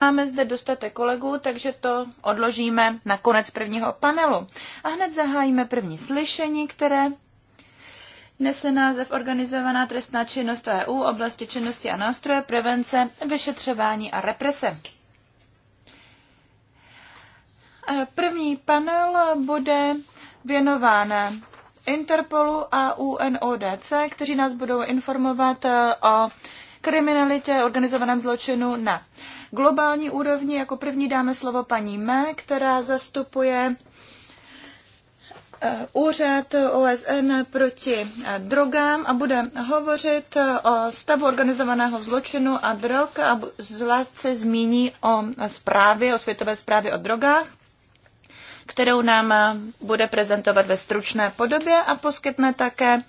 Máme zde dostatek kolegů, takže to odložíme na konec prvního panelu. A hned zahájíme první slyšení, které nese název Organizovaná trestná činnost EU, oblasti činnosti a nástroje, prevence, vyšetřování a represe. E, první panel bude věnován Interpolu a UNODC, kteří nás budou informovat e, o kriminalitě, organizovaném zločinu na globální úrovni. Jako první dáme slovo paní Me, která zastupuje eh, úřad OSN proti eh, drogám a bude hovořit eh, o stavu organizovaného zločinu a drog a zvlášť se zmíní o zprávě, o světové zprávě o drogách kterou nám bude prezentovat ve stručné podobě a poskytne také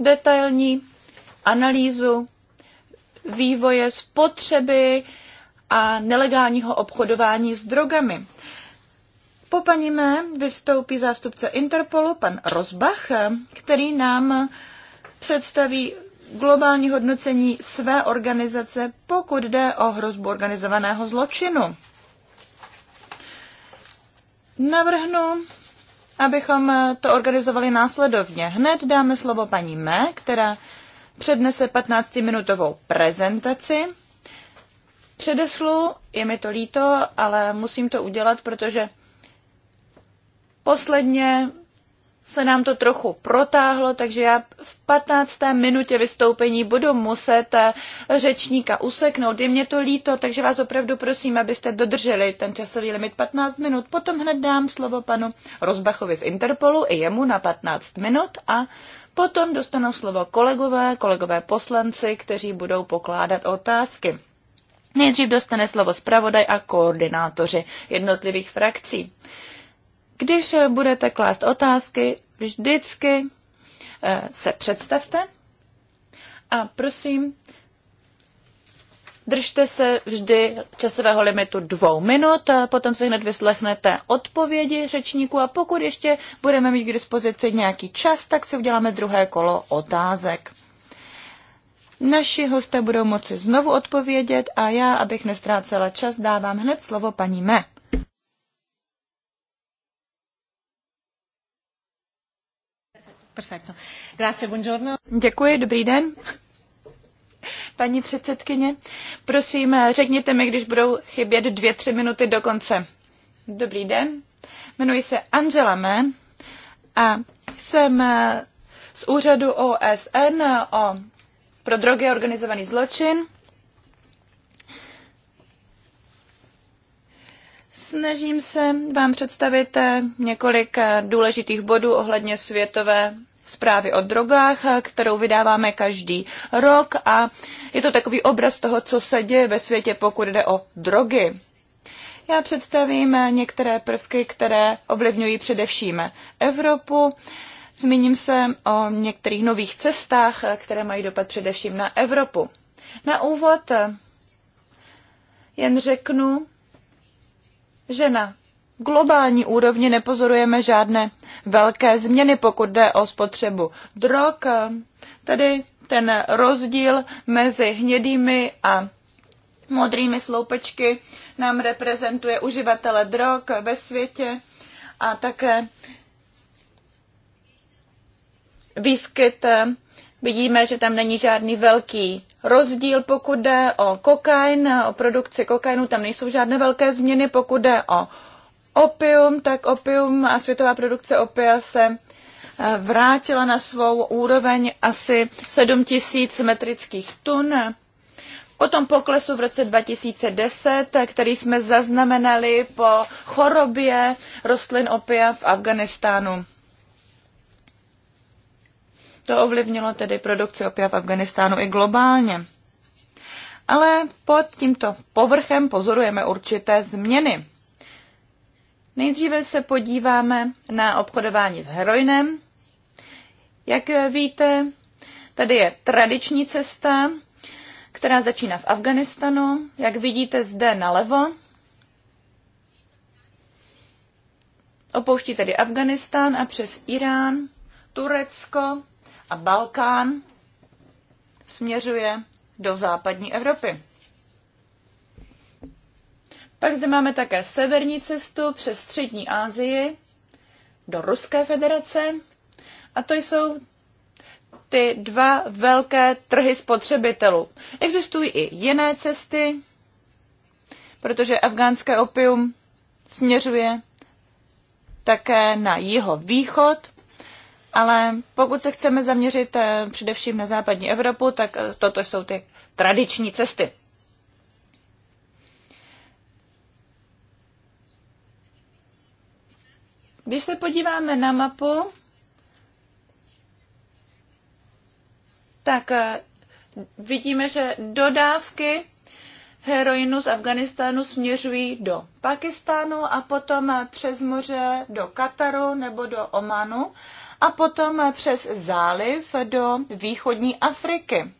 detailní analýzu vývoje spotřeby a nelegálního obchodování s drogami. Po paní mé vystoupí zástupce Interpolu, pan Rozbach, který nám představí globální hodnocení své organizace, pokud jde o hrozbu organizovaného zločinu. Navrhnu, abychom to organizovali následovně. Hned dáme slovo paní Mé, která přednese 15-minutovou prezentaci předeslu, je mi to líto, ale musím to udělat, protože posledně se nám to trochu protáhlo, takže já v 15. minutě vystoupení budu muset eh, řečníka useknout. Je mě to líto, takže vás opravdu prosím, abyste dodrželi ten časový limit 15 minut. Potom hned dám slovo panu Rozbachovi z Interpolu i jemu na 15 minut a potom dostanou slovo kolegové, kolegové poslanci, kteří budou pokládat otázky. Nejdřív dostane slovo zpravodaj a koordinátoři jednotlivých frakcí. Když budete klást otázky, vždycky eh, se představte a prosím, držte se vždy časového limitu dvou minut, a potom si hned vyslechnete odpovědi řečníků a pokud ještě budeme mít k dispozici nějaký čas, tak si uděláme druhé kolo otázek. Naši hosté budou moci znovu odpovědět a já, abych nestrácela čas, dávám hned slovo paní Me. Perfecto. Grazie, buongiorno. Děkuji, dobrý den. Paní předsedkyně, prosím, řekněte mi, když budou chybět dvě, tři minuty do konce. Dobrý den, jmenuji se Angela Me a jsem z úřadu OSN o pro drogy a organizovaný zločin. Snažím se vám představit eh, několik eh, důležitých bodů ohledně světové zprávy o drogách, eh, kterou vydáváme každý rok a je to takový obraz toho, co se děje ve světě, pokud jde o drogy. Já představím některé prvky, které ovlivňují především Evropu. Zmíním se o některých nových cestách, eh, které mají dopad především na Evropu. Na úvod eh, jen řeknu, že na globální úrovni nepozorujeme žádné velké změny, pokud jde o spotřebu drog. Eh, tedy ten rozdíl mezi hnědými a modrými sloupečky nám reprezentuje uživatele drog ve světě a také výskyt eh, vidíme, že tam není žádný velký rozdíl, pokud jde o kokain, eh, o produkci kokainu, tam nejsou žádné velké změny, pokud jde o opium, tak opium a světová produkce opia se eh, vrátila na svou úroveň asi 7 tisíc metrických tun. Po tom poklesu v roce 2010, který jsme zaznamenali po chorobě rostlin opia v Afganistánu. To ovlivnilo tedy produkci opia v Afganistánu i globálně. Ale pod tímto povrchem pozorujeme určité změny. Nejdříve se podíváme na obchodování s heroinem. Jak víte, tady je tradiční cesta, která začíná v Afganistanu. Jak vidíte zde nalevo, opouští tedy Afganistán a přes Irán, Turecko a Balkán směřuje do západní Evropy. Pak zde máme také severní cestu přes střední Asii do Ruské federace a to jsou ty dva velké trhy spotřebitelů. Existují i jiné cesty, protože afgánské opium směřuje také na jeho východ. Ale pokud se chceme zaměřit eh, především na západní Evropu, tak eh, toto jsou ty tradiční cesty. Když se podíváme na mapu, tak eh, vidíme, že dodávky heroinu z Afganistánu směřují do Pakistánu a potom přes moře do Kataru nebo do Omanu a potom přes záliv do východní Afriky.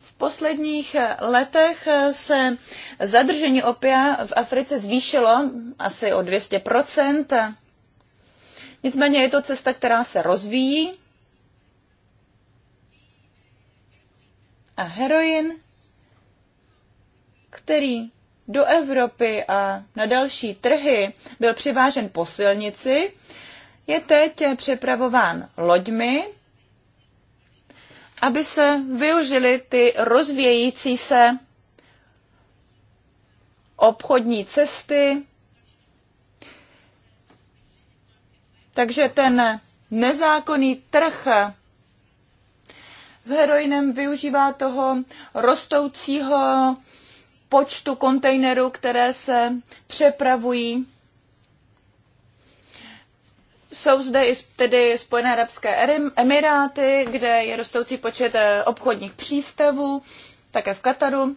V posledních letech se zadržení opia v Africe zvýšilo asi o 200 Nicméně je to cesta, která se rozvíjí. A heroin, který do Evropy a na další trhy, byl přivážen po silnici, je teď přepravován loďmi, aby se využily ty rozvějící se obchodní cesty. Takže ten nezákonný trh s heroinem využívá toho rostoucího počtu kontejnerů, které se přepravují. Jsou zde i tedy Spojené arabské emiráty, kde je rostoucí počet eh, obchodních přístavů, také v Kataru.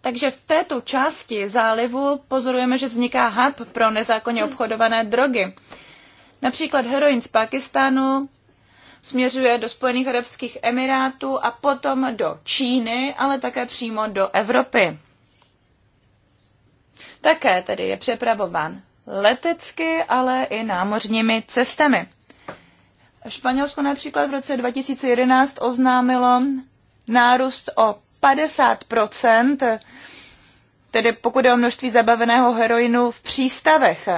Takže v této části zálivu pozorujeme, že vzniká hub pro nezákonně obchodované drogy. Například heroin z Pakistánu směřuje do Spojených arabských emirátů a potom do Číny, ale také přímo do Evropy. Také tedy je přepravován letecky, ale i námořními cestami. Španělsko například v roce 2011 oznámilo nárůst o 50 tedy pokud je o množství zabaveného heroinu v přístavech.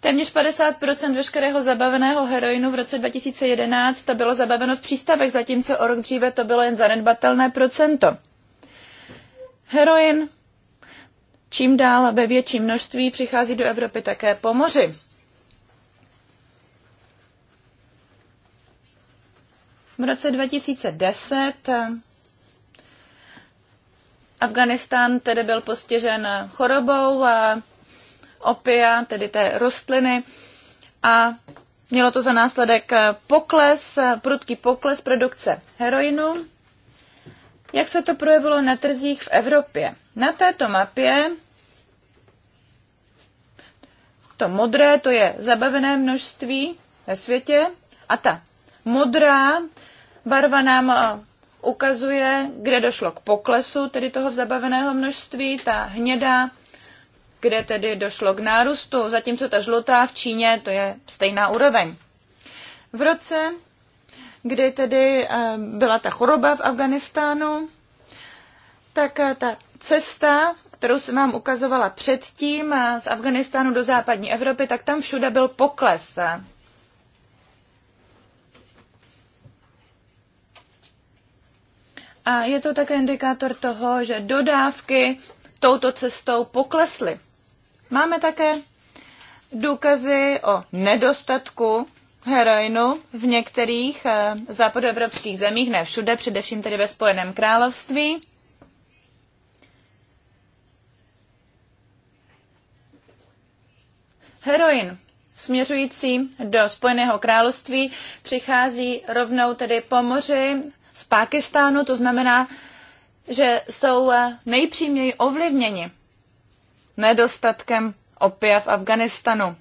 Téměř 50% veškerého zabaveného heroinu v roce 2011 to bylo zabaveno v přístavech, zatímco o rok dříve to bylo jen zanedbatelné procento. Heroin čím dál ve větší množství přichází do Evropy také po moři. V roce 2010 Afganistán tedy byl postižen chorobou a opia, tedy té rostliny a mělo to za následek pokles, prudký pokles produkce heroinu. Jak se to projevilo na trzích v Evropě? Na této mapě to modré, to je zabavené množství ve světě a ta modrá barva nám eh, ukazuje, kde došlo k poklesu, tedy toho zabaveného množství, ta hnědá kde tedy došlo k nárůstu, zatímco ta žlutá v Číně to je stejná úroveň. V roce, kdy tedy eh, byla ta choroba v Afganistánu, tak eh, ta cesta, kterou jsem vám ukazovala předtím eh, z Afganistánu do západní Evropy, tak tam všude byl pokles. A je to také indikátor toho, že dodávky touto cestou poklesly. Máme také důkazy o nedostatku heroinu v některých eh, západoevropských zemích, ne všude, především tedy ve Spojeném království. Heroin směřující do Spojeného království přichází rovnou tedy po moři z Pákistánu, to znamená, že jsou eh, nejpřímněji ovlivněni nedostatkem opia v Afganistanu.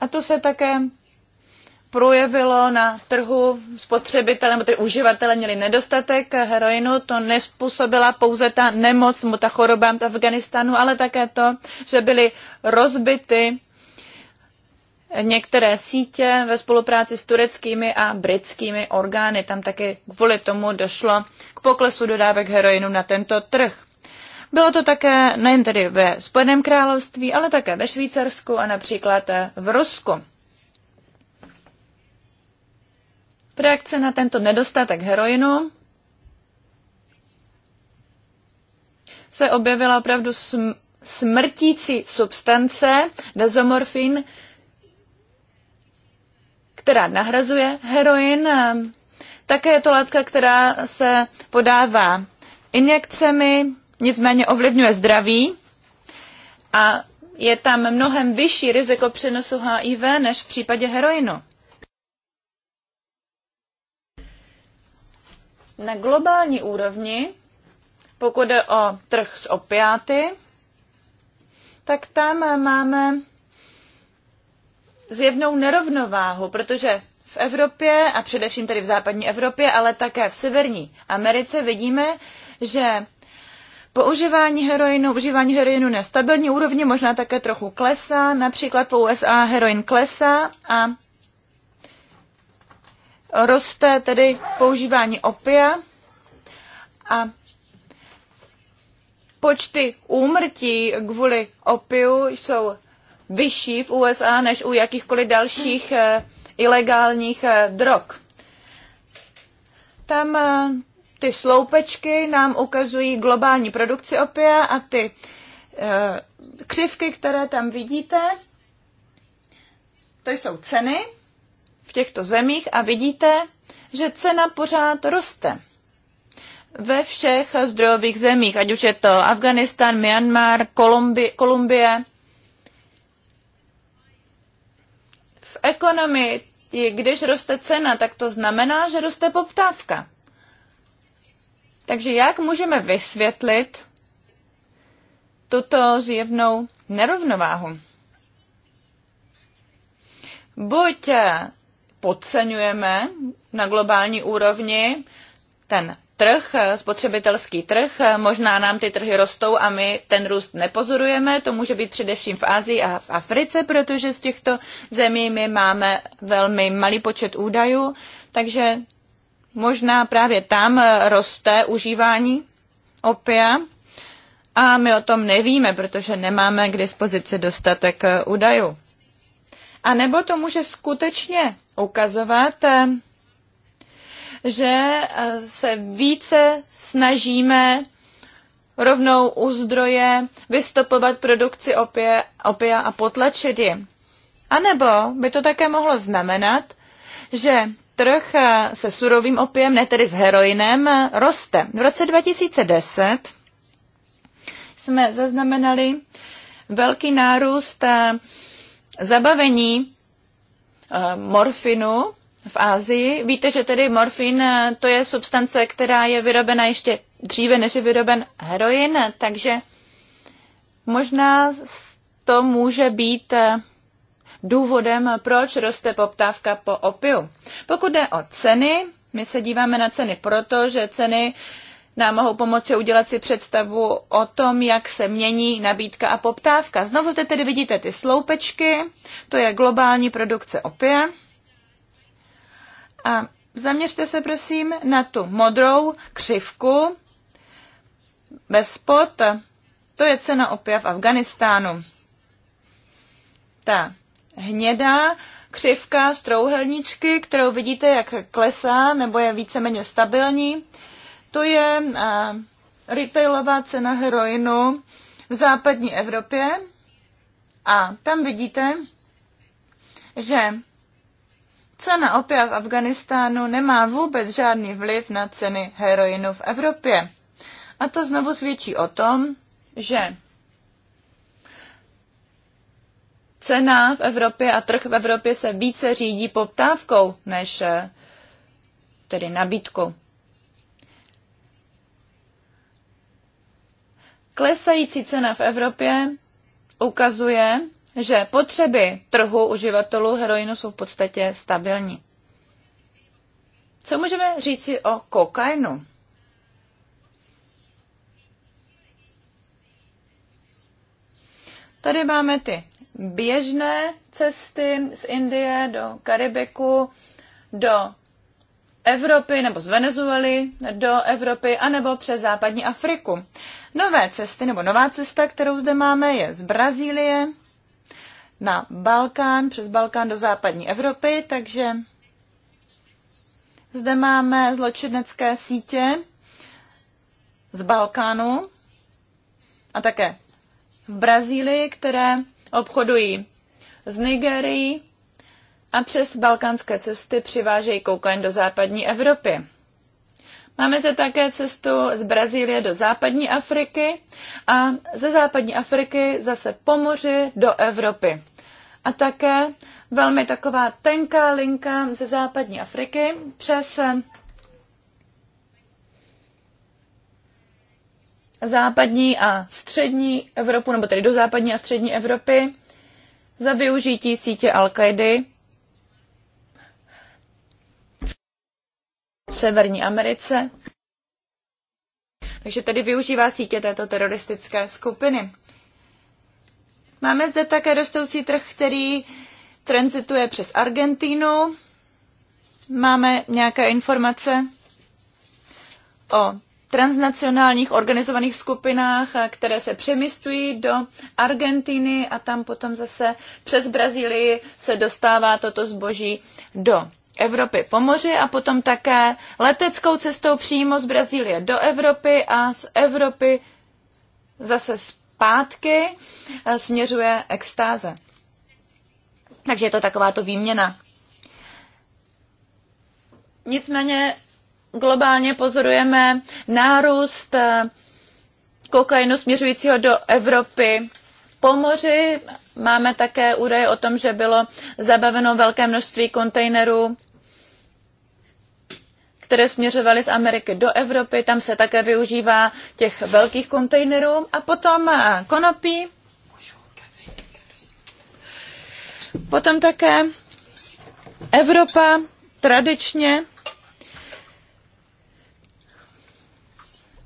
A to se také projevilo na trhu spotřebitele, nebo ty uživatele měli nedostatek heroinu, to nespůsobila pouze ta nemoc, mu ta choroba v Afganistanu, ale také to, že byly rozbity některé sítě ve spolupráci s tureckými a britskými orgány. Tam také kvůli tomu došlo k poklesu dodávek heroinu na tento trh. Bylo to také nejen tedy ve Spojeném království, ale také ve Švýcarsku a například eh, v Rusku. Reakce na tento nedostatek heroinu se objevila opravdu sm- smrtící substance, dezomorfin, která nahrazuje heroin. Také je to látka, která se podává injekcemi nicméně ovlivňuje zdraví a je tam mnohem vyšší riziko přenosu HIV než v případě heroinu. Na globální úrovni, pokud jde o trh s opiáty, tak tam máme zjevnou nerovnováhu, protože v Evropě a především tedy v západní Evropě, ale také v severní Americe vidíme, že Používání heroinu, užívání heroinu na stabilní úrovni možná také trochu klesá, například po USA heroin klesá a roste tedy používání opia a počty úmrtí kvůli opiu jsou vyšší v USA než u jakýchkoliv dalších eh, ilegálních eh, drog. Tam eh, ty sloupečky nám ukazují globální produkci opia a ty e, křivky, které tam vidíte, to jsou ceny v těchto zemích a vidíte, že cena pořád roste ve všech zdrojových zemích, ať už je to Afganistán, Myanmar, Kolumbi- Kolumbie. V ekonomii, když roste cena, tak to znamená, že roste poptávka. Takže jak můžeme vysvětlit tuto zjevnou nerovnováhu? Buď eh, podceňujeme na globální úrovni ten trh, eh, spotřebitelský trh. Eh, možná nám ty trhy rostou a my ten růst nepozorujeme. To může být především v Asii a v Africe, protože z těchto zemí my máme velmi malý počet údajů, takže možná právě tam eh, roste užívání opia a my o tom nevíme, protože nemáme k dispozici dostatek eh, údajů. A nebo to může skutečně ukazovat, eh, že se více snažíme rovnou u zdroje vystopovat produkci opie, opia a potlačit ji. A nebo by to také mohlo znamenat, že trh eh, se surovým opiem, ne tedy s heroinem, eh, roste. V roce 2010 jsme zaznamenali velký nárůst eh, zabavení morfinu v Ázii. Víte, že tedy morfin to je substance, která je vyrobena ještě dříve, než je vyroben heroin, takže možná to může být důvodem, proč roste poptávka po opiu. Pokud jde o ceny, my se díváme na ceny proto, že ceny nám mohou pomoci udělat si představu o tom, jak se mění nabídka a poptávka. Znovu zde tedy vidíte ty sloupečky, to je globální produkce opia. A zaměřte se prosím na tu modrou křivku bez spod, to je cena opia v Afganistánu. Ta hnědá křivka z trouhelníčky, kterou vidíte, jak klesá, nebo je víceméně stabilní. To je eh, retailová cena heroinu v západní Evropě. A tam vidíte, že cena opia v Afganistánu nemá vůbec žádný vliv na ceny heroinu v Evropě. A to znovu svědčí o tom, že cena v Evropě a trh v Evropě se více řídí poptávkou než eh, tedy nabídkou. Klesající cena v Evropě ukazuje, že potřeby trhu uživatelů heroinu jsou v podstatě stabilní. Co můžeme říci o kokainu? Tady máme ty běžné cesty z Indie do Karibiku, do Evropy nebo z Venezuely do Evropy, anebo přes západní Afriku. Nové cesty nebo nová cesta, kterou zde máme, je z Brazílie na Balkán, přes Balkán do západní Evropy, takže zde máme zločinecké sítě z Balkánu a také v Brazílii, které obchodují z Nigerii a přes balkánské cesty přivážejí koukaň do západní Evropy. Máme zde také cestu z Brazílie do západní Afriky a ze západní Afriky zase po moři do Evropy. A také velmi taková tenká linka ze západní Afriky přes západní a střední Evropu, nebo tedy do západní a střední Evropy za využití sítě al qaidy v Severní Americe. Takže tedy využívá sítě této teroristické skupiny. Máme zde také rostoucí trh, který transituje přes Argentínu. Máme nějaké informace o transnacionálních organizovaných skupinách, eh, které se přemysťují do Argentiny a tam potom zase přes Brazílii se dostává toto zboží do Evropy po moři a potom také leteckou cestou přímo z Brazílie do Evropy a z Evropy zase zpátky eh, směřuje extáze. Takže je to takováto výměna. Nicméně globálně pozorujeme nárůst eh, kokainu směřujícího do Evropy po moři. Máme také údaje o tom, že bylo zabaveno velké množství kontejnerů, které směřovaly z Ameriky do Evropy. Tam se také využívá těch velkých kontejnerů. A potom eh, konopí. Potom také Evropa tradičně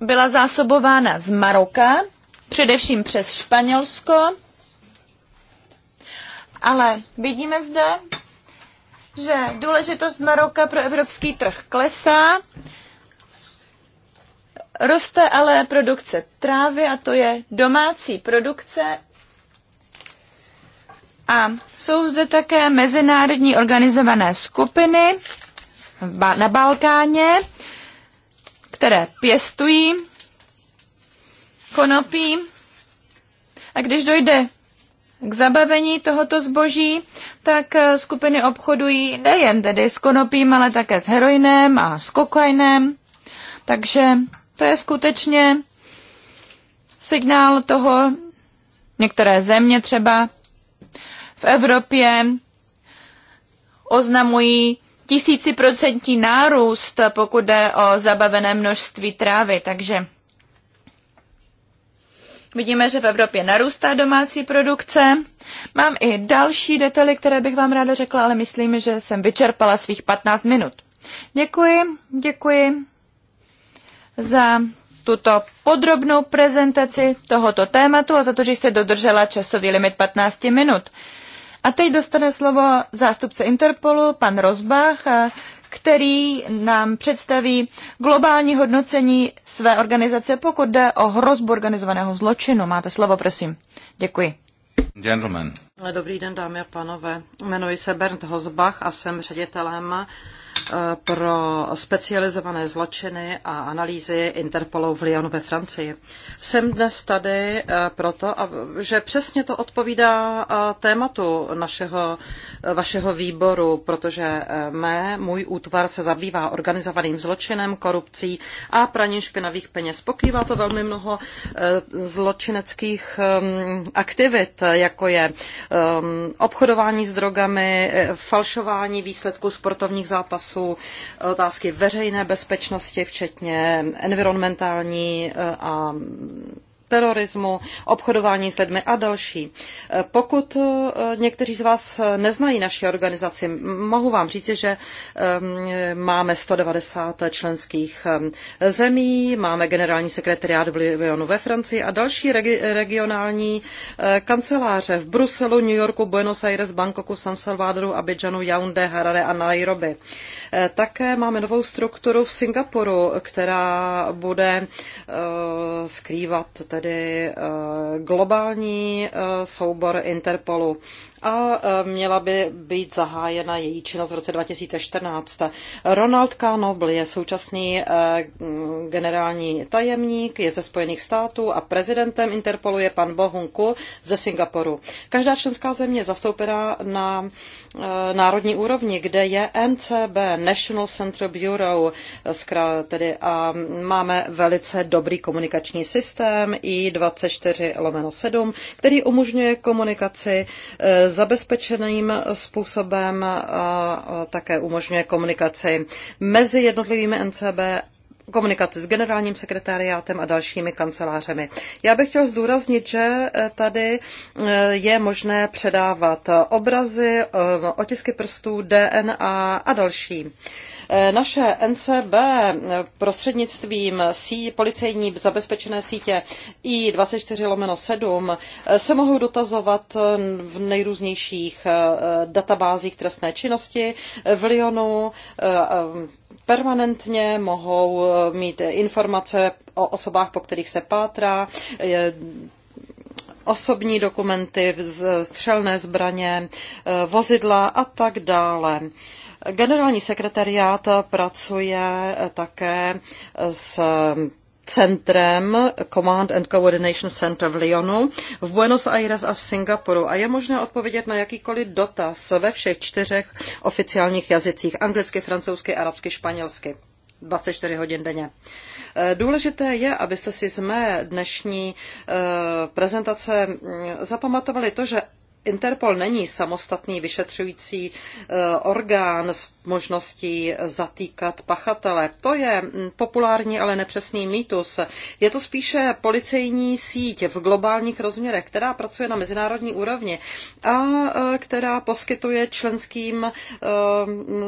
byla zásobována z Maroka, především přes Španělsko, ale vidíme zde, že důležitost Maroka pro evropský trh klesá, roste ale produkce trávy a to je domácí produkce a jsou zde také mezinárodní organizované skupiny na Balkáně, které pěstují konopí a když dojde k zabavení tohoto zboží, tak eh, skupiny obchodují nejen tedy s konopím, ale také s heroinem a s kokainem. Takže to je skutečně signál toho, některé země třeba v Evropě oznamují tisíciprocentní nárůst, pokud jde o zabavené množství trávy, takže Vidíme, že v Evropě narůstá domácí produkce. Mám i další detaily, které bych vám ráda řekla, ale myslím, že jsem vyčerpala svých 15 minut. Děkuji, děkuji za tuto podrobnou prezentaci tohoto tématu a za to, že jste dodržela časový limit 15 minut. A teď dostane slovo zástupce Interpolu, pan Rozbach, eh, který nám představí globální hodnocení své organizace, pokud jde o hrozbu organizovaného zločinu. Máte slovo, prosím. Děkuji. Gentlemen. Dobrý den, dámy a pánové. Jmenuji se Bernd Hozbach a jsem ředitelem Eh, pro specializované zločiny a analýzy Interpolu v Lyonu ve Francii. Jsem dnes tady eh, proto, že přesně to odpovídá eh, tématu našeho, vašeho výboru, protože mé, můj útvar se zabývá organizovaným zločinem, korupcí a praním špinavých peněz. Pokrývá to velmi mnoho zločineckých aktivit, jako je obchodování s drogami, falšování výsledků sportovních zápasů, jsou otázky veřejné bezpečnosti, včetně environmentální eh, a terorismu, obchodování s lidmi a další. Eh, pokud eh, někteří z vás neznají naši organizaci, mohu vám říci, že ehm, máme 190 členských ehm, zemí, máme generální sekretariát v Lyonu ve Francii a další regionální eh, kanceláře v Bruselu, New Yorku, Buenos Aires, Bangkoku, San Salvadoru, Abidjanu, Yaoundé, Harare a Nairobi. Také máme novou strukturu v Singapuru, která bude skrývat tedy tedy eh, globální eh, soubor Interpolu a e, měla by být zahájena její činnost v roce 2014. Ronald Kánoble je současný e, generální tajemník, je ze Spojených států a prezidentem Interpolu je pan Bohunku ze Singapuru. Každá členská země je zastoupená na e, národní úrovni, kde je NCB, National Central Bureau, zkrát tedy a máme velice dobrý komunikační systém i 24 lomeno 7, který umožňuje komunikaci zabezpečeným způsobem také umožňuje komunikaci mezi jednotlivými NCB komunikaci s generálním sekretariátem a dalšími kancelářemi. Já bych chtěl zdůraznit, že e, tady e, je možné předávat obrazy, e, otisky prstů, DNA a další. E, naše NCB prostřednictvím sí, policejní zabezpečené sítě I24 lomeno 7 e, se mohou dotazovat v nejrůznějších e, databázích trestné činnosti v Lyonu, permanentně mohou mít informace o osobách, po kterých se pátrá, osobní dokumenty, střelné zbraně, vozidla a tak dále. Generální sekretariát pracuje také s centrem Command and Coordination Center v Lyonu, v Buenos Aires a v Singapuru a je možné odpovědět na jakýkoliv dotaz ve všech čtyřech oficiálních jazycích anglicky, francouzsky, arabsky, španělsky. 24 hodin denně. Důležité je, abyste si z mé dnešní eh, prezentace mm, zapamatovali to, že Interpol není samostatný vyšetřující eh, orgán s možností zatýkat pachatele. To je mm, populární, ale nepřesný mýtus. Je to spíše policejní síť v globálních rozměrech, která pracuje na mezinárodní úrovni a e, která poskytuje členským e,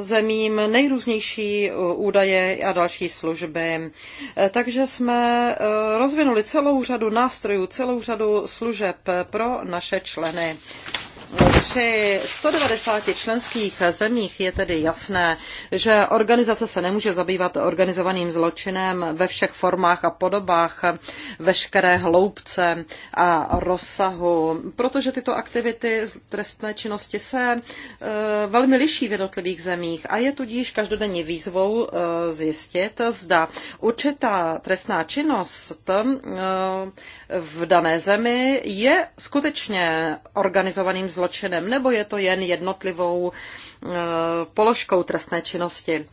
zemím nejrůznější e, údaje a další služby. Takže jsme rozvinuli celou řadu nástrojů, celou řadu služeb pro naše členy. Při 190 členských zemích je tedy jasné, že organizace se nemůže zabývat organizovaným zločinem ve všech formách a podobách, veškeré hloubce a rozsahu, protože tyto aktivity trestné činnosti se e, velmi liší v jednotlivých zemích a je tudíž každodenní výzvou e, zjistit, zda určitá trestná činnost e, v dané zemi je skutečně organizovaným zločinem, nebo je to jen jednotlivou e, položkou trestné činnosti.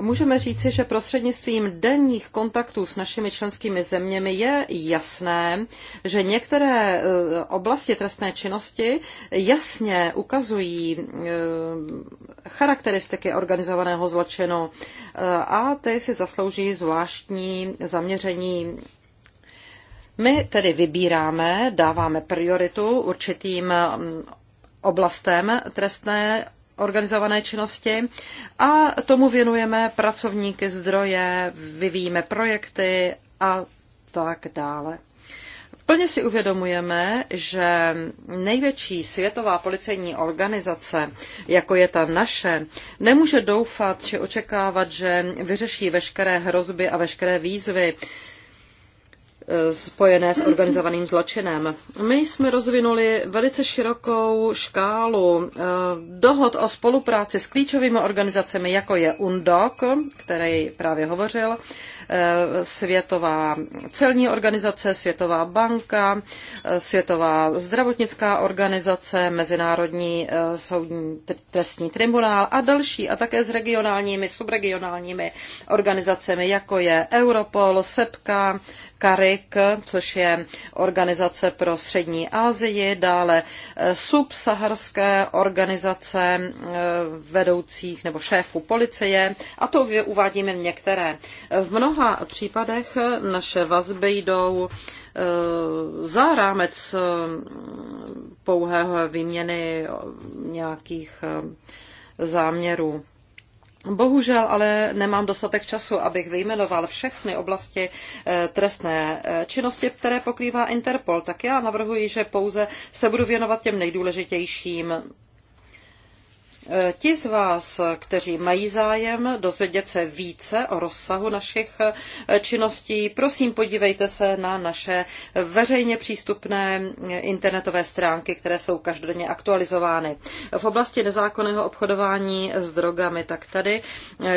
Můžeme říci, že prostřednictvím denních kontaktů s našimi členskými zeměmi je jasné, že některé e, oblasti trestné činnosti jasně ukazují e, charakteristiky organizovaného zločinu a ty si zaslouží zvláštní zaměření my tedy vybíráme, dáváme prioritu určitým mm, oblastem trestné organizované činnosti a tomu věnujeme pracovníky, zdroje, vyvíjíme projekty a tak dále. Plně si uvědomujeme, že největší světová policejní organizace, jako je ta naše, nemůže doufat či očekávat, že vyřeší veškeré hrozby a veškeré výzvy, Eh, spojené s organizovaným zločinem. My jsme rozvinuli velice širokou škálu eh, dohod o spolupráci s klíčovými organizacemi, jako je UNDOC, který právě hovořil, eh, Světová celní organizace, Světová banka, Světová zdravotnická organizace, Mezinárodní soudní trestní tribunál a další, a také s regionálními, subregionálními organizacemi, jako je Europol, SEPKA, CARIC, což je organizace pro střední Asii, dále eh, subsaharské organizace eh, vedoucích nebo šéfů policie a to uvádíme některé. V mnoha případech eh, naše vazby jdou za rámec pouhého výměny nějakých záměrů. Bohužel ale nemám dostatek času, abych vyjmenoval všechny oblasti eh, trestné eh, činnosti, které pokrývá Interpol, tak já navrhuji, že pouze se budu věnovat těm nejdůležitějším E, ti z vás, kteří mají zájem dozvědět se více o rozsahu našich e, činností, prosím podívejte se na naše veřejně přístupné e, internetové stránky, které jsou každodenně aktualizovány. V oblasti nezákonného obchodování s drogami, tak tady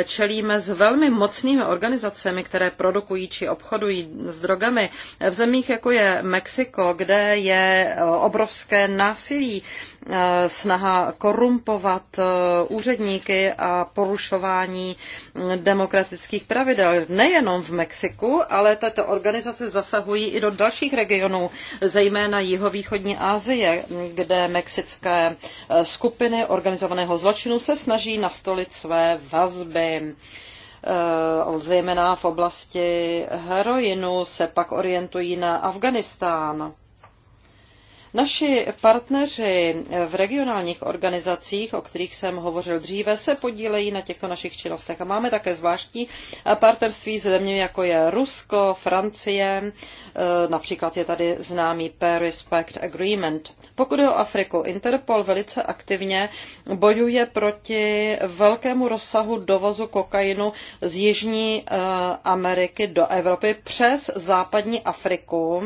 čelíme s velmi mocnými organizacemi, které produkují či obchodují s drogami v zemích, jako je Mexiko, kde je obrovské násilí Eh, snaha korumpovat eh, úředníky a porušování mm, demokratických pravidel. Nejenom v Mexiku, ale tato organizace zasahují i do dalších regionů, zejména jihovýchodní Asie, kde mexické eh, skupiny organizovaného zločinu se snaží nastolit své vazby zejména v oblasti heroinu, se pak orientují na Afganistán. Naši partneři v regionálních organizacích, o kterých jsem hovořil dříve, se podílejí na těchto našich činnostech. A máme také zvláštní partnerství s zeměmi, jako je Rusko, Francie, e, například je tady známý Paris Pact Agreement. Pokud je o Afriku, Interpol velice aktivně bojuje proti velkému rozsahu dovozu kokainu z Jižní e, Ameriky do Evropy přes západní Afriku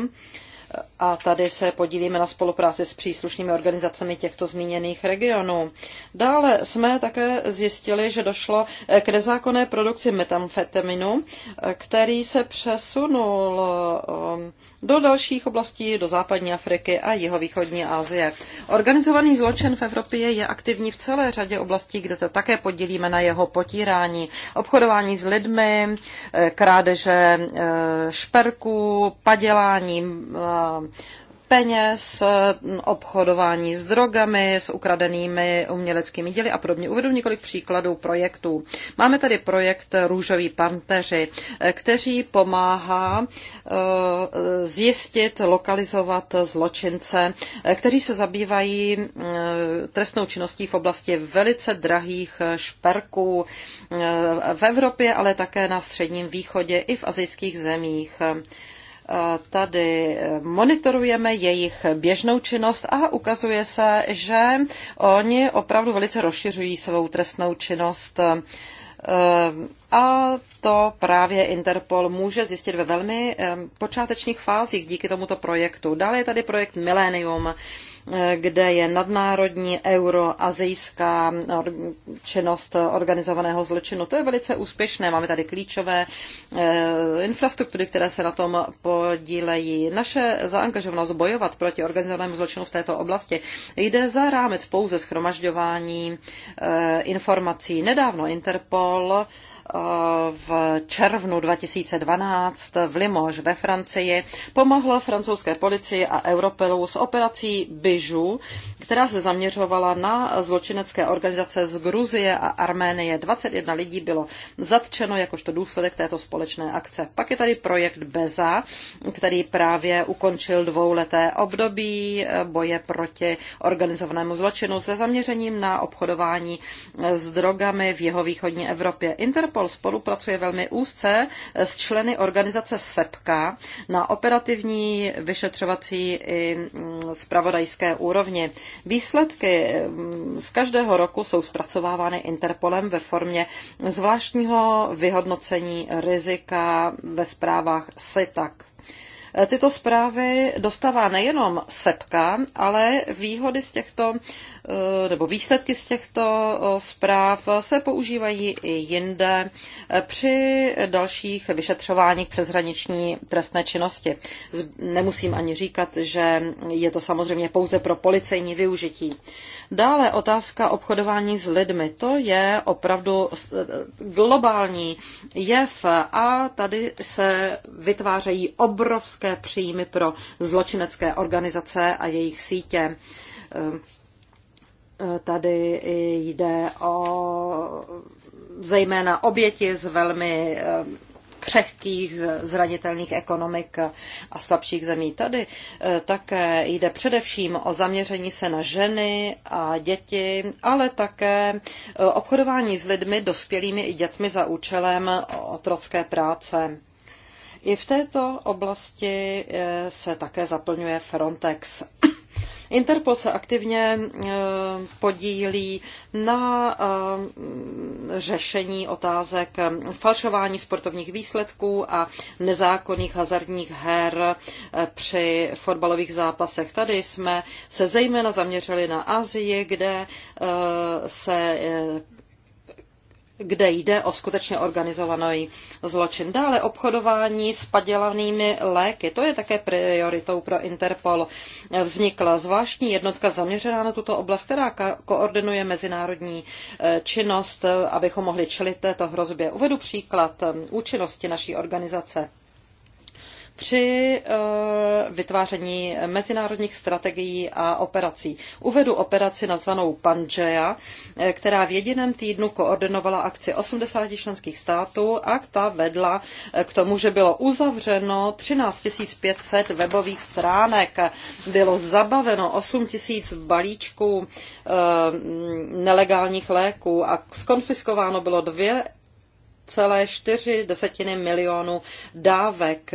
a tady se podílíme na spolupráci s příslušnými organizacemi těchto zmíněných regionů. Dále jsme také zjistili, že došlo eh, k nezákonné produkci metamfetaminu, eh, který se přesunul eh, do dalších oblastí, do západní Afriky a jihovýchodní Asie. Organizovaný zločin v Evropě je aktivní v celé řadě oblastí, kde se také podílíme na jeho potírání. Obchodování s lidmi, krádeže šperků, padělání peněz, obchodování s drogami, s ukradenými uměleckými díly a podobně. Uvedu několik příkladů projektů. Máme tady projekt Růžoví panteři, který pomáhá eh, zjistit, lokalizovat zločince, kteří se zabývají eh, trestnou činností v oblasti velice drahých šperků eh, v Evropě, ale také na Středním východě i v azijských zemích tady eh, monitorujeme jejich běžnou činnost a ukazuje se, že oni opravdu velice rozšiřují svou trestnou činnost eh, a to právě Interpol může zjistit ve velmi eh, počátečních fázích díky tomuto projektu. Dále je tady projekt Millennium, kde je nadnárodní euroazijská činnost organizovaného zločinu. To je velice úspěšné. Máme tady klíčové eh, infrastruktury, které se na tom podílejí. Naše zaangažovanost bojovat proti organizovanému zločinu v této oblasti jde za rámec pouze schromažďování eh, informací. Nedávno Interpol v červnu 2012 v Limoges ve Francii pomohlo francouzské policii a Europelu s operací Bijou, která se zaměřovala na zločinecké organizace z Gruzie a Arménie. 21 lidí bylo zatčeno jakožto důsledek této společné akce. Pak je tady projekt Beza, který právě ukončil dvouleté období boje proti organizovanému zločinu se zaměřením na obchodování s drogami v jeho východní Evropě. Interpol Europol spolupracuje velmi úzce s členy organizace SEPKA na operativní vyšetřovací i spravodajské mm, úrovni. Výsledky mm, z každého roku jsou zpracovávány Interpolem ve formě zvláštního vyhodnocení rizika ve zprávách SETAC. Eh, tyto zprávy dostává nejenom SEPka, ale výhody z těchto eh, nebo výsledky z těchto eh, zpráv se používají i jinde při dalších vyšetřováních přeshraniční trestné činnosti. Nemusím ani říkat, že je to samozřejmě pouze pro policejní využití. Dále otázka obchodování s lidmi. To je opravdu globální jev a tady se vytvářejí obrovské obrovské příjmy pro zločinecké organizace a jejich sítě. Ehm, e, tady jde o zejména oběti z velmi ehm, křehkých, zranitelných ekonomik a slabších zemí. Tady e, také jde především o zaměření se na ženy a děti, ale také e, obchodování s lidmi, dospělými i dětmi za účelem otrocké práce. I v této oblasti eh, se také zaplňuje Frontex. Interpol se aktivně eh, podílí na eh, řešení otázek falšování sportovních výsledků a nezákonných hazardních her při fotbalových zápasech. Tady jsme se zejména zaměřili na Asii, kde se kde jde o skutečně organizovaný zločin. Dále obchodování s padělanými léky, to je také prioritou pro Interpol. Vznikla zvláštní jednotka zaměřená na tuto oblast, která koordinuje mezinárodní eh, činnost, eh, abychom mohli čelit této hrozbě. Uvedu příklad eh, účinnosti naší organizace při eh, vytváření mezinárodních strategií a operací. Uvedu operaci nazvanou Pangea, eh, která v jediném týdnu koordinovala akci 80 členských států a ta vedla eh, k tomu, že bylo uzavřeno 13 500 webových stránek, bylo zabaveno 8 000 balíčků nelegálních léků a skonfiskováno bylo 2 celé čtyři desetiny milionů dávek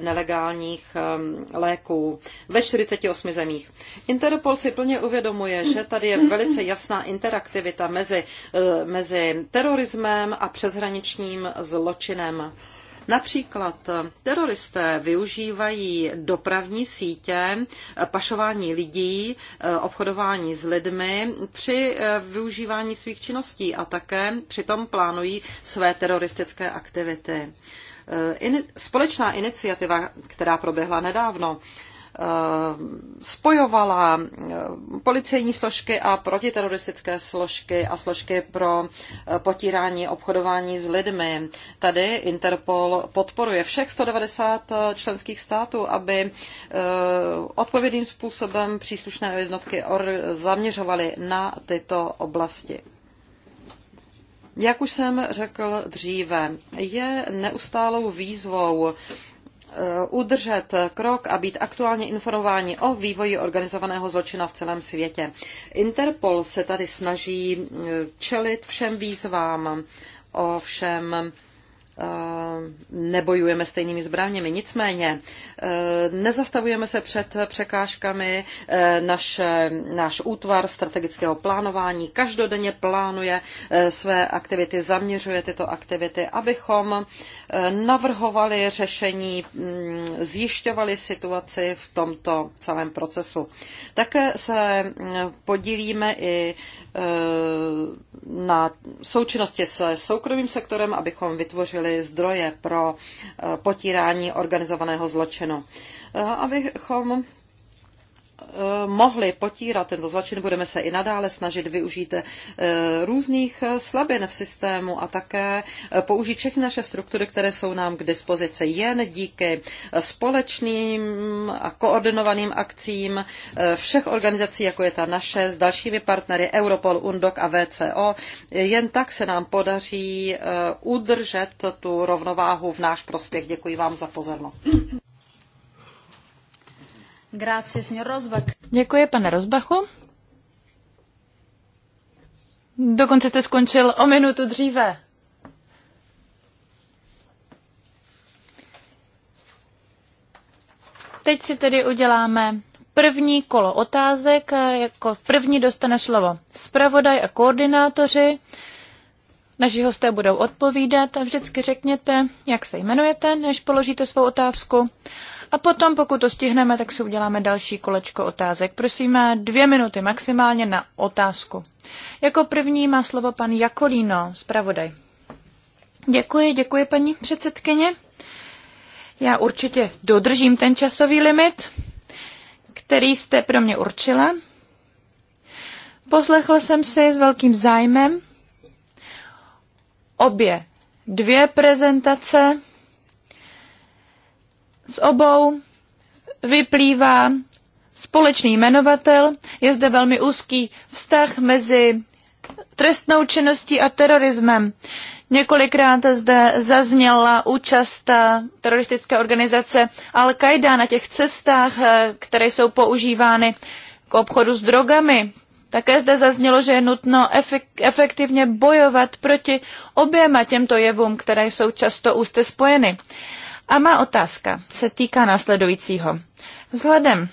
nelegálních um, léků ve 48 zemích. Interpol si plně uvědomuje, že tady je velice jasná interaktivita mezi, uh, mezi terorismem a přeshraničním zločinem. Například eh, teroristé využívají dopravní sítě, eh, pašování lidí, eh, obchodování s lidmi při využívání svých činností a také přitom plánují své teroristické aktivity. Společná iniciativa, která proběhla nedávno, Eh, spojovala eh, policejní složky a protiteroristické složky a složky pro eh, potírání obchodování s lidmi. Tady Interpol podporuje všech 190 členských států, aby odpovědným způsobem příslušné jednotky zaměřovaly na tyto oblasti. Jak už jsem řekl dříve, je neustálou výzvou Eh, udržet krok a být aktuálně informováni o vývoji organizovaného zločina v celém světě. Interpol se tady snaží eh, čelit všem výzvám, ovšem všem Eh, nebojujeme stejnými zbraněmi. Nicméně eh, nezastavujeme se před překážkami. Eh, Naš, náš útvar strategického plánování každodenně plánuje své aktivity, zaměřuje tyto aktivity, abychom navrhovali řešení, mm, zjišťovali situaci v tomto celém procesu. Také se mm, podílíme i Eh, na součinnosti se soukromým sektorem, abychom vytvořili zdroje pro eh, potírání organizovaného zločinu. Eh, abychom Eh, mohli potírat tento zločin, budeme se i nadále snažit využít eh, různých eh, slabin v systému a také použít všechny naše struktury, které jsou nám k dispozici jen díky společným a koordinovaným akcím všech organizací, jako je ta naše, s dalšími partnery Europol, UNDOC a VCO. Jen tak se nám podaří udržet tu rovnováhu v náš prospěch. Děkuji vám za pozornost. Grazie, signor Rozbach. Děkuji, pane Rozbachu. Dokonce jste skončil o minutu dříve. Teď si tedy uděláme první kolo otázek. Jako první dostane slovo zpravodaj a koordinátoři. Naši hosté budou odpovídat a vždycky řekněte, jak se jmenujete, než položíte svou otázku. A potom, pokud to stihneme, tak si uděláme další kolečko otázek. Prosím, dvě minuty maximálně na otázku. Jako první má slovo pan Jakolíno, zpravodaj. Děkuji, děkuji paní předsedkyně. Já určitě dodržím ten časový limit, který jste pro mě určila. Poslechl jsem si s velkým zájmem obě dvě prezentace z obou vyplývá společný jmenovatel. Je zde velmi úzký vztah mezi trestnou činností a terorismem. Několikrát zde zazněla účast eh, teroristické organizace Al-Qaida na těch cestách, eh, které jsou používány k obchodu s drogami. Také zde zaznělo, že je nutno efektivně bojovat proti oběma těmto jevům, které jsou často úzce spojeny. A má otázka se týká následujícího. Vzhledem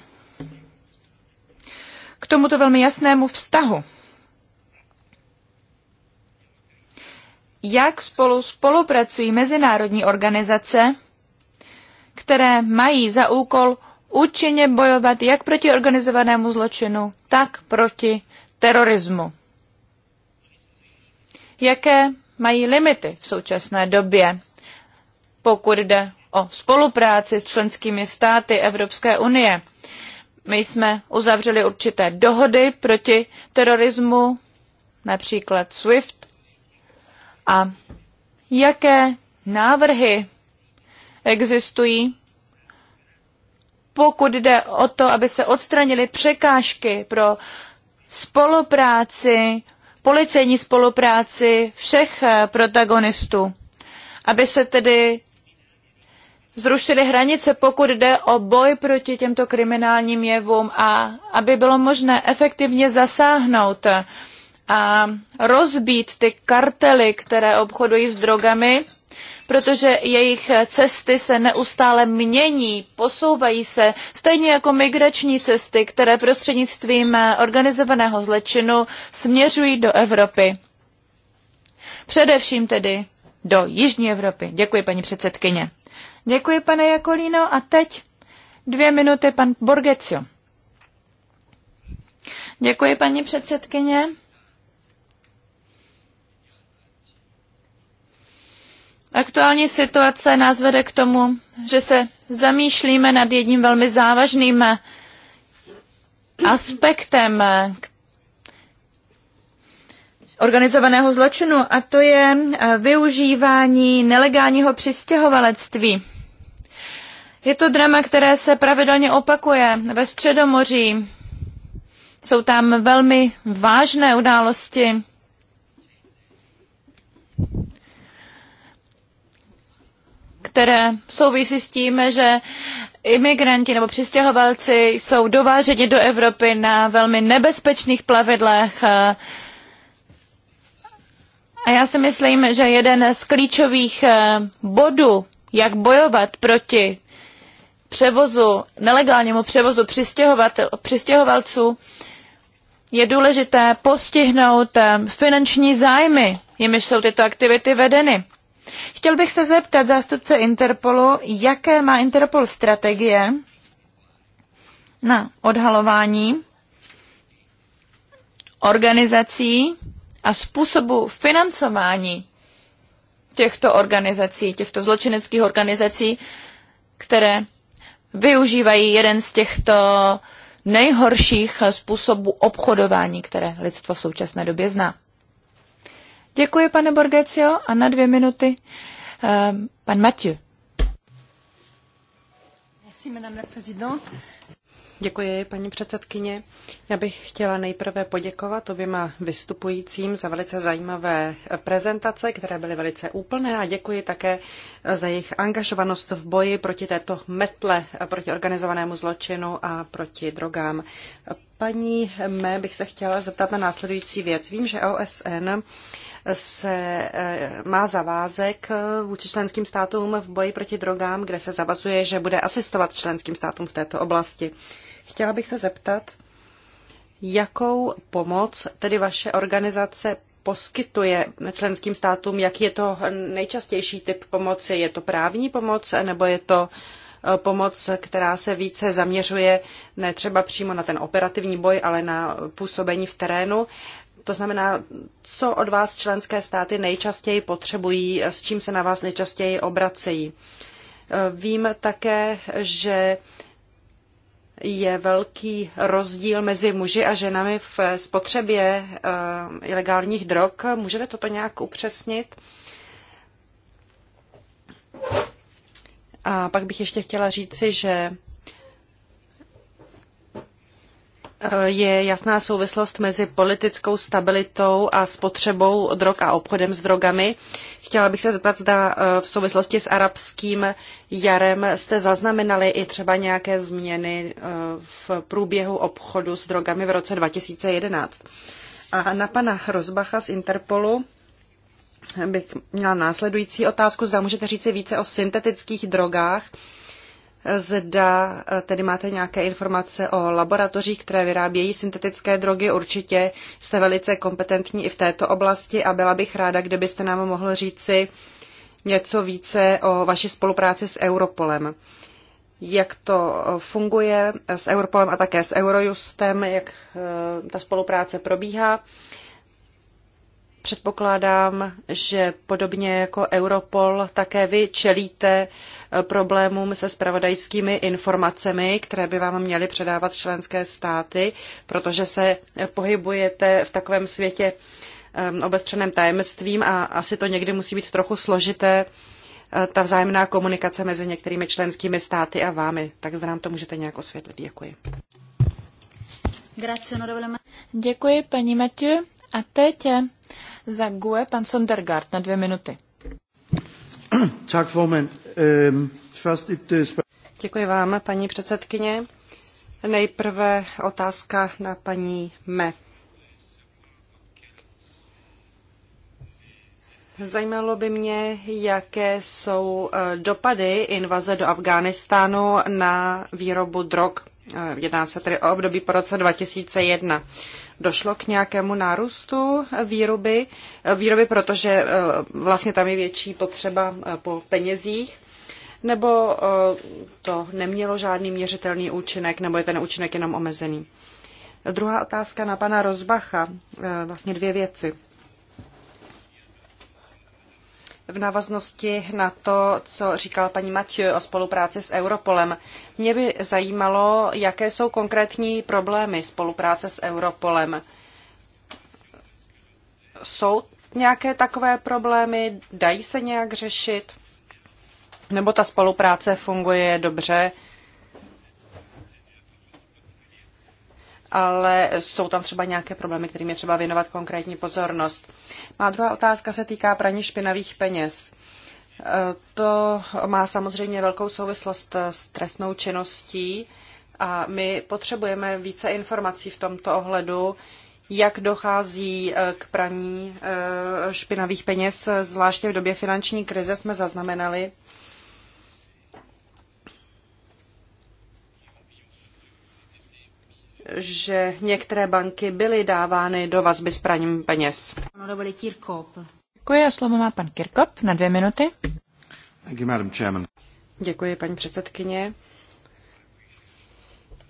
k tomuto velmi jasnému vztahu, jak spolu spolupracují mezinárodní organizace, které mají za úkol účinně bojovat jak proti organizovanému zločinu, tak proti terorismu. Jaké mají limity v současné době, pokud jde o spolupráci s členskými státy Evropské unie. My jsme uzavřeli určité dohody proti terorismu, například SWIFT. A jaké návrhy existují, pokud jde o to, aby se odstranily překážky pro spolupráci, policejní spolupráci všech eh, protagonistů, aby se tedy zrušili hranice, pokud jde o boj proti těmto kriminálním jevům a aby bylo možné efektivně zasáhnout a rozbít ty kartely, které obchodují s drogami, protože jejich cesty se neustále mění, posouvají se, stejně jako migrační cesty, které prostřednictvím organizovaného zločinu směřují do Evropy. Především tedy do Jižní Evropy. Děkuji, paní předsedkyně. Děkuji, pane Jakolíno. A teď dvě minuty, pan Borgecio. Děkuji, paní předsedkyně. Aktuální situace nás vede k tomu, že se zamýšlíme nad jedním velmi závažným aspektem organizovaného zločinu a to je využívání nelegálního přistěhovalectví. Je to drama, které se pravidelně opakuje ve Středomoří. Jsou tam velmi vážné události. které souvisí s tím, že imigranti nebo přistěhovalci jsou dováženi do Evropy na velmi nebezpečných plavidlech. A já si myslím, že jeden z klíčových bodů, jak bojovat proti převozu, nelegálnímu převozu přistěhovalců, je důležité postihnout eh, finanční zájmy, jimiž jsou tyto aktivity vedeny. Chtěl bych se zeptat zástupce Interpolu, jaké má Interpol strategie na odhalování organizací a způsobu financování těchto organizací, těchto zločineckých organizací, které využívají jeden z těchto nejhorších způsobů obchodování, které lidstvo v současné době zná. Děkuji, pane Borgecio, a na dvě minuty eh, pan Matěj. Děkuji, paní předsedkyně. Já bych chtěla nejprve poděkovat oběma vystupujícím za velice zajímavé prezentace, které byly velice úplné a děkuji také za jejich angažovanost v boji proti této metle, proti organizovanému zločinu a proti drogám. Paní Mé bych se chtěla zeptat na následující věc. Vím, že OSN se eh, má zavázek eh, vůči členským státům v boji proti drogám, kde se zavazuje, že bude asistovat členským státům v této oblasti. Chtěla bych se zeptat, jakou pomoc tedy vaše organizace poskytuje členským státům, jaký je to nejčastější typ pomoci? Je to právní pomoc nebo je to eh, pomoc, která se více zaměřuje ne třeba přímo na ten operativní boj, ale na působení v terénu? To znamená, co od vás členské státy nejčastěji potřebují, s čím se na vás nejčastěji obracejí? Eh, vím také, že je velký rozdíl mezi muži a ženami v spotřebě eh, ilegálních drog. Můžete toto nějak upřesnit? A pak bych ještě chtěla říci, že je jasná souvislost mezi politickou stabilitou a spotřebou drog a obchodem s drogami. Chtěla bych se zeptat, zda e, v souvislosti s arabským jarem jste zaznamenali i třeba nějaké změny e, v průběhu obchodu s drogami v roce 2011. A na pana Rozbacha z Interpolu bych měla následující otázku. Zda můžete říci více o syntetických drogách zda eh, tedy máte nějaké informace o laboratořích, které vyrábějí syntetické drogy. Určitě jste velice kompetentní i v této oblasti a byla bych ráda, kdybyste nám mohl říci něco více o vaší spolupráci s Europolem. Jak to eh, funguje s Europolem a také s Eurojustem, jak eh, ta spolupráce probíhá. Předpokládám, že podobně jako Europol také vy čelíte eh, problémům se spravodajskými informacemi, které by vám měly předávat členské státy, protože se pohybujete v takovém světě eh, obestřeném tajemstvím a asi to někdy musí být trochu složité eh, ta vzájemná komunikace mezi některými členskými státy a vámi. Tak zda nám to můžete nějak osvětlit. Děkuji. Děkuji, paní Matěj. A teď za GUE pan Sondergaard na dvě minuty. Øh, Děkuji vám, paní předsedkyně. Nejprve otázka na paní Me. Zajímalo by mě, jaké jsou e, dopady invaze do Afghánistánu na výrobu drog. E, jedná se tedy o období po roce 2001. Došlo k nějakému nárůstu výroby, výroby protože eh, vlastně tam je větší potřeba eh, po penězích? Nebo eh, to nemělo žádný měřitelný účinek, nebo je ten účinek jenom omezený? Druhá otázka na pana Rozbacha, vlastně dvě věci v návaznosti na to, co říkala paní Matěj o spolupráci s Europolem. Mě by zajímalo, jaké jsou konkrétní problémy spolupráce s Europolem. Jsou nějaké takové problémy? Dají se nějak řešit? Nebo ta spolupráce funguje dobře? ale jsou tam třeba nějaké problémy, kterým je třeba věnovat konkrétní pozornost. Má druhá otázka se týká praní špinavých peněz. E, to má samozřejmě velkou souvislost s trestnou činností a my potřebujeme více informací v tomto ohledu, jak dochází e, k praní e, špinavých peněz, zvláště v době finanční krize jsme zaznamenali, že některé banky byly dávány do vazby s praním peněz. Děkuji a slovo má pan Kirkop na dvě minuty. Děkuji, paní předsedkyně.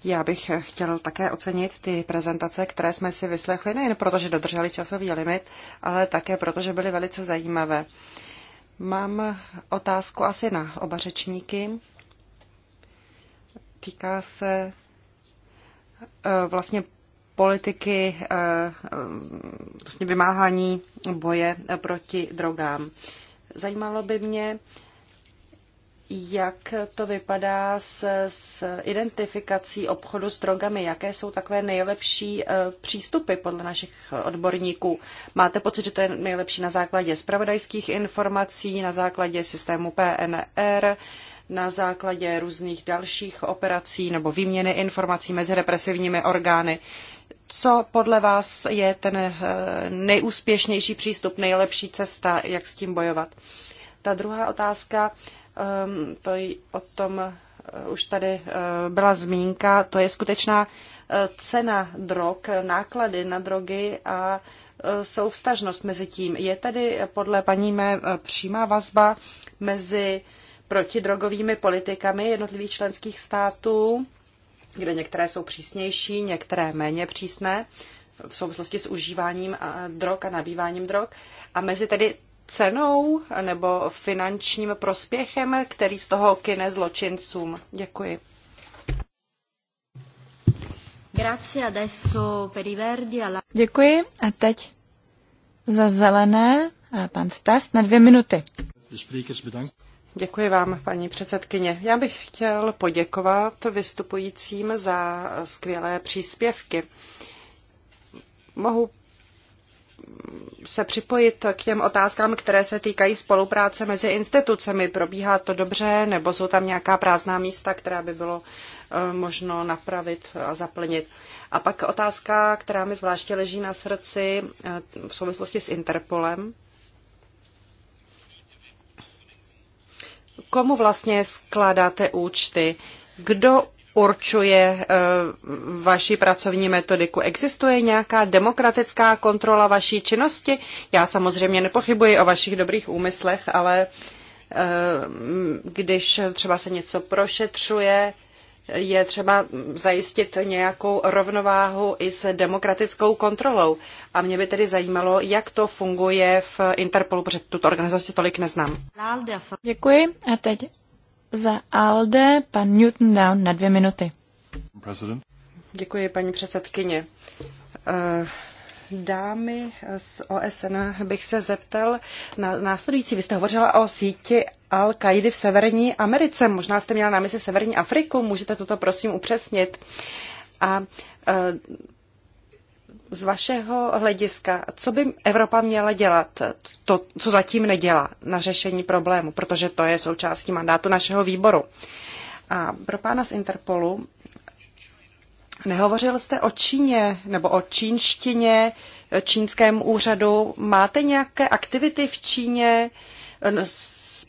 Já bych chtěl také ocenit ty prezentace, které jsme si vyslechli, nejen proto, že dodrželi časový limit, ale také proto, že byly velice zajímavé. Mám otázku asi na oba řečníky. Týká se Eh, vlastně politiky eh, vlastně vymáhání boje eh, proti drogám. Zajímalo by mě, jak to vypadá s, s identifikací obchodu s drogami? Jaké jsou takové nejlepší přístupy podle našich odborníků? Máte pocit, že to je nejlepší na základě zpravodajských informací, na základě systému PNR, na základě různých dalších operací nebo výměny informací mezi represivními orgány. Co podle vás je ten eh, nejúspěšnější přístup, nejlepší cesta, jak s tím bojovat? Ta druhá otázka, ehm, to je o tom eh, už tady eh, byla zmínka, to je skutečná cena drog, náklady na drogy a soustažnost mezi tím. Je tady podle paní mé přímá vazba mezi protidrogovými politikami jednotlivých členských států, kde některé jsou přísnější, některé méně přísné v souvislosti s užíváním drog a nabýváním drog. A mezi tedy cenou nebo finančním prospěchem, který z toho kine zločincům. Děkuji. Děkuji a teď za zelené eh, pan Stas na dvě minuty. Děkuji vám, paní předsedkyně. Já bych chtěl poděkovat vystupujícím za skvělé příspěvky. Mohu se připojit k těm otázkám, které se týkají spolupráce mezi institucemi. Probíhá to dobře, nebo jsou tam nějaká prázdná místa, která by bylo eh, možno napravit a zaplnit. A pak otázka, která mi zvláště leží na srdci eh, v souvislosti s Interpolem. komu vlastně skládáte účty? Kdo určuje eh, vaši pracovní metodiku? Existuje nějaká demokratická kontrola vaší činnosti? Já samozřejmě nepochybuji o vašich dobrých úmyslech, ale eh, když třeba se něco prošetřuje, je třeba zajistit nějakou rovnováhu i s demokratickou kontrolou. A mě by tedy zajímalo, jak to funguje v Interpolu, protože tuto organizaci tolik neznám. Děkuji a teď za ALDE pan Newton Down na dvě minuty. President. Děkuji, paní předsedkyně. Eh, dámy z OSN bych se zeptal na následující. Vy jste hovořila o síti Al-Kaidi v Severní Americe. Možná jste měla na mysli Severní Afriku, můžete toto prosím upřesnit. A e, z vašeho hlediska, co by Evropa měla dělat, to, co zatím nedělá na řešení problému, protože to je součástí mandátu našeho výboru. A pro pána z Interpolu, nehovořil jste o Číně nebo o čínštině, čínském úřadu. Máte nějaké aktivity v Číně?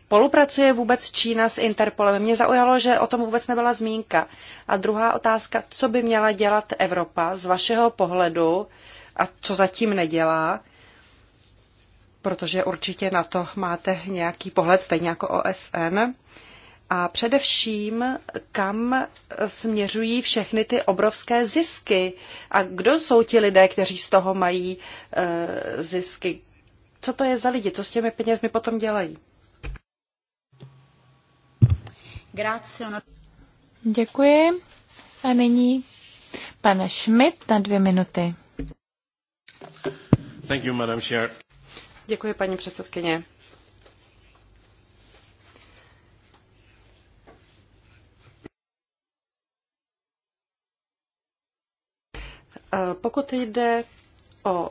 spolupracuje vůbec Čína s Interpolem? Mě zaujalo, že o tom vůbec nebyla zmínka. A druhá otázka, co by měla dělat Evropa z vašeho pohledu a co zatím nedělá, protože určitě na to máte nějaký pohled, stejně jako OSN. A především, kam směřují všechny ty obrovské zisky a kdo jsou ti lidé, kteří z toho mají e, zisky. Co to je za lidi, co s těmi penězmi potom dělají? Děkuji. A nyní pan Schmidt na dvě minuty. Thank you, Madam Chair. Děkuji, paní předsedkyně. Eh, pokud jde o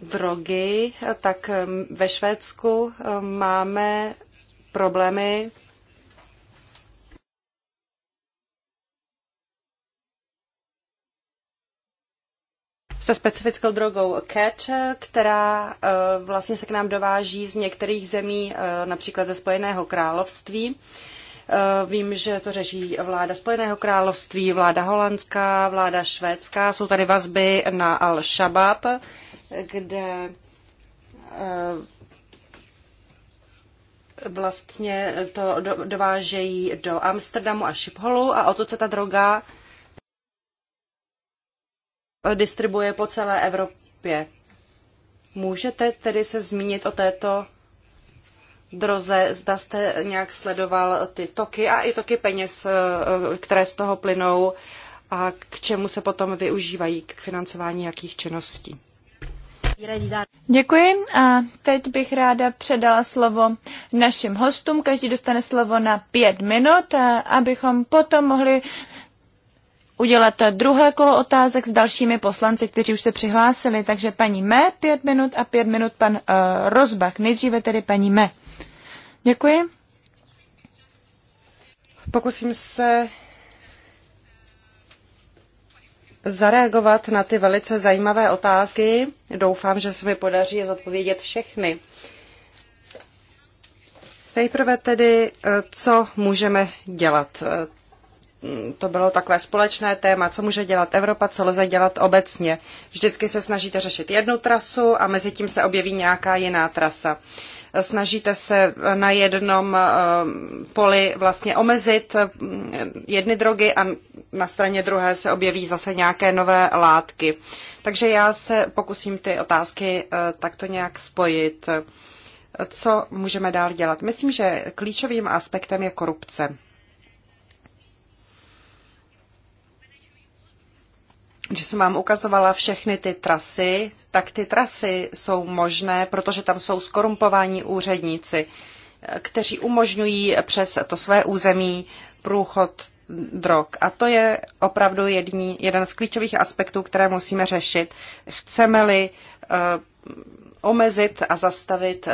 drogy, eh, tak mm, ve Švédsku eh, máme problémy se specifickou drogou CAT, která eh, vlastně se k nám dováží z některých zemí, eh, například ze Spojeného království. Eh, vím, že to řeší vláda Spojeného království, vláda holandská, vláda švédská. Jsou tady vazby na Al-Shabaab, kde vlastně to dovážejí do Amsterdamu a Šipholu a o to co ta droga distribuje po celé Evropě. Můžete tedy se zmínit o této droze, zda jste nějak sledoval ty toky a i toky peněz, eh, které z toho plynou a k čemu se potom využívají, k financování jakých činností. Děkuji a teď bych ráda předala slovo našim hostům. Každý dostane slovo na pět minut, eh, abychom potom mohli udělat druhé kolo otázek s dalšími poslanci, kteří už se přihlásili. Takže paní Me pět minut a pět minut pan uh, Rozbach. Nejdříve tedy paní Me. Děkuji. Pokusím se zareagovat na ty velice zajímavé otázky. Doufám, že se mi podaří je zodpovědět všechny. Nejprve tedy, eh, co můžeme dělat to bylo takové společné téma, co může dělat Evropa, co lze dělat obecně. Vždycky se snažíte řešit jednu trasu a mezi tím se objeví nějaká jiná trasa. Snažíte se na jednom eh, poli vlastně omezit eh, jedny drogy a na straně druhé se objeví zase nějaké nové látky. Takže já se pokusím ty otázky eh, takto nějak spojit. Co můžeme dál dělat? Myslím, že klíčovým aspektem je korupce. že jsem vám ukazovala všechny ty trasy, tak ty trasy jsou možné, protože tam jsou skorumpovaní úředníci, kteří umožňují přes to své území průchod drog. A to je opravdu jední, jeden z klíčových aspektů, které musíme řešit. Chceme-li uh, omezit a zastavit uh,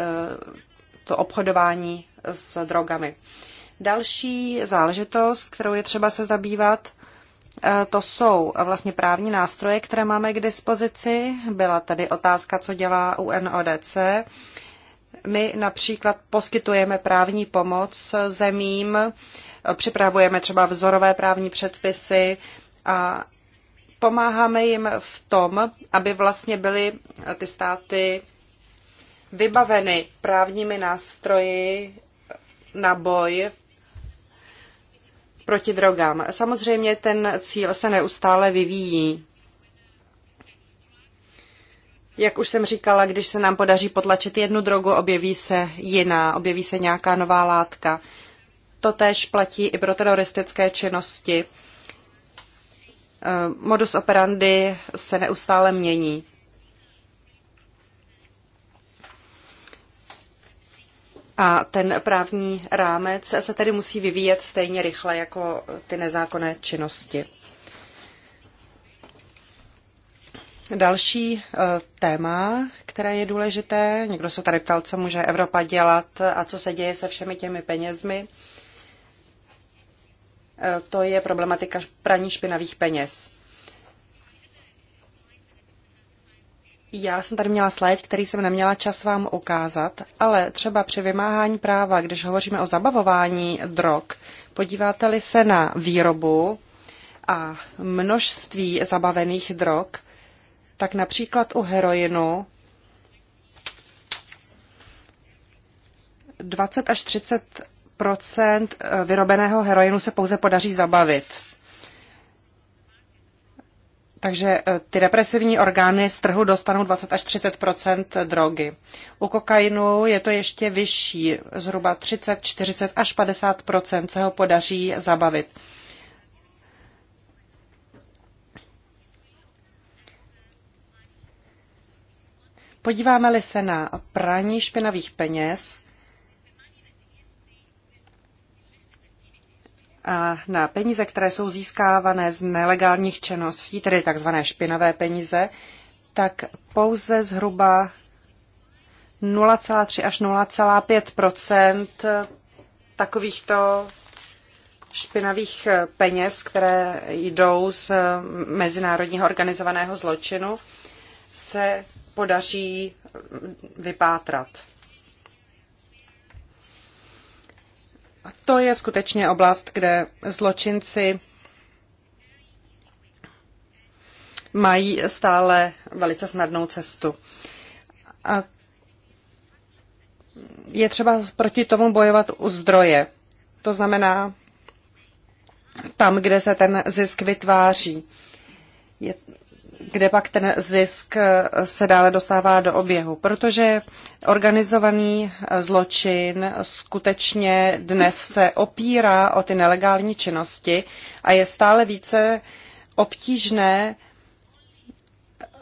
to obchodování s drogami. Další záležitost, kterou je třeba se zabývat, E, to jsou vlastně právní nástroje, které máme k dispozici. Byla tady otázka, co dělá UNODC. My například poskytujeme právní pomoc zemím, připravujeme třeba vzorové právní předpisy a pomáháme jim v tom, aby vlastně byly ty státy vybaveny právními nástroji na boj proti drogám. Samozřejmě ten cíl se neustále vyvíjí. Jak už jsem říkala, když se nám podaří potlačit jednu drogu, objeví se jiná, objeví se nějaká nová látka. To též platí i pro teroristické činnosti. Eh, modus operandi se neustále mění. A ten právní rámec se tedy musí vyvíjet stejně rychle jako ty nezákonné činnosti. Další eh, téma, které je důležité, někdo se tady ptal, co může Evropa dělat a co se děje se všemi těmi penězmi, eh, to je problematika praní špinavých peněz. Já jsem tady měla slide, který jsem neměla čas vám ukázat, ale třeba při vymáhání práva, když hovoříme o zabavování drog, podíváte-li se na výrobu a množství zabavených drog, tak například u heroinu 20 až 30 vyrobeného heroinu se pouze podaří zabavit. Takže eh, ty represivní orgány z trhu dostanou 20 až 30 drogy. U kokainu je to ještě vyšší, zhruba 30, 40 až 50 se ho podaří zabavit. Podíváme-li se na praní špinavých peněz, na peníze, které jsou získávané z nelegálních činností, tedy takzvané špinavé peníze, tak pouze zhruba 0,3 až 0,5 takovýchto špinavých peněz, které jdou z mezinárodního organizovaného zločinu, se podaří vypátrat. A to je skutečně oblast, kde zločinci mají stále velice snadnou cestu. A je třeba proti tomu bojovat u zdroje. To znamená tam, kde se ten zisk vytváří. Je kde pak ten zisk eh, se dále dostává do oběhu, protože organizovaný eh, zločin skutečně dnes se opírá o ty nelegální činnosti a je stále více obtížné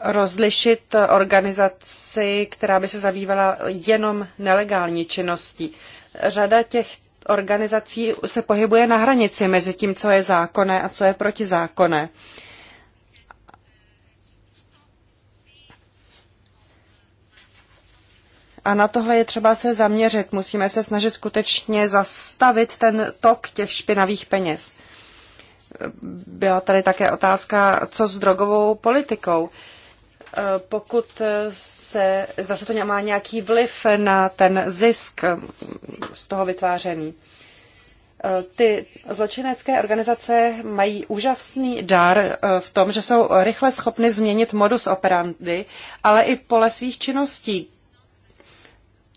rozlišit organizaci, která by se zabývala jenom nelegální činností. Řada těch organizací se pohybuje na hranici mezi tím, co je zákonné a co je protizákonné. Uh, A na tohle je třeba se zaměřit. Musíme se snažit skutečně zastavit ten tok těch špinavých peněz. Byla tady také otázka, co s drogovou politikou. E, pokud se, zda se to má nějaký vliv na ten zisk e, z toho vytvářený. E, ty zločinecké organizace mají úžasný dar v tom, že jsou rychle schopny změnit modus operandi, ale i pole svých činností,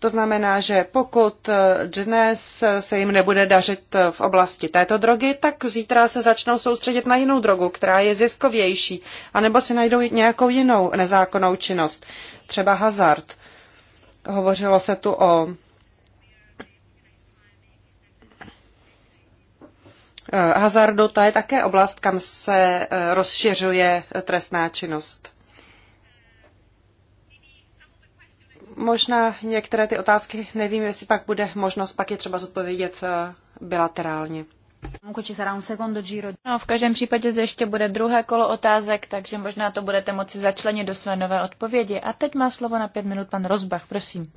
to znamená, že pokud eh, dnes eh, se jim nebude dařit eh, v oblasti této drogy, tak zítra se začnou soustředit na jinou drogu, která je ziskovější, anebo si najdou nějakou jinou nezákonnou činnost, třeba hazard. Hovořilo se tu o hazardu, to je také oblast, kam se rozšiřuje trestná činnost. Možná některé ty otázky, nevím, jestli pak bude možnost, pak je třeba zodpovědět eh, bilaterálně. No, v každém případě zde ještě bude druhé kolo otázek, takže možná to budete moci začlenit do své nové odpovědi. A teď má slovo na pět minut pan Rozbach, prosím.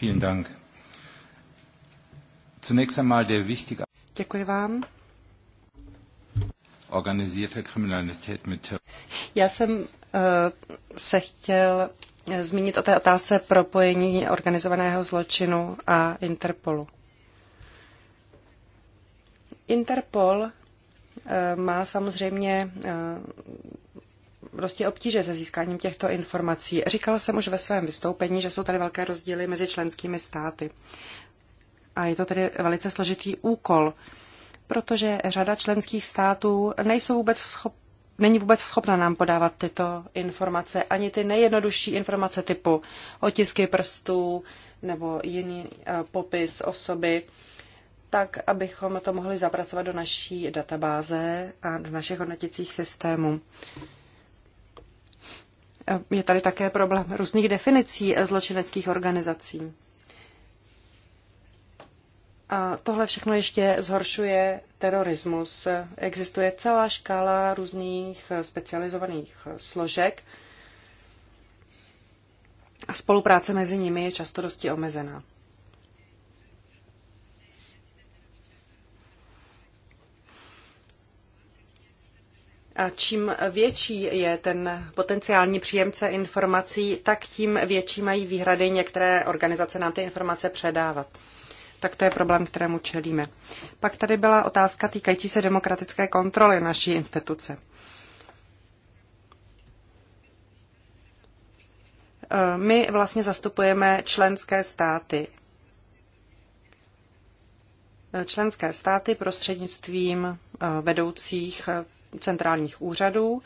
Vielen Dank. Zunächst einmal der wichtige Děkuji vám. Organisierte Kriminalität mit Já jsem uh, se chtěl zmínit o té otázce propojení organizovaného zločinu a Interpolu. Interpol eh, má samozřejmě prostě obtíže se získáním těchto informací. Říkala jsem už ve svém vystoupení, že jsou tady velké rozdíly mezi členskými státy. A je to tedy velice složitý úkol, protože řada členských států nejsou vůbec schopni není vůbec schopna nám podávat tyto informace, ani ty nejjednodušší informace typu otisky prstů nebo jiný e, popis osoby, tak abychom to mohli zapracovat do naší databáze a do našich hodnotících systémů. E, je tady také problém různých definicí e, zločineckých organizací. A tohle všechno ještě zhoršuje terorismus. Existuje celá škála různých specializovaných složek a spolupráce mezi nimi je často dosti omezená. A čím větší je ten potenciální příjemce informací, tak tím větší mají výhrady některé organizace nám ty informace předávat tak to je problém, kterému čelíme. Pak tady byla otázka týkající se demokratické kontroly naší instituce. Eh, my vlastně zastupujeme členské státy. Eh, členské státy prostřednictvím eh, vedoucích centrálních úřadů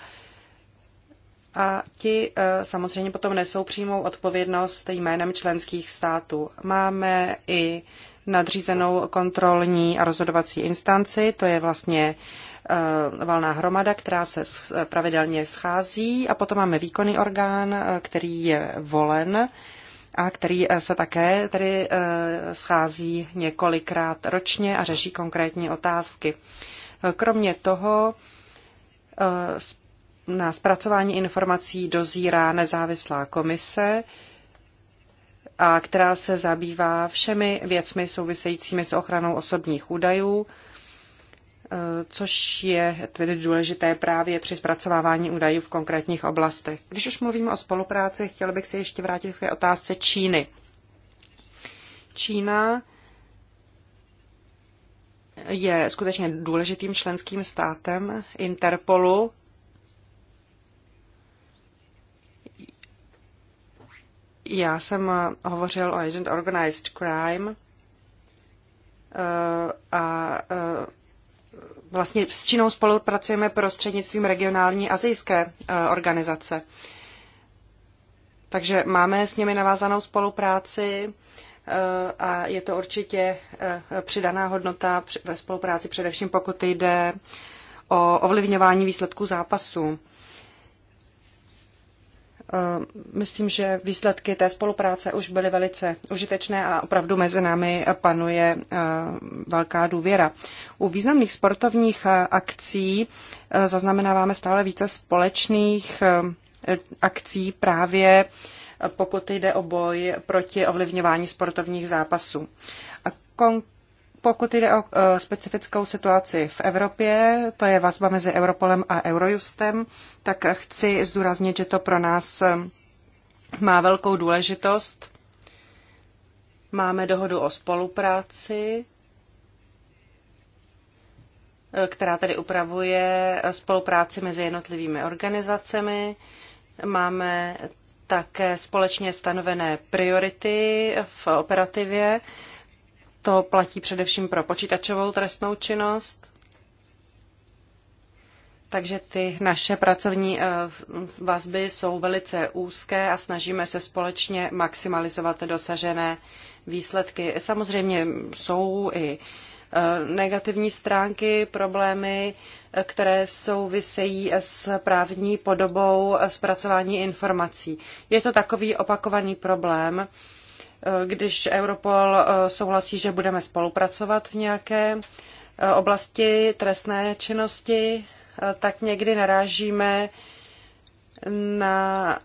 a ti samozřejmě potom nesou přímou odpovědnost jménem členských států. Máme i nadřízenou kontrolní a rozhodovací instanci. To je vlastně e, valná hromada, která se e, pravidelně schází a potom máme výkonný orgán, e, který je volen a který se také tedy schází několikrát ročně a řeší konkrétní otázky. Kromě toho na zpracování informací dozírá nezávislá komise, a která se zabývá všemi věcmi souvisejícími s ochranou osobních údajů, e, což je tedy důležité právě při zpracovávání údajů v konkrétních oblastech. Když už mluvím o spolupráci, chtěl bych se ještě vrátit k otázce Číny. Čína je skutečně důležitým členským státem Interpolu Já jsem eh, hovořil o Agent Organized Crime eh, a eh, vlastně s Čínou spolupracujeme prostřednictvím regionální azijské organizace. Takže máme s nimi navázanou spolupráci a je to určitě přidaná hodnota ve spolupráci, především pokud jde o ovlivňování výsledků zápasu. Eh, myslím, že výsledky té spolupráce už byly velice užitečné a opravdu mezi námi panuje eh, velká důvěra. U významných sportovních eh, akcí zaznamenáváme stále více společných akcí právě pokud jde o boj proti ovlivňování sportovních zápasů. A pokud jde o e, specifickou situaci v Evropě, to je vazba mezi Europolem a Eurojustem, tak chci zdůraznit, že to pro nás e, má velkou důležitost. Máme dohodu o spolupráci, e, která tedy upravuje spolupráci mezi jednotlivými organizacemi. Máme také společně stanovené priority v operativě to platí především pro počítačovou trestnou činnost. Takže ty naše pracovní eh, vazby jsou velice úzké a snažíme se společně maximalizovat dosažené výsledky. Samozřejmě jsou i eh, negativní stránky, problémy, eh, které souvisejí s právní podobou zpracování informací. Je to takový opakovaný problém, když Europol eh, souhlasí, že budeme spolupracovat v nějaké eh, oblasti trestné činnosti, eh, tak někdy narážíme na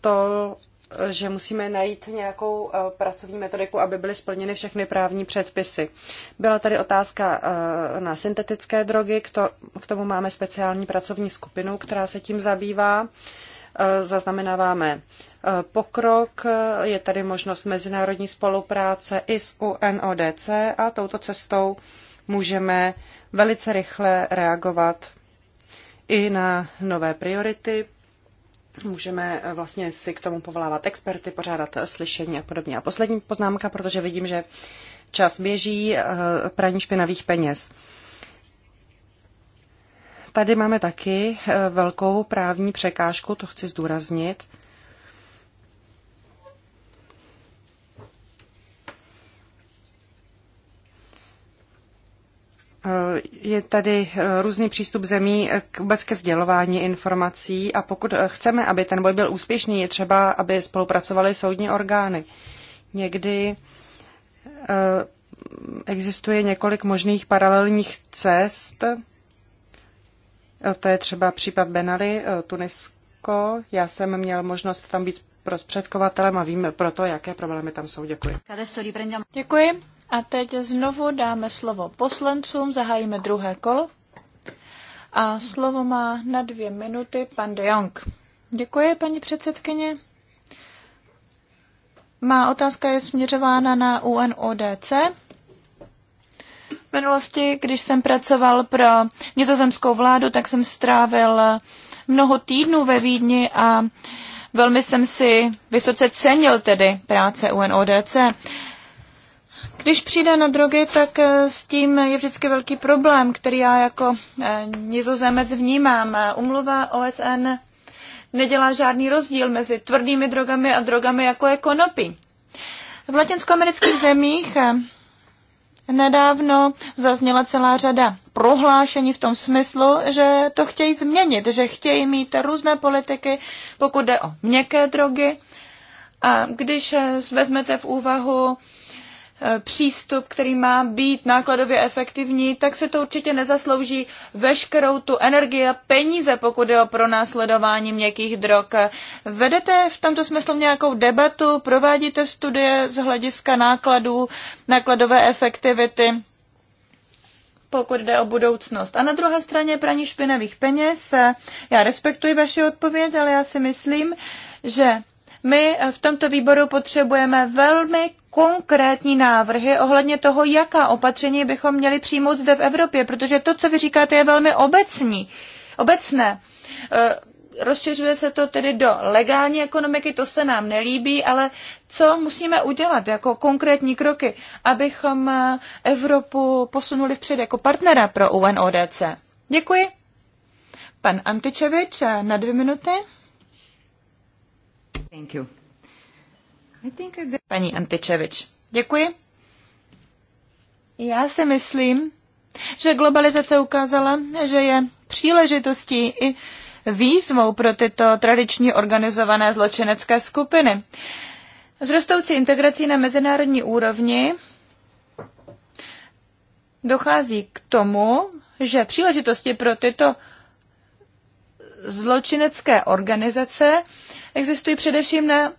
to, že musíme najít nějakou pracovní metodiku, aby byly splněny všechny právní předpisy. Byla tady otázka na syntetické drogy, k tomu máme speciální pracovní skupinu, která se tím zabývá. Eh, zaznamenáváme eh, pokrok, je tady možnost mezinárodní spolupráce i s UNODC a touto cestou můžeme velice rychle reagovat i na nové priority. Můžeme eh, vlastně si k tomu povolávat experty, pořádat slyšení a podobně. A poslední poznámka, protože vidím, že čas běží, praní špinavých peněz. Tady máme taky eh, velkou právní překážku, to chci zdůraznit. Eh, je tady eh, různý přístup zemí k vůbec ke sdělování informací a pokud chceme, aby ten boj byl úspěšný, je třeba, aby spolupracovaly soudní orgány. Někdy existuje několik možných paralelních cest, Eh, to je třeba případ Benali, eh, Tunisko. Já jsem měl možnost tam být prostředkovatelem a vím proto, jaké problémy tam jsou. Děkuji. Děkuji. A teď znovu dáme slovo poslancům, zahájíme druhé kolo. A slovo má na dvě minuty pan De Jong. Děkuji, paní předsedkyně. Má otázka je směřována na UNODC. V minulosti, když jsem pracoval pro nizozemskou vládu, tak jsem strávil mnoho týdnů ve Vídni a velmi jsem si vysoce cenil tedy práce UNODC. Když přijde na drogy, tak eh, s tím je vždycky velký problém, který já jako eh, nizozemec vnímám. Umluva OSN nedělá žádný rozdíl mezi tvrdými drogami a drogami jako je konopí. V latinskoamerických zemích eh, Nedávno zazněla celá řada prohlášení v tom smyslu, že to chtějí změnit, že chtějí mít různé politiky, pokud jde o měkké drogy. A když vezmete v úvahu Eh, přístup, který má být nákladově efektivní, tak se to určitě nezaslouží veškerou tu energii a peníze, pokud je o pronásledování měkkých drog. Vedete v tomto smyslu nějakou debatu, provádíte studie z hlediska nákladů, nákladové efektivity? pokud jde o budoucnost. A na druhé straně praní špinavých peněz. Já respektuji vaši odpověď, ale já si myslím, že my v tomto výboru potřebujeme velmi konkrétní návrhy ohledně toho, jaká opatření bychom měli přijmout zde v Evropě, protože to, co vy říkáte, je velmi obecní, obecné. Eh, rozšiřuje se to tedy do legální ekonomiky, to se nám nelíbí, ale co musíme udělat jako konkrétní kroky, abychom eh, Evropu posunuli vpřed jako partnera pro UNODC? Děkuji. Pan Antičevič eh, na dvě minuty. Thank you. Paní Antičevič, děkuji. Já si myslím, že globalizace ukázala, že je příležitostí i výzvou pro tyto tradiční organizované zločinecké skupiny. S rostoucí integrací na mezinárodní úrovni dochází k tomu, že příležitosti pro tyto zločinecké organizace existují především na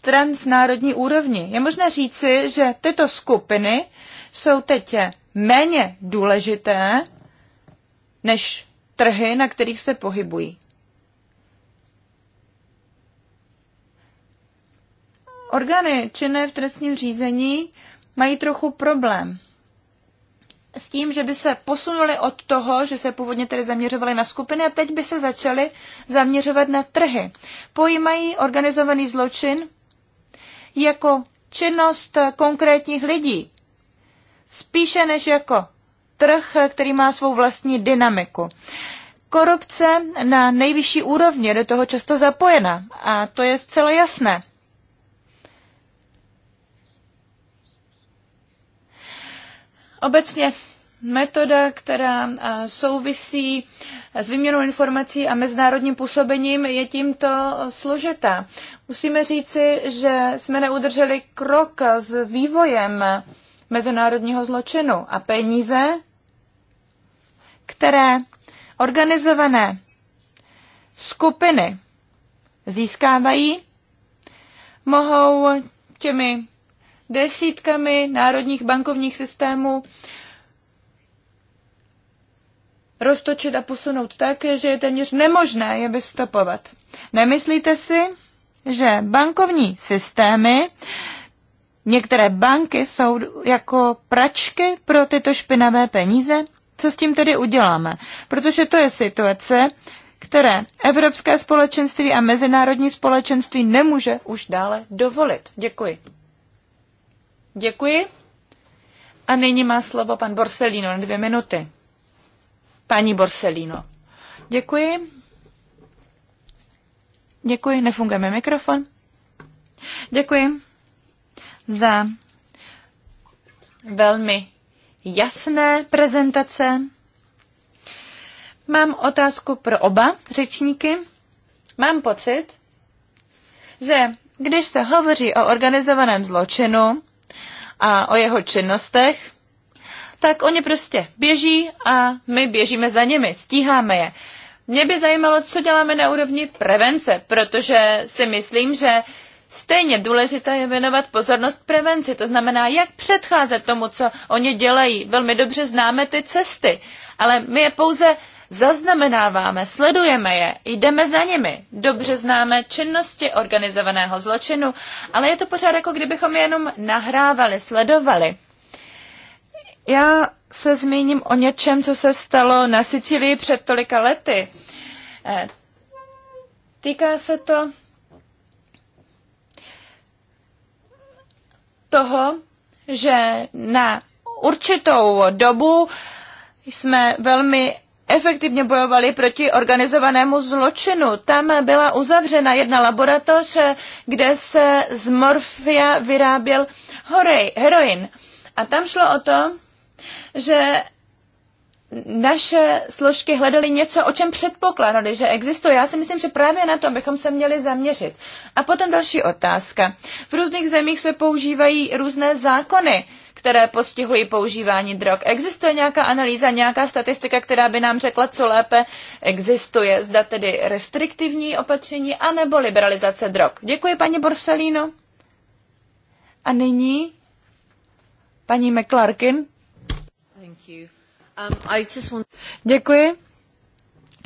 transnárodní úrovni. Je možné říci, že tyto skupiny jsou teď méně důležité než trhy, na kterých se pohybují. Orgány činné v trestním řízení mají trochu problém s tím, že by se posunuli od toho, že se původně tedy zaměřovali na skupiny a teď by se začaly zaměřovat na trhy. Pojímají organizovaný zločin jako činnost konkrétních lidí, spíše než jako trh, který má svou vlastní dynamiku. Korupce na nejvyšší úrovni je do toho často zapojena a to je zcela jasné. Obecně metoda, která souvisí s výměnou informací a mezinárodním působením, je tímto složitá. Musíme říci, že jsme neudrželi krok s vývojem mezinárodního zločinu a peníze, které organizované skupiny získávají, mohou těmi desítkami národních bankovních systémů roztočit a posunout tak, že je téměř nemožné je vystopovat. Nemyslíte si, že bankovní systémy, některé banky jsou jako pračky pro tyto špinavé peníze? Co s tím tedy uděláme? Protože to je situace, které Evropské společenství a mezinárodní společenství nemůže už dále dovolit. Děkuji. Děkuji. A nyní má slovo pan Borsellino na dvě minuty. Paní Borsellino. Děkuji. Děkuji, nefunguje mi mikrofon. Děkuji za velmi jasné prezentace. Mám otázku pro oba řečníky. Mám pocit, že když se hovoří o organizovaném zločinu a o jeho činnostech, tak oni prostě běží a my běžíme za nimi, stíháme je. Mě by zajímalo, co děláme na úrovni prevence, protože si myslím, že Stejně důležité je věnovat pozornost prevenci, to znamená, jak předcházet tomu, co oni dělají. Velmi dobře známe ty cesty, ale my je pouze zaznamenáváme, sledujeme je, jdeme za nimi. Dobře známe činnosti organizovaného zločinu, ale je to pořád jako kdybychom je jenom nahrávali, sledovali. Já se zmíním o něčem, co se stalo na Sicílii před tolika lety. Eh, týká se to toho, že na určitou dobu jsme velmi efektivně bojovali proti organizovanému zločinu. Tam byla uzavřena jedna laboratoř, kde se z morfia vyráběl horej, heroin. A tam šlo o to, že naše složky hledaly něco, o čem předpokládali, že existuje. Já si myslím, že právě na to bychom se měli zaměřit. A potom další otázka. V různých zemích se používají různé zákony které postihují používání drog. Existuje nějaká analýza, nějaká statistika, která by nám řekla, co lépe existuje? Zda tedy restriktivní opatření anebo liberalizace drog. Děkuji, paní Borsalino. A nyní paní McClarkin. Um, Děkuji.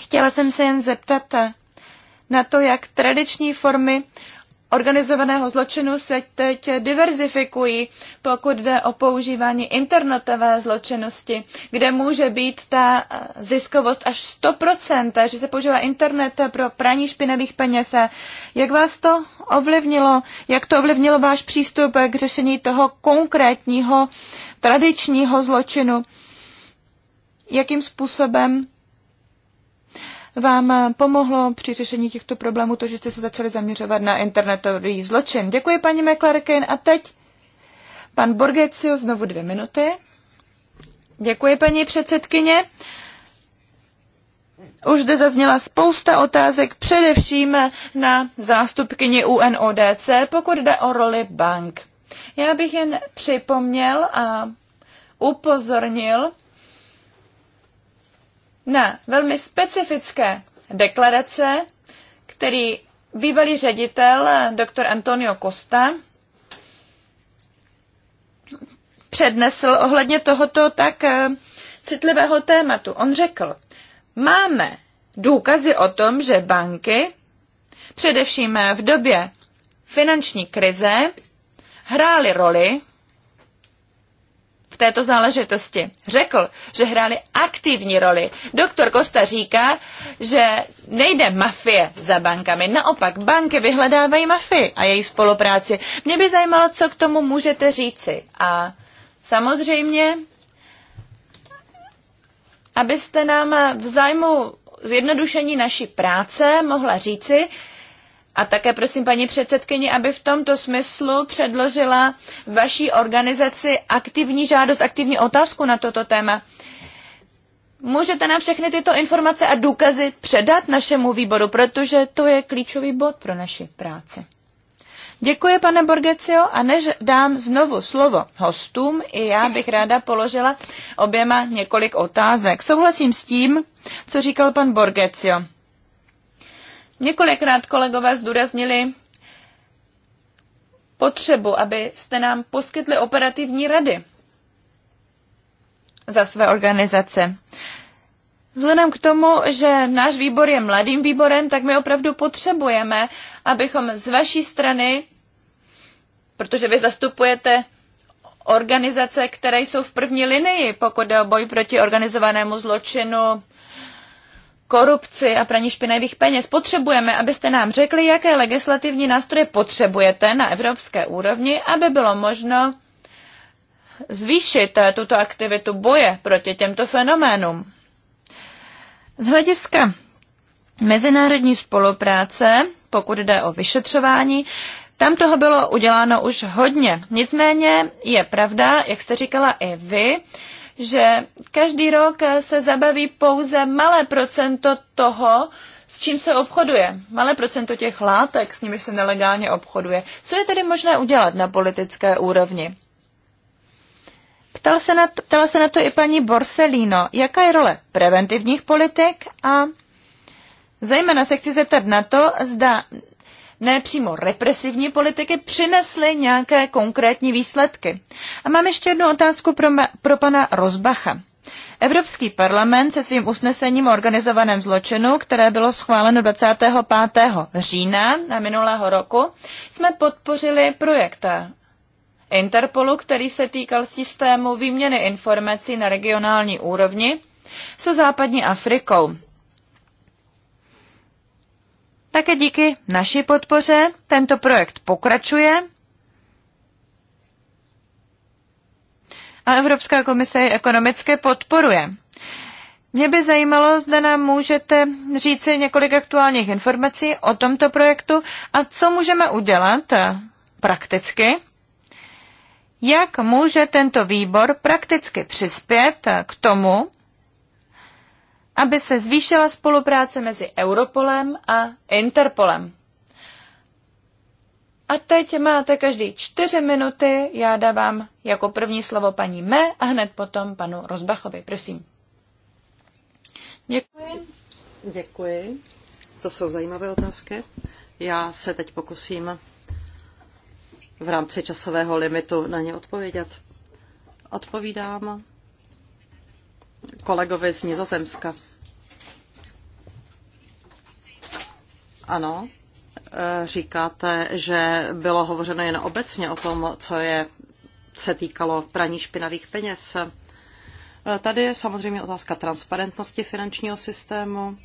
Chtěla jsem se jen zeptat eh, na to, jak tradiční formy organizovaného zločinu se teď diverzifikují, pokud jde o používání internetové zločinnosti, kde může být ta eh, ziskovost až 100%, že se používá internet pro praní špinavých peněz. Jak vás to ovlivnilo? Jak to ovlivnilo váš přístup k řešení toho konkrétního tradičního zločinu? jakým způsobem vám pomohlo při řešení těchto problémů to, že jste se začali zaměřovat na internetový zločin. Děkuji, paní McLarkin. A teď pan Borgecio, znovu dvě minuty. Děkuji, paní předsedkyně. Už zde zazněla spousta otázek, především na zástupkyni UNODC, pokud jde o roli bank. Já bych jen připomněl a upozornil na velmi specifické deklarace, který bývalý ředitel dr. Antonio Costa přednesl ohledně tohoto tak eh, citlivého tématu. On řekl, máme důkazy o tom, že banky, především v době finanční krize, hrály roli v této záležitosti. Řekl, že hráli aktivní roli. Doktor Kosta říká, že nejde mafie za bankami. Naopak, banky vyhledávají mafii a její spolupráci. Mě by zajímalo, co k tomu můžete říci. A samozřejmě, abyste nám v zájmu zjednodušení naší práce mohla říci, a také prosím paní předsedkyni, aby v tomto smyslu předložila vaší organizaci aktivní žádost, aktivní otázku na toto téma. Můžete nám všechny tyto informace a důkazy předat našemu výboru, protože to je klíčový bod pro naši práci. Děkuji, pane Borgecio, a než dám znovu slovo hostům, i já bych ráda položila oběma několik otázek. Souhlasím s tím, co říkal pan Borgecio. Několikrát kolegové zdůraznili potřebu, abyste nám poskytli operativní rady za své organizace. Vzhledem k tomu, že náš výbor je mladým výborem, tak my opravdu potřebujeme, abychom z vaší strany, protože vy zastupujete organizace, které jsou v první linii, pokud jde o boj proti organizovanému zločinu, korupci a praní špinavých peněz. Potřebujeme, abyste nám řekli, jaké legislativní nástroje potřebujete na evropské úrovni, aby bylo možno zvýšit eh, tuto aktivitu boje proti těmto fenoménům. Z hlediska mezinárodní spolupráce, pokud jde o vyšetřování, tam toho bylo uděláno už hodně. Nicméně je pravda, jak jste říkala i vy, že každý rok se zabaví pouze malé procento toho, s čím se obchoduje. Malé procento těch látek, s nimiž se nelegálně obchoduje. Co je tedy možné udělat na politické úrovni? Ptal se na to, ptala se na to i paní Borsellino, jaká je role preventivních politik a zejména se chci zeptat na to, zda ne přímo represivní politiky přinesly nějaké konkrétní výsledky. A mám ještě jednu otázku pro, ma, pro pana Rozbacha. Evropský parlament se svým usnesením o organizovaném zločinu, které bylo schváleno 25. října na minulého roku, jsme podpořili projekt Interpolu, který se týkal systému výměny informací na regionální úrovni se západní Afrikou. Také díky naší podpoře tento projekt pokračuje a Evropská komise ji ekonomicky podporuje. Mě by zajímalo, zda nám můžete říci několik aktuálních informací o tomto projektu a co můžeme udělat prakticky. Jak může tento výbor prakticky přispět k tomu, aby se zvýšila spolupráce mezi Europolem a Interpolem. A teď máte každý čtyři minuty, já dávám jako první slovo paní Me a hned potom panu Rozbachovi. Prosím. Děkuji. Děkuji. To jsou zajímavé otázky. Já se teď pokusím v rámci časového limitu na ně odpovědět. Odpovídám kolegovi z Nizozemska. Ano, e, říkáte, že bylo hovořeno jen obecně o tom, co je, se týkalo praní špinavých peněz. E, tady je samozřejmě otázka transparentnosti finančního systému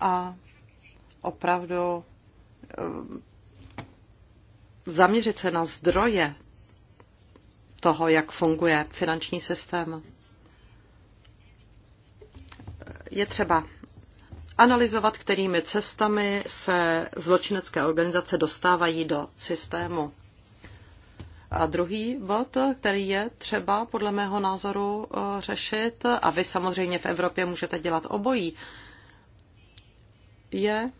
a opravdu e, zaměřit se na zdroje toho, jak funguje finanční systém je třeba analyzovat, kterými cestami se zločinecké organizace dostávají do systému. A druhý bod, který je třeba podle mého názoru eh, řešit, a vy samozřejmě v Evropě můžete dělat obojí, je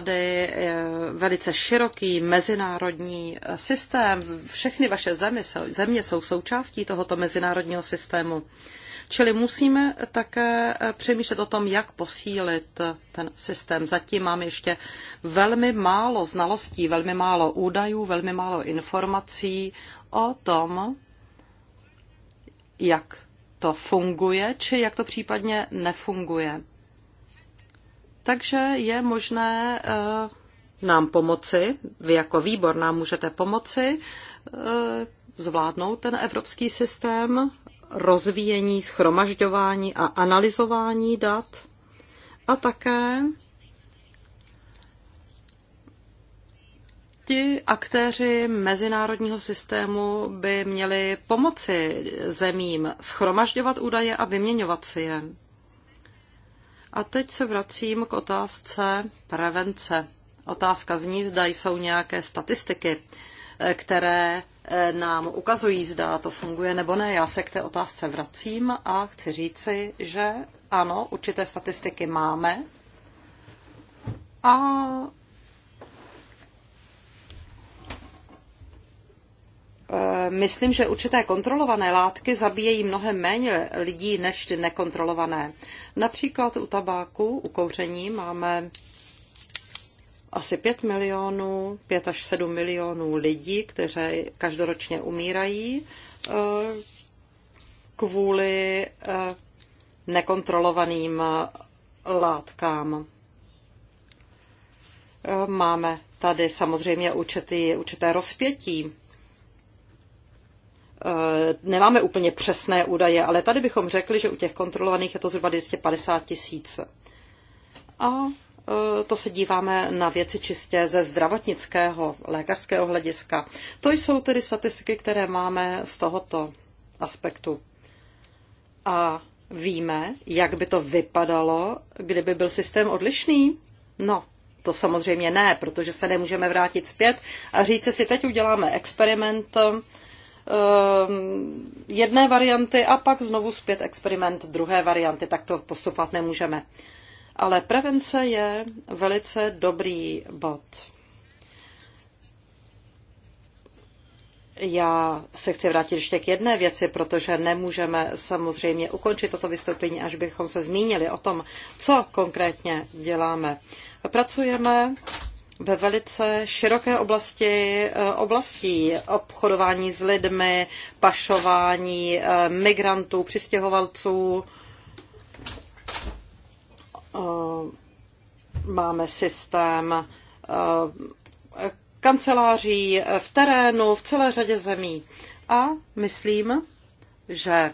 tady eh, velice široký mezinárodní eh, systém. Všechny vaše země jsou, země jsou součástí tohoto mezinárodního systému. Čili musíme také eh, přemýšlet o tom, jak posílit ten systém. Zatím mám ještě velmi málo znalostí, velmi málo údajů, velmi málo informací o tom, jak to funguje, či jak to případně nefunguje. Takže je možné eh, nám pomoci, vy jako výbor nám můžete pomoci eh, zvládnout ten evropský systém rozvíjení, schromažďování a analyzování dat a také ti aktéři mezinárodního systému by měli pomoci zemím schromažďovat údaje a vyměňovat si je. A teď se vracím k otázce prevence. Otázka zní, zda jsou nějaké statistiky, eh, které eh, nám ukazují, zda to funguje nebo ne. Já se k té otázce vracím a chci říci, že ano, určité statistiky máme a Eh, myslím, že určité kontrolované látky zabíjejí mnohem méně lidí než ty nekontrolované. Například u tabáku, u kouření máme asi 5 milionů, 5 až 7 milionů lidí, kteří každoročně umírají eh, kvůli eh, nekontrolovaným látkám. Máme tady samozřejmě určitý, určité rozpětí Eh, nemáme úplně přesné údaje, ale tady bychom řekli, že u těch kontrolovaných je to zhruba 250 tisíc. A eh, to se díváme na věci čistě ze zdravotnického, lékařského hlediska. To jsou tedy statistiky, které máme z tohoto aspektu. A víme, jak by to vypadalo, kdyby byl systém odlišný? No, to samozřejmě ne, protože se nemůžeme vrátit zpět a říct si, teď uděláme experiment, Ehm, jedné varianty a pak znovu zpět experiment druhé varianty. Tak to postupovat nemůžeme. Ale prevence je velice dobrý bod. Já se chci vrátit ještě k jedné věci, protože nemůžeme samozřejmě ukončit toto vystoupení, až bychom se zmínili o tom, co konkrétně děláme. Pracujeme ve velice široké oblasti e, oblastí obchodování s lidmi, pašování e, migrantů, přistěhovalců. E, máme systém kanceláří v terénu, v celé řadě zemí. A myslím, že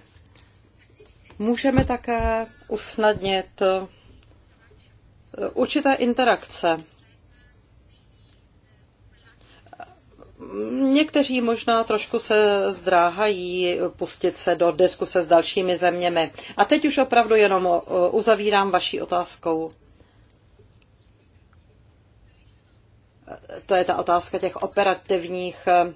můžeme také usnadnit určité interakce Někteří možná trošku se zdráhají pustit se do diskuse s dalšími zeměmi. A teď už opravdu jenom uzavírám vaší otázkou. To je ta otázka těch operativních e,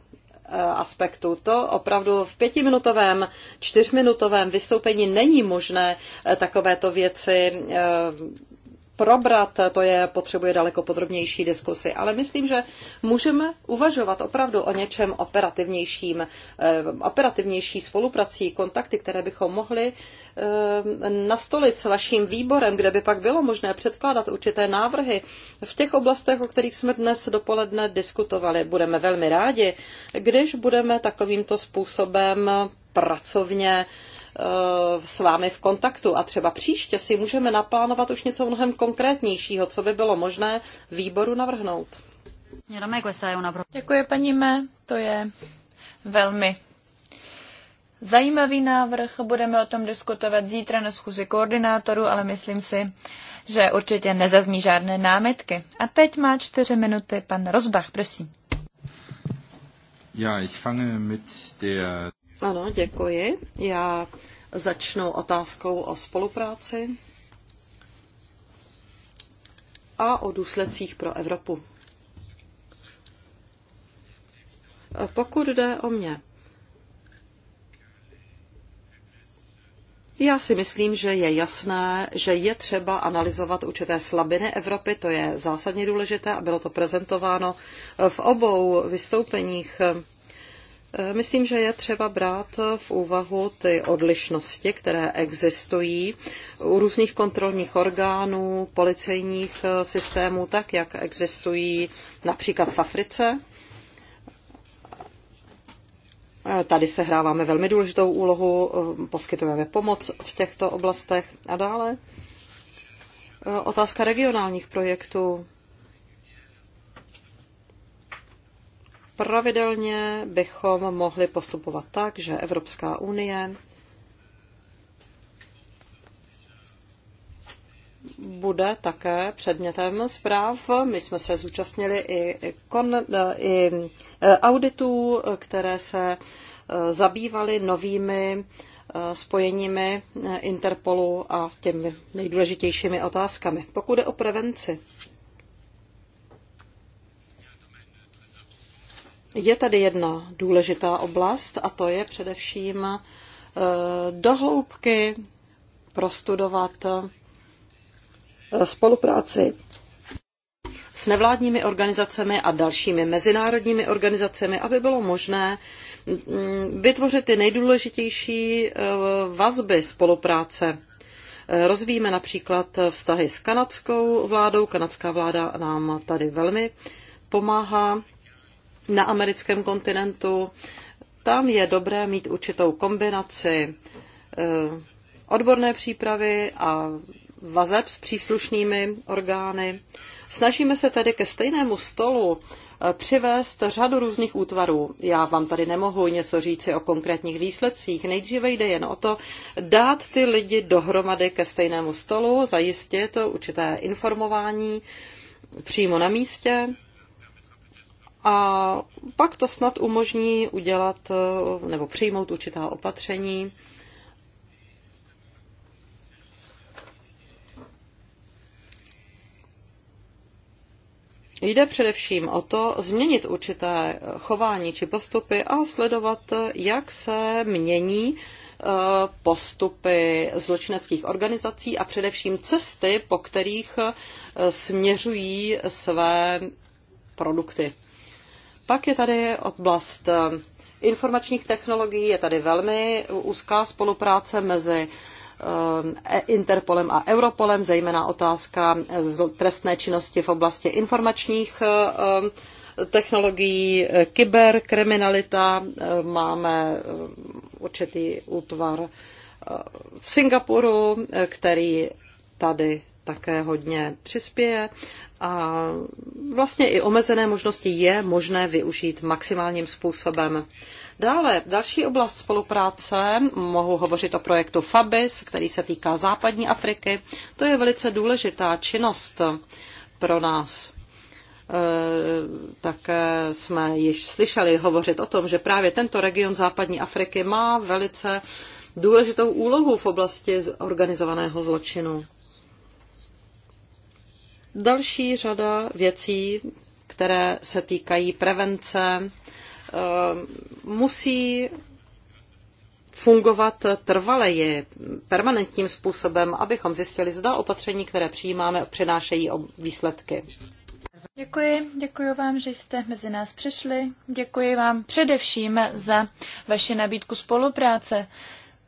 aspektů. To opravdu v pětiminutovém, čtyřminutovém vystoupení není možné e, takovéto věci e, probrat, to je potřebuje daleko podrobnější diskusy, ale myslím, že můžeme uvažovat opravdu o něčem operativnějším, eh, operativnější spoluprací, kontakty, které bychom mohli eh, nastolit s vaším výborem, kde by pak bylo možné předkládat určité návrhy v těch oblastech, o kterých jsme dnes dopoledne diskutovali. Budeme velmi rádi, když budeme takovýmto způsobem pracovně uh, Eh, s vámi v kontaktu a třeba příště si můžeme naplánovat už něco mnohem konkrétnějšího, co by bylo možné výboru navrhnout. Jako Děkuji, paní Mé, to je velmi zajímavý návrh. Budeme o tom diskutovat zítra na schůzi koordinátorů, ale myslím si, že určitě nezazní žádné námitky. A teď má čtyři minuty pan Rozbach, prosím. Ja, ich fange mit der... Ano, děkuji. Já začnu otázkou o spolupráci a o důsledcích pro Evropu. Pokud jde o mě, Já si myslím, že je jasné, že je třeba analyzovat určité slabiny Evropy, to je zásadně důležité a bylo to prezentováno v obou vystoupeních Eh, myslím, že je třeba brát v úvahu ty odlišnosti, které existují u různých kontrolních orgánů, policejních eh, systémů, tak jak existují například v Africe. Eh, tady se hráváme velmi důležitou úlohu, poskytujeme pomoc v těchto oblastech a dále. Otázka regionálních projektů pravidelně bychom mohli postupovat tak, že Evropská unie bude také předmětem zpráv. My jsme se zúčastnili i, kon, eh, i eh, auditů, které se eh, zabývaly novými spojeními Interpolu a těmi nejdůležitějšími otázkami. Pokud je o prevenci, Je tady jedna důležitá oblast a to je především eh, dohloubky prostudovat eh, spolupráci s nevládními organizacemi a dalšími mezinárodními organizacemi, aby bylo možné mm, vytvořit ty nejdůležitější eh, vazby spolupráce. Rozvíjíme například vztahy s kanadskou vládou. Kanadská vláda nám tady velmi pomáhá na americkém kontinentu. Tam je dobré mít určitou kombinaci eh, odborné přípravy a vazeb s příslušnými orgány. Snažíme se tedy ke stejnému stolu eh, přivést řadu různých útvarů. Já vám tady nemohu něco říci o konkrétních výsledcích. Nejdříve jde jen o to dát ty lidi dohromady ke stejnému stolu, zajistit určité informování přímo na místě a pak to snad umožní udělat eh, nebo přijmout určitá opatření. Jde především o to změnit určité chování či postupy a sledovat, jak se mění eh, postupy zločineckých organizací a především cesty, po kterých eh, směřují své produkty. Pak je tady oblast eh, informačních technologií, je tady velmi úzká spolupráce mezi eh, e- Interpolem a Europolem, zejména otázka eh, trestné činnosti v oblasti informačních technologií, kyberkriminalita, máme určitý útvar v Singapuru, který tady také hodně přispěje a vlastně i omezené možnosti je možné využít maximálním způsobem. Dále, další oblast spolupráce, mohu hovořit o projektu FABIS, který se týká západní Afriky. To je velice důležitá činnost pro nás. E, tak jsme již slyšeli hovořit o tom, že právě tento region západní Afriky má velice důležitou úlohu v oblasti organizovaného zločinu. Další řada věcí, které se týkají prevence, eh, musí fungovat trvaleji, permanentním způsobem, abychom zjistili, zda opatření, které přijímáme, přinášejí výsledky. Děkuji, děkuji vám, že jste mezi nás přišli. Děkuji vám především za vaši nabídku spolupráce.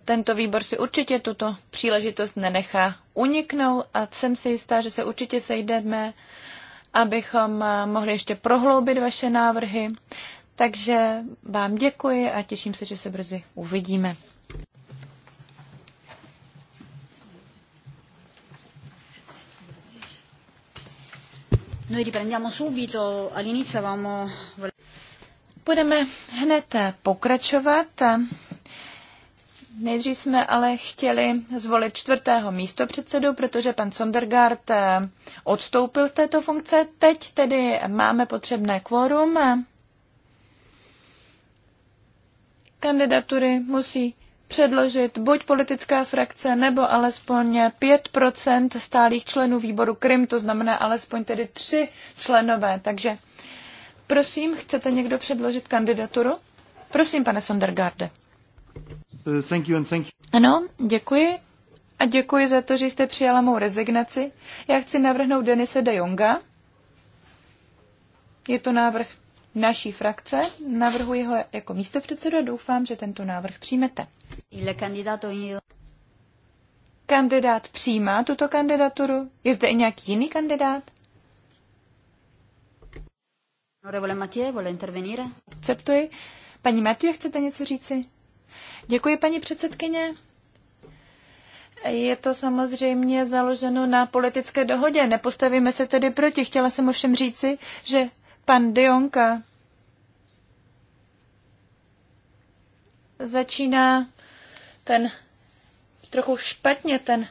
Tento výbor si určitě tuto příležitost nenechá uniknout a jsem si jistá, že se určitě sejdeme, abychom eh, mohli ještě prohloubit vaše návrhy. Takže vám děkuji a těším se, že se brzy uvidíme. riprendiamo subito, all'inizio Budeme hned pokračovat. Nejdřív jsme ale chtěli zvolit čtvrtého místo předsedu, protože pan Sondergaard eh, odstoupil z této funkce. Teď tedy máme potřebné kvórum. Kandidatury musí předložit buď politická frakce, nebo alespoň 5 stálých členů výboru Krym, to znamená alespoň tedy tři členové. Takže prosím, chcete někdo předložit kandidaturu? Prosím, pane Sondergarde. Eh, ano, děkuji. A děkuji za to, že jste přijala mou rezignaci. Já chci navrhnout Denise de Jonga. Je to návrh naší frakce. Navrhuji ho jako místopředsedu a doufám, že tento návrh přijmete. Kandidát přijímá tuto kandidaturu? Je zde i nějaký jiný kandidát? Honorable Matěj, vole intervenire? Akceptuji. Paní Matěj, chcete něco říci? Děkuji, paní předsedkyně. Je to samozřejmě založeno na politické dohodě. Nepostavíme se tedy proti. Chtěla jsem ovšem říci, že pan Dionka začíná ten trochu špatně ten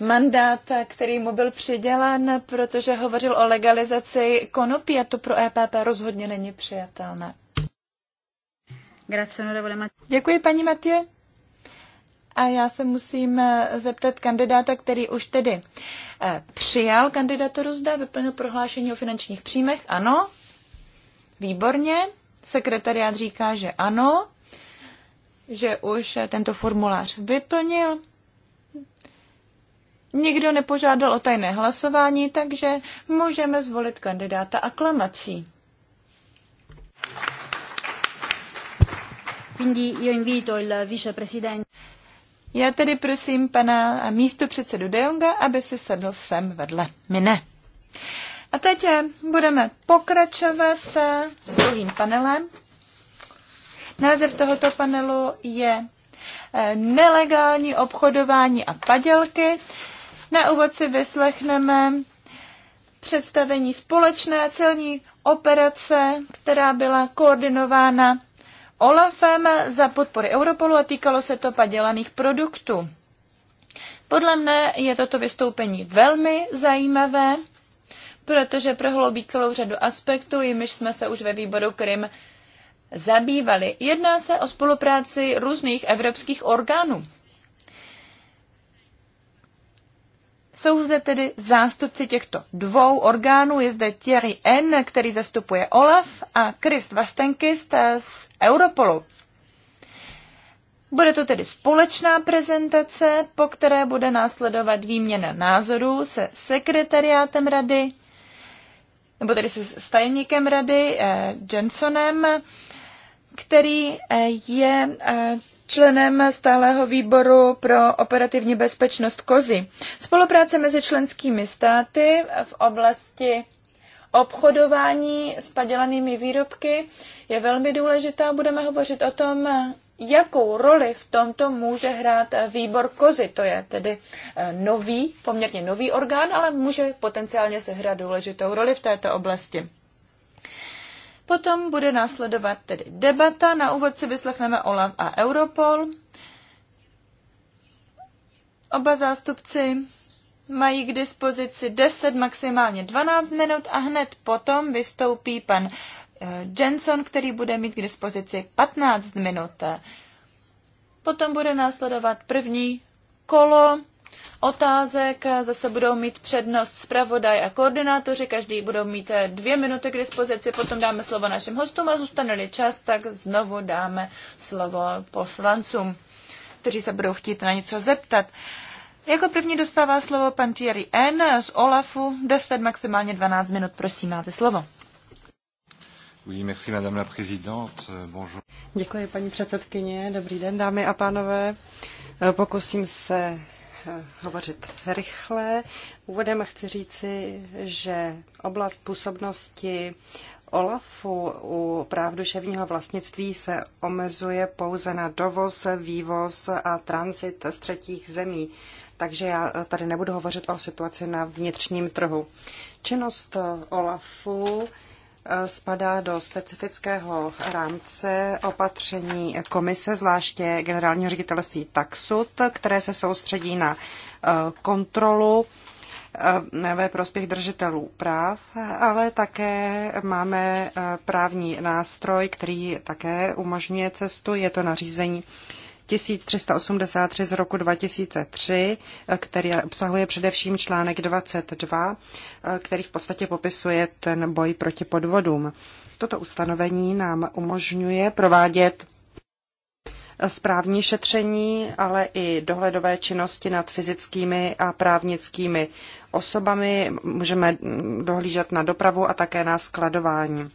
mandát, který mu byl přidělen, protože hovořil o legalizaci konopí a to pro EPP rozhodně není přijatelné. Děkuji, paní Matě. A já se musím eh, zeptat kandidáta, který už tedy eh, přijal kandidaturu zde, vyplnil prohlášení o finančních příjmech. Ano. Výborně. Sekretariát říká, že ano, že už eh, tento formulář vyplnil. Nikdo nepožádal o tajné hlasování, takže můžeme zvolit kandidáta aklamací. Já tedy prosím pana místo De Jonga, aby si sedl sem vedle mne. A teď eh, budeme pokračovat eh, s druhým panelem. Název tohoto panelu je eh, Nelegální obchodování a padělky. Na úvod si vyslechneme představení společné celní operace, která byla koordinována Olafem za podpory Europolu a týkalo se to padělaných produktů. Podle mne je toto vystoupení velmi zajímavé, protože prohloubí celou řadu aspektů, jimiž jsme se už ve výboru Krym zabývali. Jedná se o spolupráci různých evropských orgánů. Jsou zde tedy zástupci těchto dvou orgánů. Je zde Thierry N., který zastupuje OLAF a Chris Vastenkist eh, z Europolu. Bude to tedy společná prezentace, po které bude následovat výměna názorů se sekretariátem rady, nebo tedy se stajeníkem rady eh, Jensonem, který eh, je eh, členem stálého výboru pro operativní bezpečnost kozy. Spolupráce mezi členskými státy v oblasti obchodování s padělanými výrobky je velmi důležitá. Budeme hovořit o tom, jakou roli v tomto může hrát výbor kozy. To je tedy eh, nový, poměrně nový orgán, ale může potenciálně sehrát důležitou roli v této oblasti. Potom bude následovat tedy debata. Na úvod si vyslechneme OLAF a Europol. Oba zástupci mají k dispozici 10, maximálně 12 minut a hned potom vystoupí pan eh, Jenson, který bude mít k dispozici 15 minut. Potom bude následovat první kolo otázek. Zase budou mít přednost zpravodaj a koordinátoři, každý budou mít dvě minuty k dispozici, potom dáme slovo našim hostům a zůstane čas, tak znovu dáme slovo poslancům, kteří se budou chtít na něco zeptat. Jako první dostává slovo pan Thierry N. z OLAFu, 10, maximálně 12 minut, prosím, máte slovo. Děkuji, paní předsedkyně. Dobrý den, dámy a pánové. Pokusím se hovořit rychle. Úvodem chci říci, že oblast působnosti OLAFu u práv duševního vlastnictví se omezuje pouze na dovoz, vývoz a transit z třetích zemí. Takže já tady nebudu hovořit o situaci na vnitřním trhu. Činnost OLAFu Eh, spadá do specifického rámce opatření komise, zvláště generálního ředitelství Taxut, které se soustředí na eh, kontrolu eh, ve prospěch držitelů práv, ale také máme právní nástroj, který také umožňuje cestu, je to nařízení 1383 z roku 2003, který obsahuje především článek 22, který v podstatě popisuje ten boj proti podvodům. Toto ustanovení nám umožňuje provádět správní šetření, ale i dohledové činnosti nad fyzickými a právnickými osobami. Můžeme dohlížet na dopravu a také na skladování.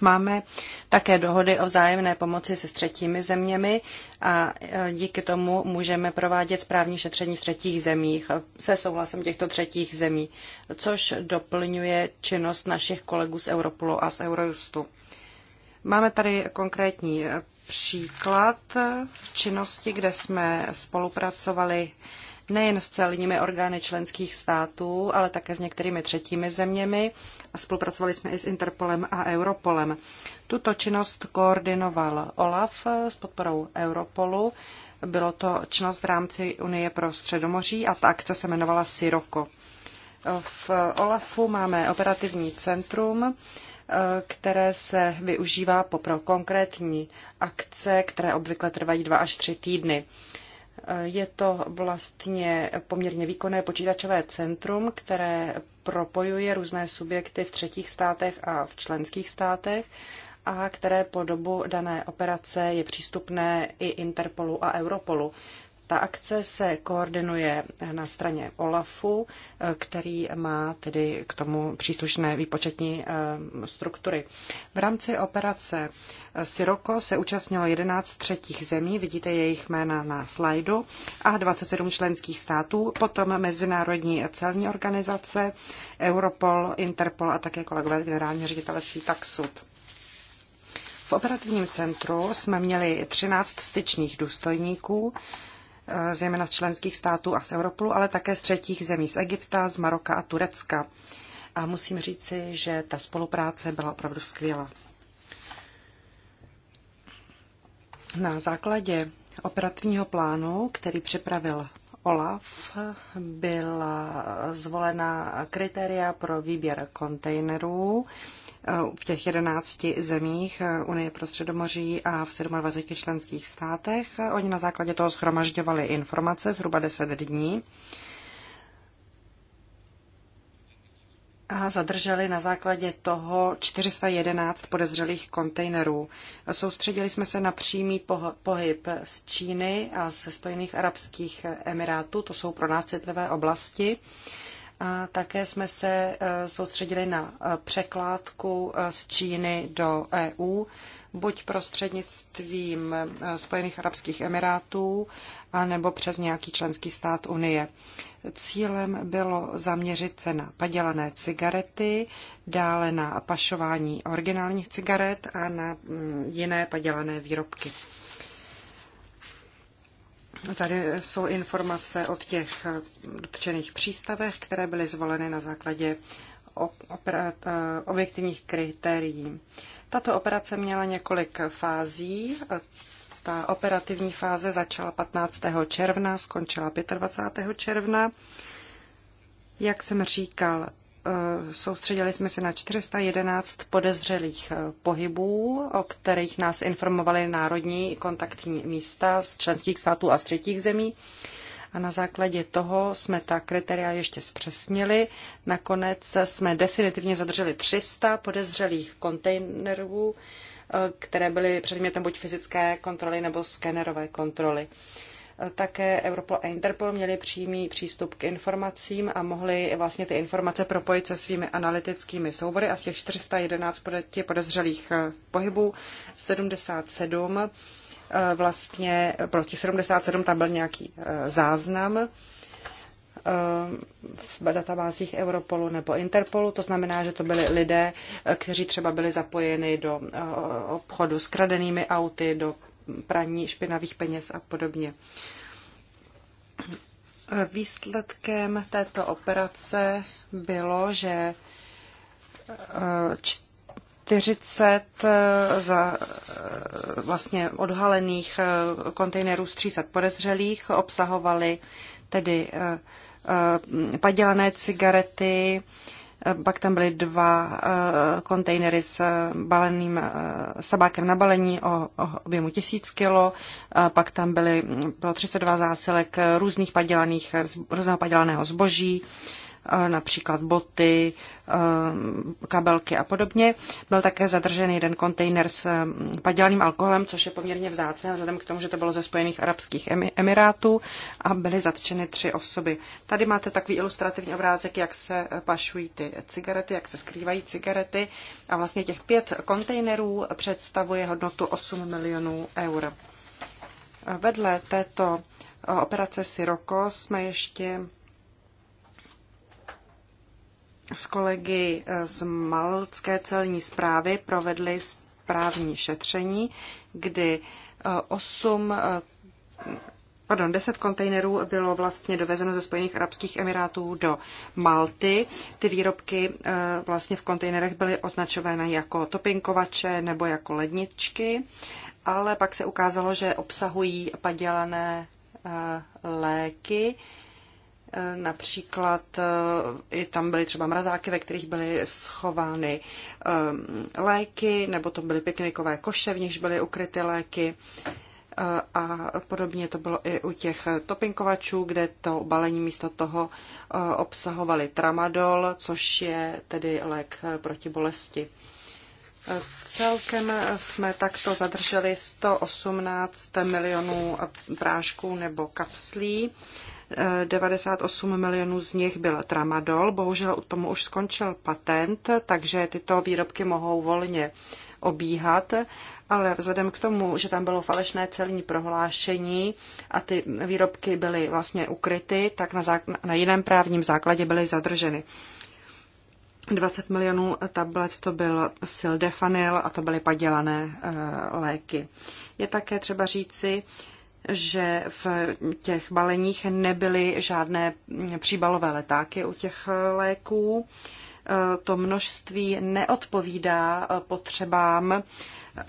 Máme také dohody o vzájemné pomoci se třetími zeměmi a e, díky tomu můžeme provádět správní šetření v třetích zemích e, se souhlasem těchto třetích zemí, což doplňuje činnost našich kolegů z Europolu a z Eurojustu. Máme tady konkrétní e, příklad činnosti, kde jsme spolupracovali nejen s celními orgány členských států, ale také s některými třetími zeměmi a spolupracovali jsme i s Interpolem a Europolem. Tuto činnost koordinoval OLAF s podporou Europolu. Bylo to činnost v rámci Unie pro Středomoří a ta akce se jmenovala Siroko. V OLAFu máme operativní centrum, které se využívá pro konkrétní akce, které obvykle trvají dva až tři týdny. Je to vlastně poměrně výkonné počítačové centrum, které propojuje různé subjekty v třetích státech a v členských státech a které po dobu dané operace je přístupné i Interpolu a Europolu. Ta akce se koordinuje na straně OLAFu, eh, který má tedy k tomu příslušné výpočetní eh, struktury. V rámci operace eh, Siroko se účastnilo 11 třetích zemí, vidíte jejich jména na slajdu, a 27 členských států, potom Mezinárodní celní organizace, Europol, Interpol a také kolegové z generálního ředitelství Taxud. V operativním centru jsme měli 13 styčných důstojníků, Eh, zejména z členských států a z Europolu, ale také z třetích zemí, z Egypta, z Maroka a Turecka. A musím říci, že ta spolupráce byla opravdu skvělá. Na základě operativního plánu, který připravil OLAF byla zvolena kritéria pro výběr kontejnerů eh, v těch 11 zemích eh, Unie pro středomoří a v 27 členských státech. Oni na základě toho schromažďovali informace zhruba 10 dní a zadrželi na základě toho 411 podezřelých kontejnerů. Soustředili jsme se na přímý pohyb z Číny a ze Spojených arabských emirátů, to jsou pro nás citlivé oblasti. A také jsme se e, soustředili na e, překládku e, z Číny do EU buď prostřednictvím eh, Spojených Arabských Emirátů, anebo přes nějaký členský stát Unie. Cílem bylo zaměřit se na padělané cigarety, dále na pašování originálních cigaret a na mm, jiné padělané výrobky. Tady jsou informace o těch eh, dotčených přístavech, které byly zvoleny na základě eh, objektivních kritérií. Tato operace měla několik fází. Ta operativní fáze začala 15. června, skončila 25. června. Jak jsem říkal, eh, soustředili jsme se na 411 podezřelých eh, pohybů, o kterých nás informovaly národní kontaktní místa z členských států a z třetích zemí a na základě toho jsme ta kritéria ještě zpřesnili. Nakonec jsme definitivně zadrželi 300 podezřelých kontejnerů, eh, které byly předmětem buď fyzické kontroly nebo skenerové kontroly. Eh, také Europol a Interpol měli přímý přístup k informacím a mohli vlastně ty informace propojit se svými analytickými soubory a z těch 411 podezřelých eh, pohybů 77 E, vlastně pro těch 77 tam byl nějaký e, záznam e, v databázích Europolu nebo Interpolu. To znamená, že to byli lidé, kteří třeba byli zapojeni do obchodu s kradenými auty, do praní špinavých peněz a podobně. Výsledkem této operace bylo, že 40 eh, za eh, vlastně odhalených eh, kontejnerů z 300 podezřelých obsahovaly tedy padělané cigarety, pak tam byly dva kontejnery s, baleným, s tabákem na balení o, o objemu 1000 kilo, pak tam byly, mm, bylo 32 zásilek různých padělaných, různého padělaného zboží, Eh, například boty, eh, kabelky a podobně. Byl také zadržen jeden kontejner s eh, padělaným alkoholem, což je poměrně vzácné, vzhledem k tomu, že to bylo ze Spojených Arabských Emirátů a byly zatčeny tři osoby. Tady máte takový ilustrativní obrázek, jak se pašují ty cigarety, jak se skrývají cigarety a vlastně těch pět kontejnerů představuje hodnotu 8 milionů eur. Vedle této operace Siroko jsme ještě s kolegy eh, z Malcké celní zprávy provedli správní šetření, kdy 8, eh, eh, pardon, 10 kontejnerů bylo vlastně dovezeno ze Spojených Arabských Emirátů do Malty. Ty výrobky vlastně v kontejnerech byly označovány jako topinkovače nebo jako ledničky, ale pak se ukázalo, že obsahují padělané léky, Eh, například eh, i tam byly třeba mrazáky, ve kterých byly schovány eh, léky, nebo to byly piknikové koše, v nichž byly ukryty léky. A podobně to bylo i u těch topinkovačů, kde to balení místo toho obsahovali tramadol, což je tedy lék proti bolesti. Celkem jsme takto zadrželi 118 milionů prášků nebo kapslí 98 milionů z nich byl tramadol. Bohužel u tomu už skončil patent, takže tyto výrobky mohou volně obíhat, ale vzhledem k tomu, že tam bylo falešné celní prohlášení a ty výrobky byly vlastně ukryty, tak na, zák- na jiném právním základě byly zadrženy. 20 milionů tablet to byl sildefanil a to byly padělané e, léky. Je také třeba říci, že v těch baleních nebyly žádné příbalové letáky u těch léků. To množství neodpovídá potřebám eh,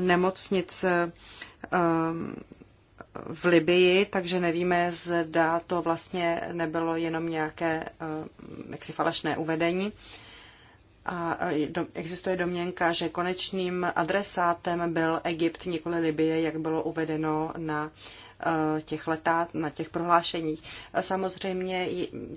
nemocnic eh, v Libii, takže nevíme, zda to vlastně nebylo jenom nějaké eh, jaksi falešné uvedení a existuje domněnka, že konečným adresátem byl Egypt, nikoli Libye, jak bylo uvedeno na Eh, těch letá, na těch prohlášeních. Samozřejmě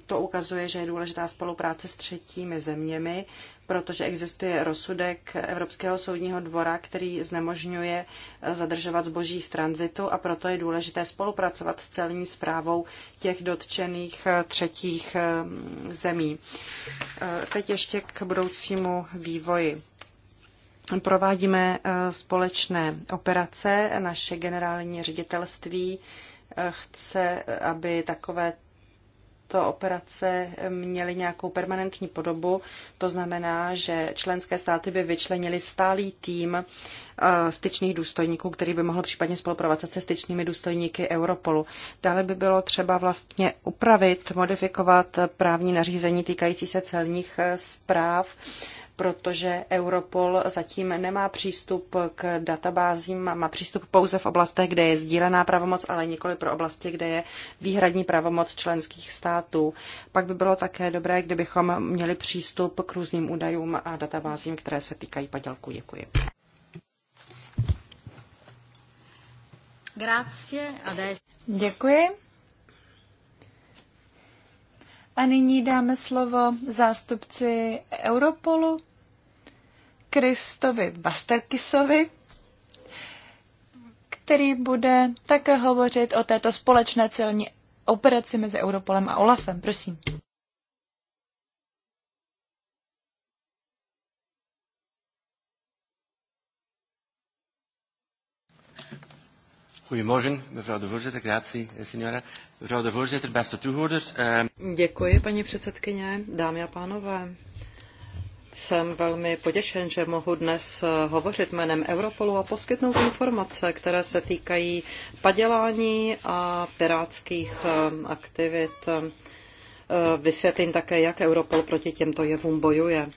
to ukazuje, že je důležitá spolupráce s třetími zeměmi, protože existuje rozsudek Evropského soudního dvora, který znemožňuje eh, zadržovat zboží v tranzitu a proto je důležité spolupracovat s celní zprávou těch dotčených eh, třetích zemí. Teď ještě k budoucímu vývoji provádíme eh, společné operace. Naše generální ředitelství eh, chce, eh, aby takové to operace měly nějakou permanentní podobu. To znamená, že členské státy by vyčlenili stálý tým styčných důstojníků, který by mohl případně spolupracovat se styčnými důstojníky Europolu. Dále by bylo třeba vlastně upravit, modifikovat právní nařízení týkající se celních zpráv protože Europol zatím nemá přístup k databázím, má přístup pouze v oblastech, kde je sdílená pravomoc, ale nikoli pro oblasti, kde je výhradní pravomoc členských států. Pak by bylo také dobré, kdybychom měli přístup k různým údajům a databázím, které se týkají padělku. Děkuji. Grazie. Děkuji. A nyní dáme slovo zástupci Europolu, Kristovi Basterkisovi, který bude také hovořit o této společné celní operaci mezi Europolem a OLAFem. Prosím. Goedemorgen, mevrouw de voorzitter. Grazie, eh, signora. Mevrouw de voorzitter, beste toehoorders. Ehm, Děkuji, paní předsedkyně, dámy a pánové. Jsem velmi poděšen, že mohu dnes eh, hovořit jménem Europolu a poskytnout informace, které se týkají padělání a pirátských eh, aktivit. Vysvětlím také, jak Europol proti těmto jevům bojuje.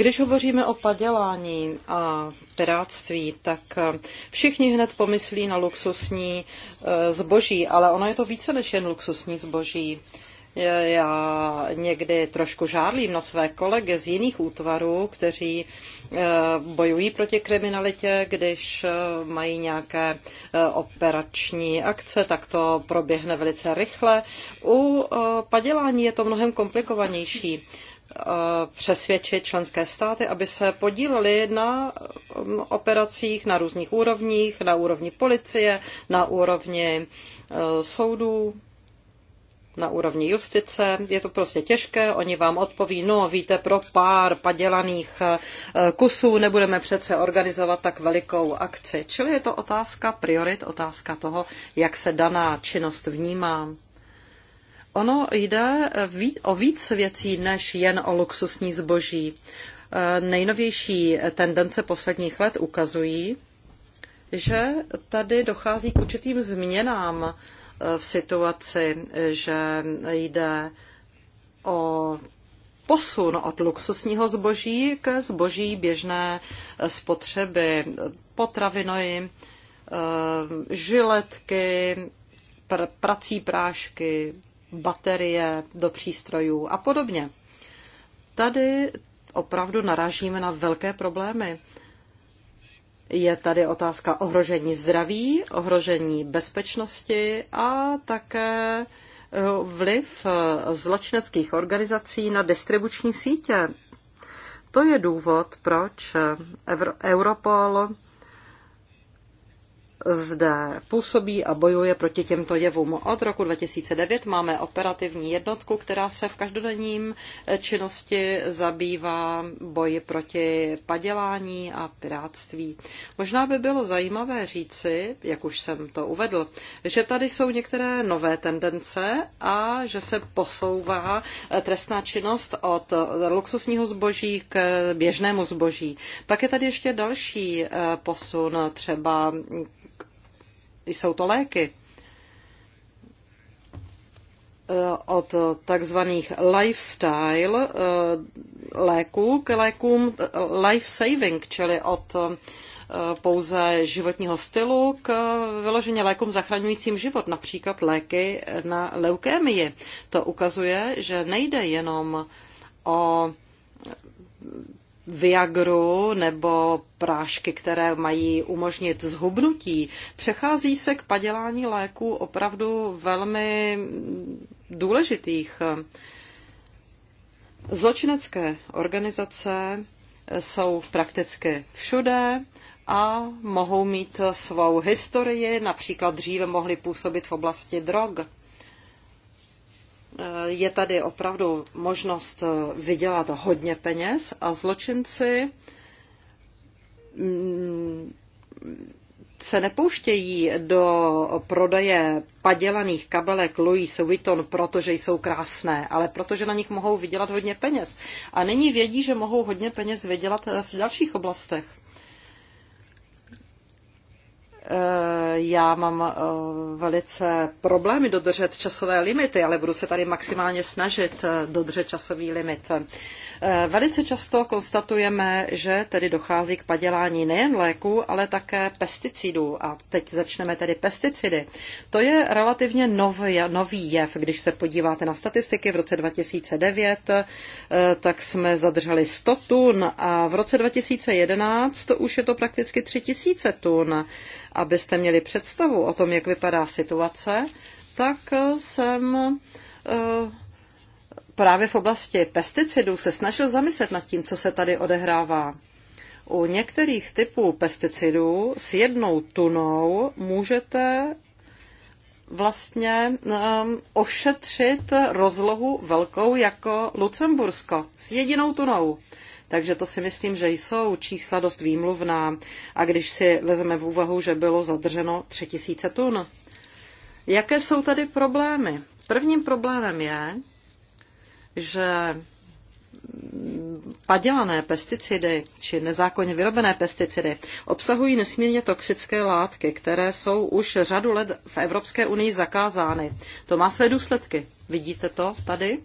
Když hovoříme o padělání a teráctví, tak eh, všichni hned pomyslí na luxusní eh, zboží, ale ono je to více než jen luxusní zboží. Já někdy trošku žádlím na své kolegy z jiných útvarů, kteří eh, bojují proti kriminalitě, když mají nějaké operační akce, tak to proběhne velice rychle. U padělání je to mnohem komplikovanější přesvědčit členské státy, aby se podíleli na um, operacích na různých úrovních, na úrovni policie, na úrovni e, soudů, na úrovni justice. Je to prostě těžké, oni vám odpoví, no víte, pro pár padělaných e, kusů nebudeme přece organizovat tak velikou akci. Čili je to otázka priorit, otázka toho, jak se daná činnost vnímá. Ono jde o víc věcí než jen o luxusní zboží. E, nejnovější tendence posledních let ukazují, že tady dochází k určitým změnám e, v situaci, že jde o posun od luxusního zboží ke zboží běžné e, spotřeby, potravinoji, žiletky, pr- prací prášky, baterie do přístrojů a podobně. Tady opravdu narážíme na velké problémy. Je tady otázka ohrožení zdraví, ohrožení bezpečnosti a také eh, vliv eh, zločineckých organizací na distribuční sítě. To je důvod, proč eh, Europol zde působí a bojuje proti těmto jevům. Od roku 2009 máme operativní jednotku, která se v každodenním eh, činnosti zabývá boji proti padělání a pirátství. Možná by bylo zajímavé říci, jak už jsem to uvedl, že tady jsou některé nové tendence a že se posouvá eh, trestná činnost od eh, luxusního zboží k běžnému zboží. Pak je tady ještě další posun, třeba jsou to léky. Eh, od takzvaných lifestyle eh, léků k lékům eh, life saving, čili od pouze životního stylu k vyloženě lékům zachraňujícím život, například léky na leukémii. To ukazuje, že nejde jenom o Viagru nebo prášky, které mají umožnit zhubnutí, přechází se k padělání léků opravdu velmi důležitých. Zločinecké organizace jsou prakticky všude a mohou mít svou historii, například dříve mohli působit v oblasti drog. Eh, je tady opravdu možnost eh, vydělat hodně peněz a zločinci mm, se nepouštějí do prodeje padělaných kabelek Louis Vuitton, protože jsou krásné, ale protože na nich mohou vydělat hodně peněz. A nyní vědí, že mohou hodně peněz vydělat eh, v dalších oblastech. Eh, já mám eh, velice problémy dodržet časové limity, ale budu se tady maximálně snažit eh, dodržet časový limit. Eh, velice často konstatujeme, že tedy dochází k padělání nejen léků, ale také pesticidů. A teď začneme tedy pesticidy. To je relativně nový, nový jev. Když se podíváte na statistiky, v roce 2009 eh, tak jsme zadrželi 100 tun a v roce 2011 už je to prakticky 3000 tun. Abyste měli představu o tom, jak vypadá situace, tak jsem eh, právě v oblasti pesticidů se snažil zamyslet nad tím, co se tady odehrává. U některých typů pesticidů s jednou tunou můžete vlastně um, ošetřit rozlohu velkou jako Lucembursko s jedinou tunou. Takže to si myslím, že jsou čísla dost výmluvná. A když si vezmeme v úvahu, že bylo zadrženo 3000 tun. Jaké jsou tady problémy? Prvním problémem je, že padělané pesticidy či nezákonně vyrobené pesticidy obsahují nesmírně toxické látky, které jsou už řadu let v Evropské unii zakázány. To má své důsledky. Vidíte to tady?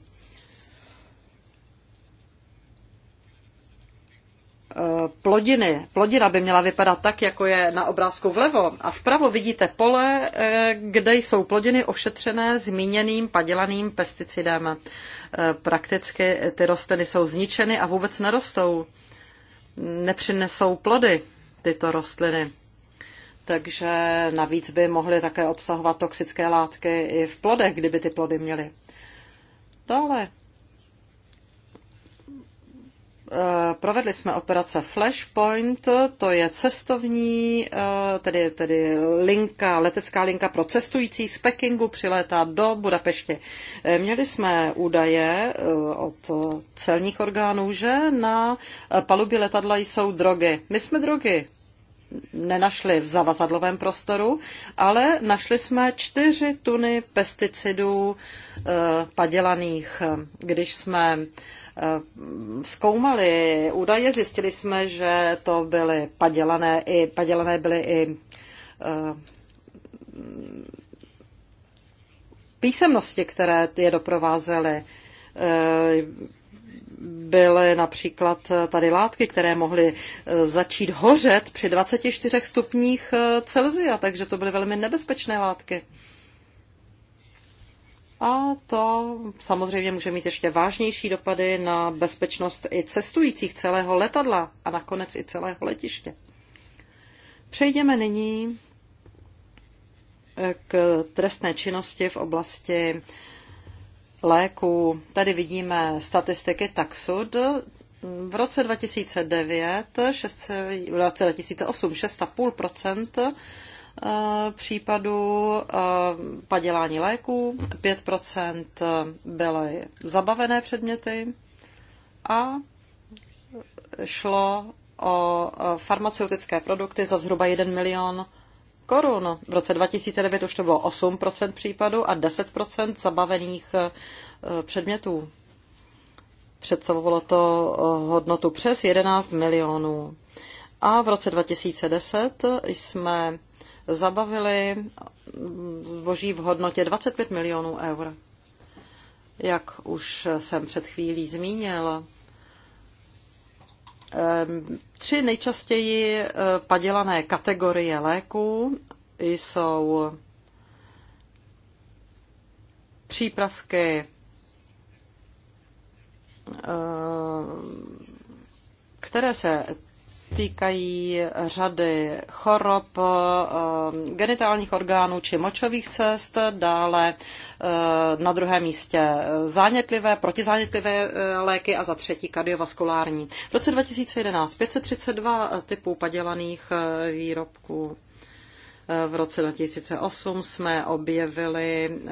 plodiny. Plodina by měla vypadat tak, jako je na obrázku vlevo. A vpravo vidíte pole, eh, kde jsou plodiny ošetřené zmíněným padělaným pesticidem. Eh, prakticky ty rostliny jsou zničeny a vůbec nerostou. Nepřinesou plody tyto rostliny. Takže navíc by mohly také obsahovat toxické látky i v plodech, kdyby ty plody měly. Dále Eh, provedli jsme operace Flashpoint, to je cestovní, eh, tedy, tedy linka, letecká linka pro cestující z Pekingu přilétá do Budapeště. Eh, měli jsme údaje od celních orgánů, že na palubě letadla jsou drogy. My jsme drogy nenašli v zavazadlovém prostoru, ale našli jsme čtyři tuny pesticidů padělaných. Když jsme zkoumali údaje, zjistili jsme, že to byly padělané, i, padělané byly i eh, písemnosti, které je doprovázely. Eh, byly například tady látky, které mohly eh, začít hořet při 24 stupních Celsia, takže to byly velmi nebezpečné látky. A to samozřejmě může mít ještě vážnější dopady na bezpečnost i cestujících celého letadla a nakonec i celého letiště. Přejdeme nyní eh, k trestné činnosti v oblasti léku. Tady vidíme statistiky Taxud. V roce 2009, 6, v roce 2008 6,5 Eh, případů eh, padělání léků, 5% byly zabavené předměty a šlo o eh, farmaceutické produkty za zhruba 1 milion korun. V roce 2009 už to bylo 8% případů a 10% zabavených předmětů. Představovalo to hodnotu přes 11 milionů. A v roce 2010 jsme zabavili zboží v hodnotě 25 milionů eur. Jak už jsem před chvílí zmínil, tři nejčastěji eh, padělané kategorie léků jsou přípravky eh, které se týkají řady chorob eh, genitálních orgánů či močových cest, dále eh, na druhém místě zánětlivé, protizánětlivé eh, léky a za třetí kardiovaskulární. V roce 2011 532 typů padělaných výrobků v roce 2008 jsme objevili eh,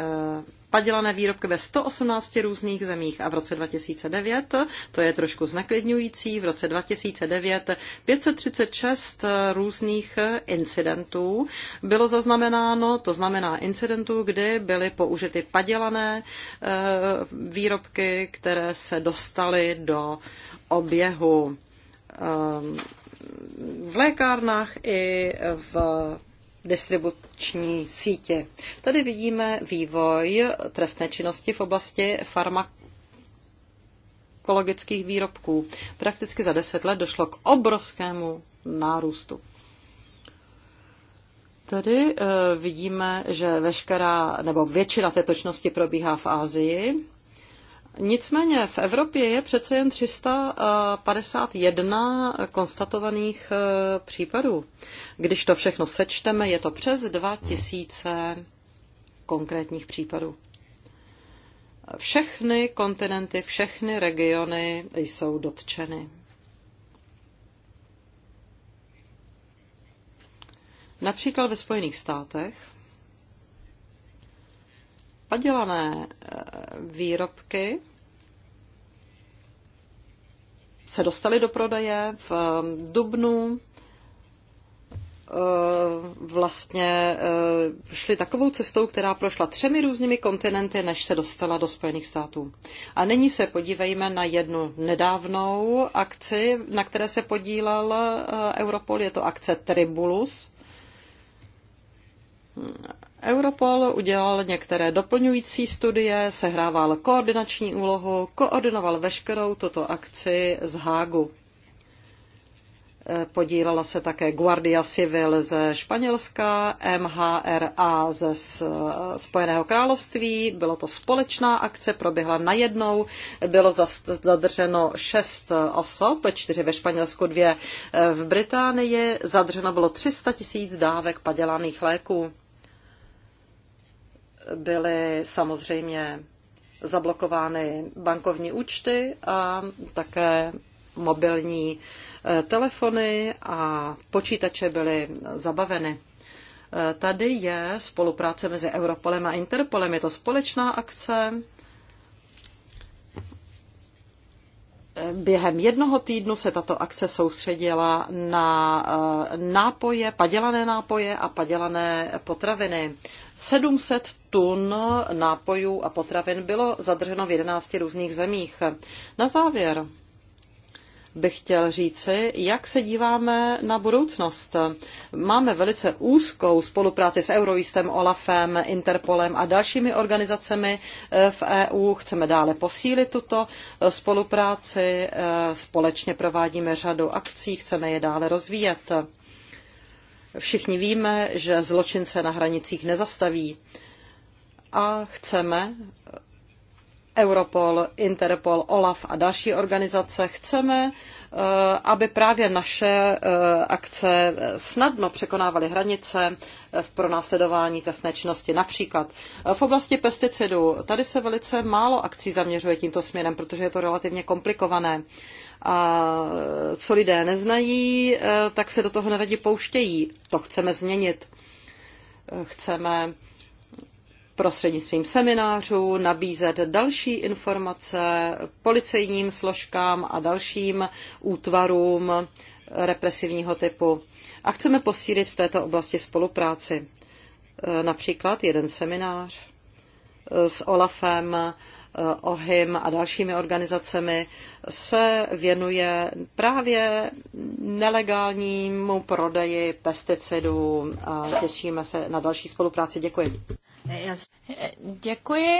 padělané výrobky ve 118 různých zemích a v roce 2009, to je trošku zneklidňující, v roce 2009 536 různých incidentů bylo zaznamenáno, to znamená incidentů, kdy byly použity padělané eh, výrobky, které se dostaly do oběhu ehm, v lékárnách i v distribuční sítě. Tady vidíme vývoj trestné činnosti v oblasti farmakologických výrobků. Prakticky za deset let došlo k obrovskému nárůstu. Tady eh, vidíme, že veškerá nebo většina této činnosti probíhá v Asii Nicméně v Evropě je přece jen 351 konstatovaných eh, případů. Když to všechno sečteme, je to přes 2000 konkrétních případů. Všechny kontinenty, všechny regiony jsou dotčeny. Například ve Spojených státech padělané eh, výrobky se dostaly do prodeje v eh, dubnu eh, vlastně šly takovou cestou, která prošla třemi různými kontinenty, než se dostala do Spojených států. A nyní se podívejme na jednu nedávnou akci, na které se podílel Europol. Je to akce Tribulus. Europol udělal některé doplňující studie, sehrával koordinační úlohu, koordinoval veškerou tuto akci z Hágu. Podílela se také Guardia Civil ze Španělska, MHRA ze Spojeného království. Bylo to společná akce, proběhla najednou. Bylo zadrženo šest osob, čtyři ve Španělsku, dvě v Británii. Zadrženo bylo 300 tisíc dávek padělaných léků byly samozřejmě zablokovány bankovní účty a také mobilní eh, telefony a počítače byly zabaveny. Eh, tady je spolupráce mezi Europolem a Interpolem. Je to společná akce Během jednoho týdnu se tato akce soustředila na eh, nápoje, padělané nápoje a padělané potraviny. 700 tun nápojů a potravin bylo zadrženo v 11 různých zemích. Na závěr bych chtěl říci, jak se díváme na budoucnost. Máme velice úzkou spolupráci s Euroistem, Olafem, Interpolem a dalšími organizacemi eh, v EU. Chceme dále posílit tuto eh, spolupráci. Eh, společně provádíme řadu akcí, chceme je dále rozvíjet. Všichni víme, že zločin se na hranicích nezastaví a chceme Europol, Interpol, OLAF a další organizace, chceme, eh, aby právě naše eh, akce eh, snadno překonávaly hranice v pronásledování trestné činnosti. Například v oblasti pesticidů. Tady se velice málo akcí zaměřuje tímto směrem, protože je to relativně komplikované. A co lidé neznají, tak se do toho neradi pouštějí. To chceme změnit. Chceme prostřednictvím seminářů nabízet další informace policejním složkám a dalším útvarům represivního typu. A chceme posílit v této oblasti spolupráci. E, například jeden seminář e, s Olafem Eh, OHIM a dalšími organizacemi se věnuje právě nelegálnímu prodeji pesticidů a těšíme se na další spolupráci. Děkuji. Děkuji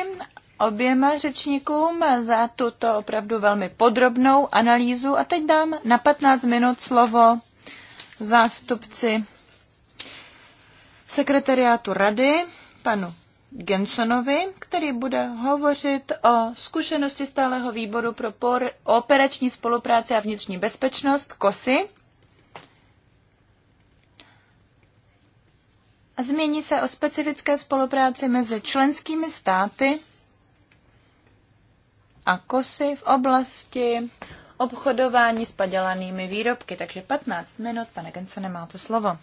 oběma řečníkům za tuto opravdu velmi podrobnou analýzu a teď dám na 15 minut slovo zástupci sekretariátu rady, panu Gensonovi, který bude hovořit o zkušenosti stáleho výboru pro por- operační spolupráci a vnitřní bezpečnost KOSY. A změní se o specifické spolupráci mezi členskými státy a KOSY v oblasti obchodování s padělanými výrobky. Takže 15 minut, pane Gensone, máte slovo.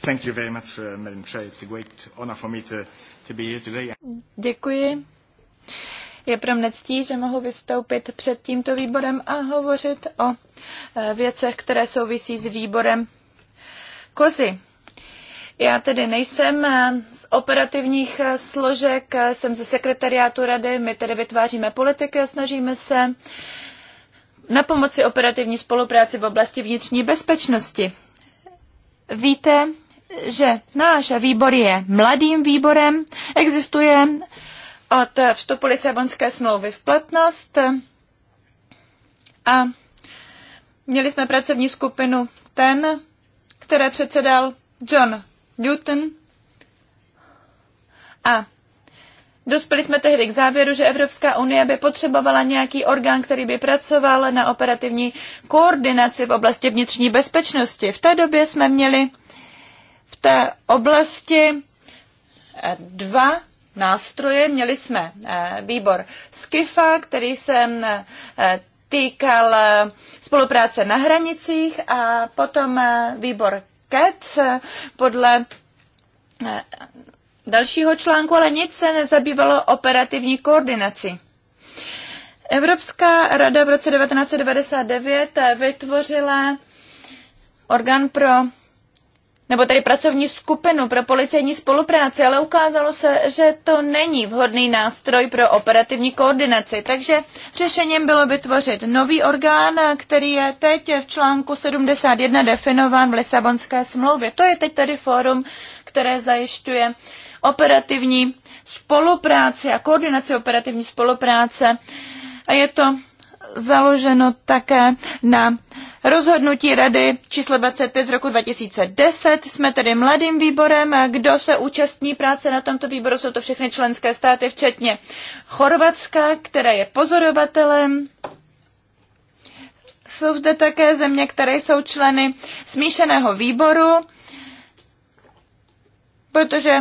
Thank you very much, uh, Madam Chair. It's a great honor for me to, to be here today. Děkuji. Je pro mne ctí, že mohu vystoupit před tímto výborem a hovořit o eh, věcech, které souvisí s výborem Kozy. Já tedy nejsem eh, z operativních eh, složek, jsem ze sekretariátu rady, my tedy vytváříme politiky a snažíme se na pomoci operativní spolupráci v oblasti vnitřní bezpečnosti. Víte, že náš výbor je mladým výborem, existuje od vstupu Lisabonské smlouvy v platnost a měli jsme pracovní skupinu ten, které předsedal John Newton a Dospěli jsme tehdy k závěru, že Evropská unie by potřebovala nějaký orgán, který by pracoval na operativní koordinaci v oblasti vnitřní bezpečnosti. V té době jsme měli v té oblasti eh, dva nástroje. Měli jsme eh, výbor Skifa, který se mm, eh, týkal spolupráce na hranicích a potom výbor KET podle dalšího článku, ale nic se nezabývalo operativní koordinací. Evropská rada v roce 1999 vytvořila orgán pro nebo tedy pracovní skupinu pro policejní spolupráci, ale ukázalo se, že to není vhodný nástroj pro operativní koordinaci. Takže řešením bylo vytvořit nový orgán, který je teď v článku 71 definován v Lisabonské smlouvě. To je teď tedy fórum, které zajišťuje operativní spolupráci a koordinaci operativní spolupráce. A je to založeno také na rozhodnutí Rady číslo 25 z roku 2010. Jsme tedy mladým výborem. Kdo se účastní práce na tomto výboru? Jsou to všechny členské státy, včetně Chorvatska, které je pozorovatelem. Jsou zde také země, které jsou členy smíšeného výboru, protože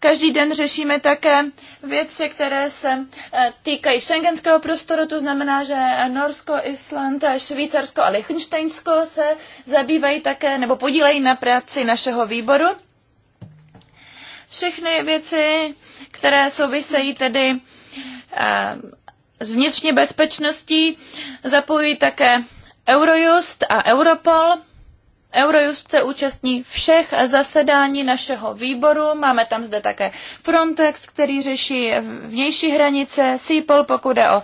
Každý den řešíme také věci, které se eh, týkají šengenského prostoru, to znamená, že Norsko, Island, Švýcarsko a Liechtensteinsko se zabývají také nebo podílejí na práci našeho výboru. Všechny věci, které souvisejí tedy eh, s vnitřní bezpečností, zapojují také Eurojust a Europol Eurojust se účastní všech zasedání našeho výboru. Máme tam zde také Frontex, který řeší vnější hranice, SIPOL, pokud jde o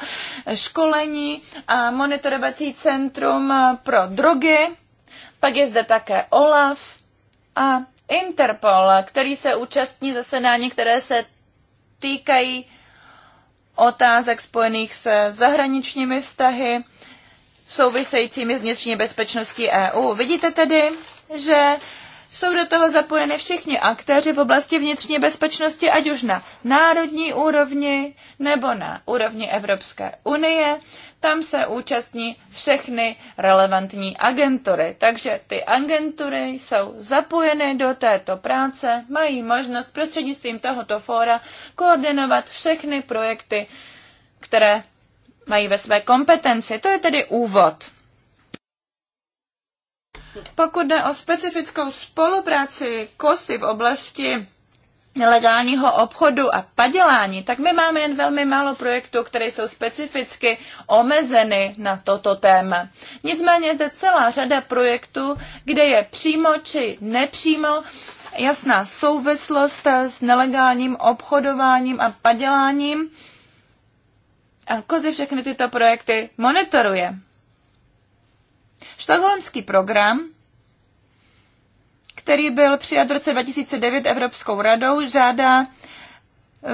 školení, a monitorovací centrum pro drogy. Pak je zde také OLAF a Interpol, který se účastní zasedání, které se týkají otázek spojených se zahraničními vztahy souvisejícími s vnitřní bezpečností EU. Vidíte tedy, že jsou do toho zapojeny všichni aktéři v oblasti vnitřní bezpečnosti, ať už na národní úrovni nebo na úrovni Evropské unie. Tam se účastní všechny relevantní agentury. Takže ty agentury jsou zapojeny do této práce, mají možnost prostřednictvím tohoto fóra koordinovat všechny projekty, které mají ve své kompetenci. To je tedy úvod. Pokud jde o specifickou spolupráci KOSY v oblasti nelegálního obchodu a padělání, tak my máme jen velmi málo projektů, které jsou specificky omezeny na toto téma. Nicméně je to celá řada projektů, kde je přímo či nepřímo jasná souvislost s nelegálním obchodováním a paděláním a Kozy všechny tyto projekty monitoruje. Štokholmský program, který byl přijat v roce 2009 Evropskou radou, žádá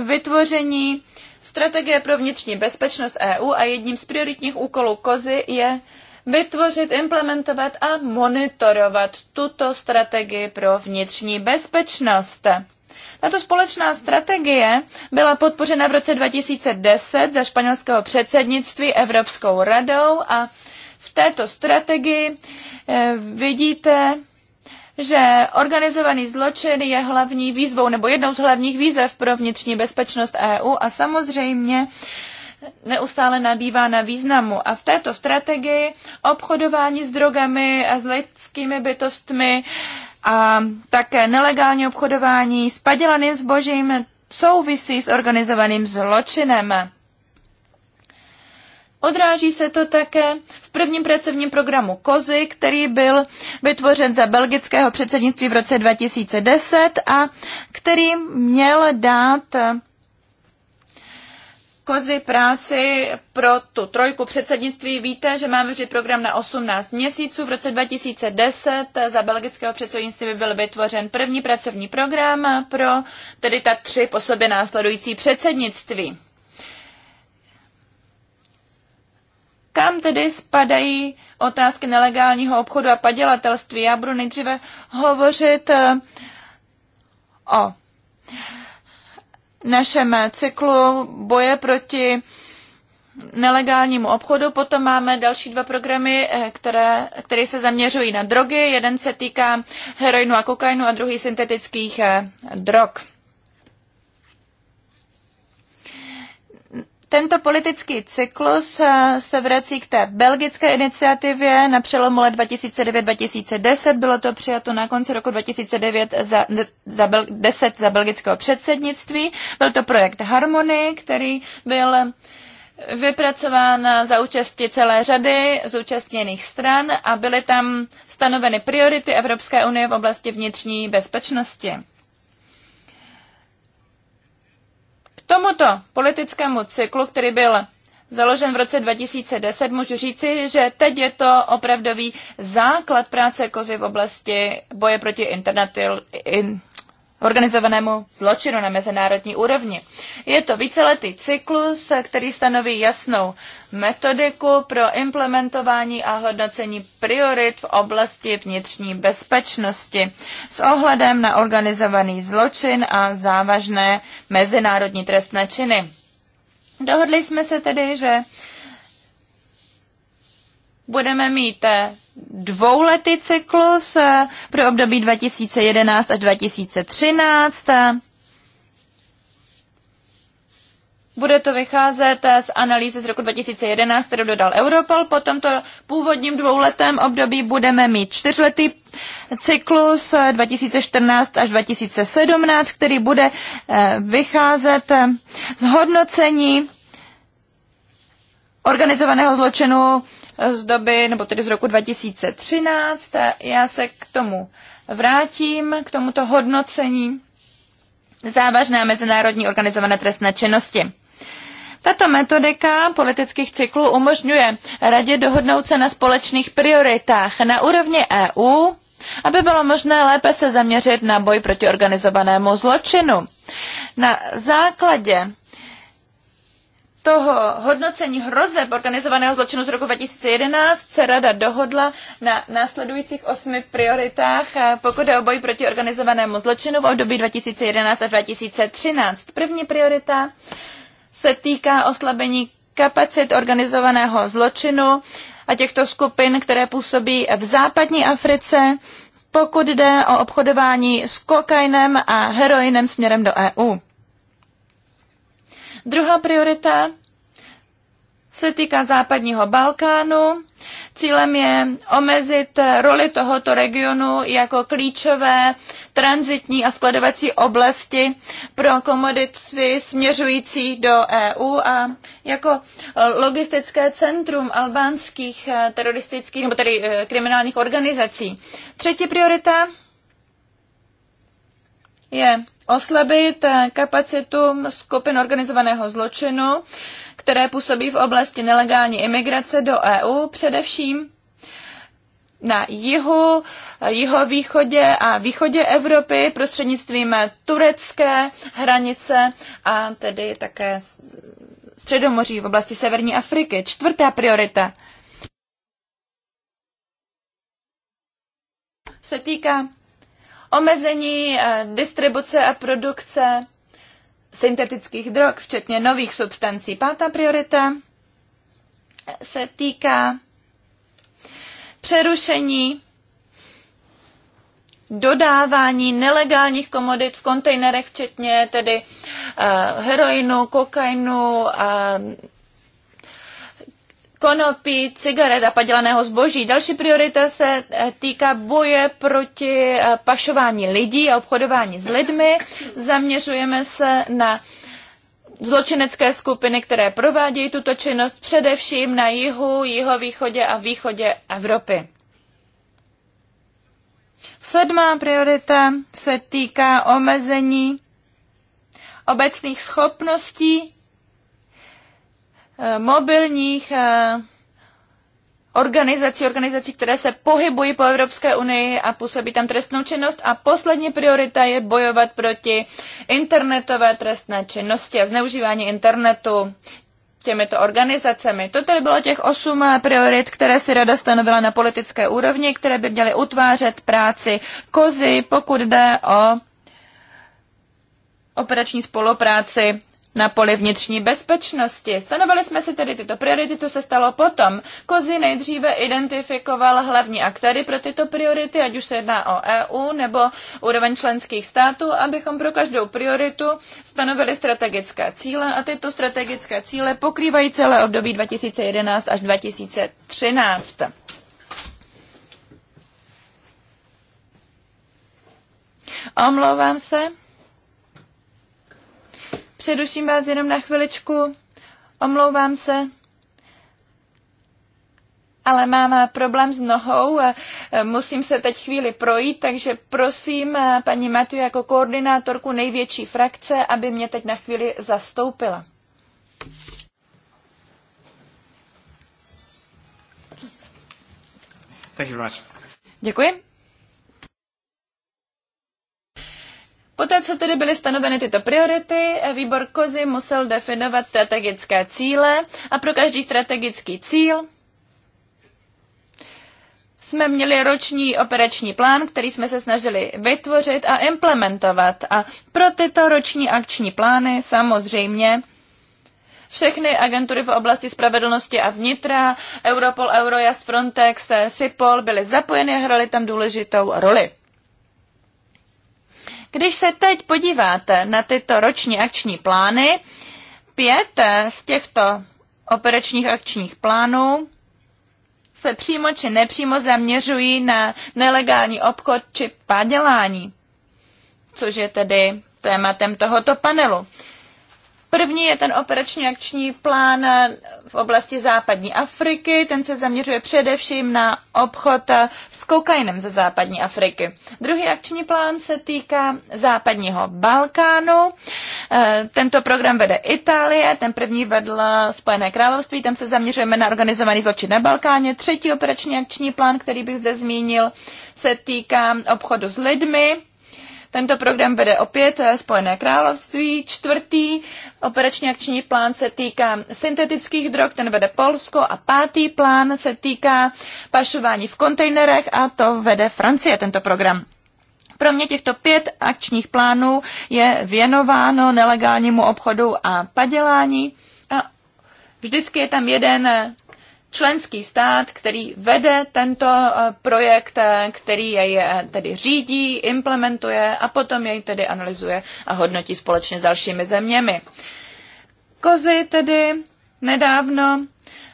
vytvoření strategie pro vnitřní bezpečnost EU a jedním z prioritních úkolů Kozy je vytvořit, implementovat a monitorovat tuto strategii pro vnitřní bezpečnost. Tato společná strategie byla podpořena v roce 2010 za španělského předsednictví Evropskou radou a v této strategii eh, vidíte, že organizovaný zločin je hlavní výzvou nebo jednou z hlavních výzev pro vnitřní bezpečnost EU a samozřejmě neustále nabývá na významu. A v této strategii obchodování s drogami a s lidskými bytostmi a také nelegální obchodování s padělaným zbožím souvisí s organizovaným zločinem. Odráží se to také v prvním pracovním programu COZY, který byl vytvořen za belgického předsednictví v roce 2010 a který měl dát předchozí práci pro tu trojku předsednictví víte, že máme vždy program na 18 měsíců. V roce 2010 za belgického předsednictví by byl vytvořen první pracovní program pro tedy ta tři po sobě následující předsednictví. Kam tedy spadají otázky nelegálního obchodu a padělatelství? Já budu nejdříve hovořit eh, o našem cyklu boje proti nelegálnímu obchodu. Potom máme další dva programy, eh, které, které se zaměřují na drogy. Jeden se týká heroinu a kokainu a druhý syntetických eh, drog. Tento politický cyklus eh, se vrací k té belgické iniciativě na přelomu let 2009-2010. Bylo to přijato na konci roku 2009 za, za Bel, 10 za belgického předsednictví. Byl to projekt Harmony, který byl vypracován za účasti celé řady zúčastněných stran a byly tam stanoveny priority Evropské unie v oblasti vnitřní bezpečnosti. Tomuto politickému cyklu, který byl založen v roce 2010, můžu říci, že teď je to opravdový základ práce kozy v oblasti boje proti internetu. in, organizovanému zločinu na mezinárodní úrovni. Je to víceletý cyklus, který stanoví jasnou metodiku pro implementování a hodnocení priorit v oblasti vnitřní bezpečnosti s ohledem na organizovaný zločin a závažné mezinárodní trestné činy. Dohodli jsme se tedy, že budeme mít eh, dvouletý cyklus eh, pro období 2011 až 2013. Eh, bude to vycházet z analýzy z roku 2011, kterou dodal Europol. Po tomto původním dvouletém období budeme mít čtyřletý cyklus 2014 až 2017, který bude vycházet z hodnocení organizovaného zločinu z doby, nebo tedy z roku 2013. Já se k tomu vrátím, k tomuto hodnocení závažné mezinárodní organizované trestné činnosti. Tato metodika politických cyklů umožňuje radě dohodnout se na společných prioritách na úrovni EU, aby bylo možné lépe se zaměřit na boj proti organizovanému zločinu. Na základě toho hodnocení hrozeb organizovaného zločinu z roku 2011 se rada dohodla na následujících osmi prioritách, pokud je o boj proti organizovanému zločinu v období 2011 až 2013. První priorita se týká oslabení kapacit organizovaného zločinu a těchto skupin, které působí v západní Africe, pokud jde o obchodování s kokainem a heroinem směrem do EU. Druhá priorita se týká západního Balkánu. Cílem je omezit roli tohoto regionu jako klíčové transitní a skladovací oblasti pro komodity směřující do EU a jako logistické centrum albánských eh, teroristických nebo tedy eh, kriminálních organizací. Třetí priorita je oslabit eh, kapacitu skupin organizovaného zločinu které působí v oblasti nelegální imigrace do EU, především na jihu, jihovýchodě a východě Evropy prostřednictvím turecké hranice a tedy také Středomoří v oblasti severní Afriky. Čtvrtá priorita se týká omezení eh, distribuce a produkce syntetických drog, včetně nových substancí. Pátá priorita se týká přerušení dodávání nelegálních komodit v kontejnerech, včetně tedy uh, heroinu, kokainu, uh, konopí, cigaret a padělaného zboží. Další priorita se eh, týká boje proti eh, pašování lidí a obchodování s lidmi. Zaměřujeme se na zločinecké skupiny, které provádějí tuto činnost především na jihu, jihovýchodě a východě Evropy. Sedmá priorita se týká omezení obecných schopností Eh, mobilních eh, organizací, organizací, které se pohybují po Evropské unii a působí tam trestnou činnost. A poslední priorita je bojovat proti internetové trestné činnosti a zneužívání internetu těmito organizacemi. To tedy bylo těch osm eh, priorit, které si rada stanovila na politické úrovni, které by měly utvářet práci kozy, pokud jde o operační spolupráci na poli vnitřní bezpečnosti. Stanovili jsme si tedy tyto priority, co se stalo potom. Kozy nejdříve identifikoval hlavní aktéry pro tyto priority, ať už se jedná o EU nebo úroveň členských států, abychom pro každou prioritu stanovili strategické cíle a tyto strategické cíle pokrývají celé období 2011 až 2013. Omlouvám se. Předuším vás jenom na chviličku, omlouvám se, ale mám eh, problém s nohou, a eh, musím se teď chvíli projít, takže prosím eh, paní Matu jako koordinátorku největší frakce, aby mě teď na chvíli zastoupila. Thank you very much. Děkuji. Poté, co tedy byly stanoveny tyto priority, eh, výbor Kozy musel definovat strategické cíle a pro každý strategický cíl jsme měli roční operační plán, který jsme se snažili vytvořit a implementovat. A pro tyto roční akční plány samozřejmě všechny agentury v oblasti spravedlnosti a vnitra, Europol, Eurojust, Frontex, eh, SIPOL byly zapojeny a hrali tam důležitou roli. Když se teď podíváte na tyto roční akční plány, pět z těchto operačních akčních plánů se přímo či nepřímo zaměřují na nelegální obchod či padělání, což je tedy tématem tohoto panelu. První je ten operační akční plán eh, v oblasti západní Afriky. Ten se zaměřuje především na obchod eh, s kokainem ze západní Afriky. Druhý akční plán se týká západního Balkánu. Eh, tento program vede Itálie, ten první vedl Spojené království, tam se zaměřujeme na organizovaný zločin na Balkáně. Třetí operační akční plán, který bych zde zmínil, se týká obchodu s lidmi tento program vede opět eh, Spojené království. Čtvrtý operační akční plán se týká syntetických drog, ten vede Polsko a pátý plán se týká pašování v kontejnerech a to vede Francie, tento program. Pro mě těchto pět akčních plánů je věnováno nelegálnímu obchodu a padělání. A vždycky je tam jeden eh, členský stát, který vede tento eh, projekt, eh, který jej eh, tedy řídí, implementuje a potom jej tedy analyzuje a hodnotí společně s dalšími zeměmi. Kozy tedy nedávno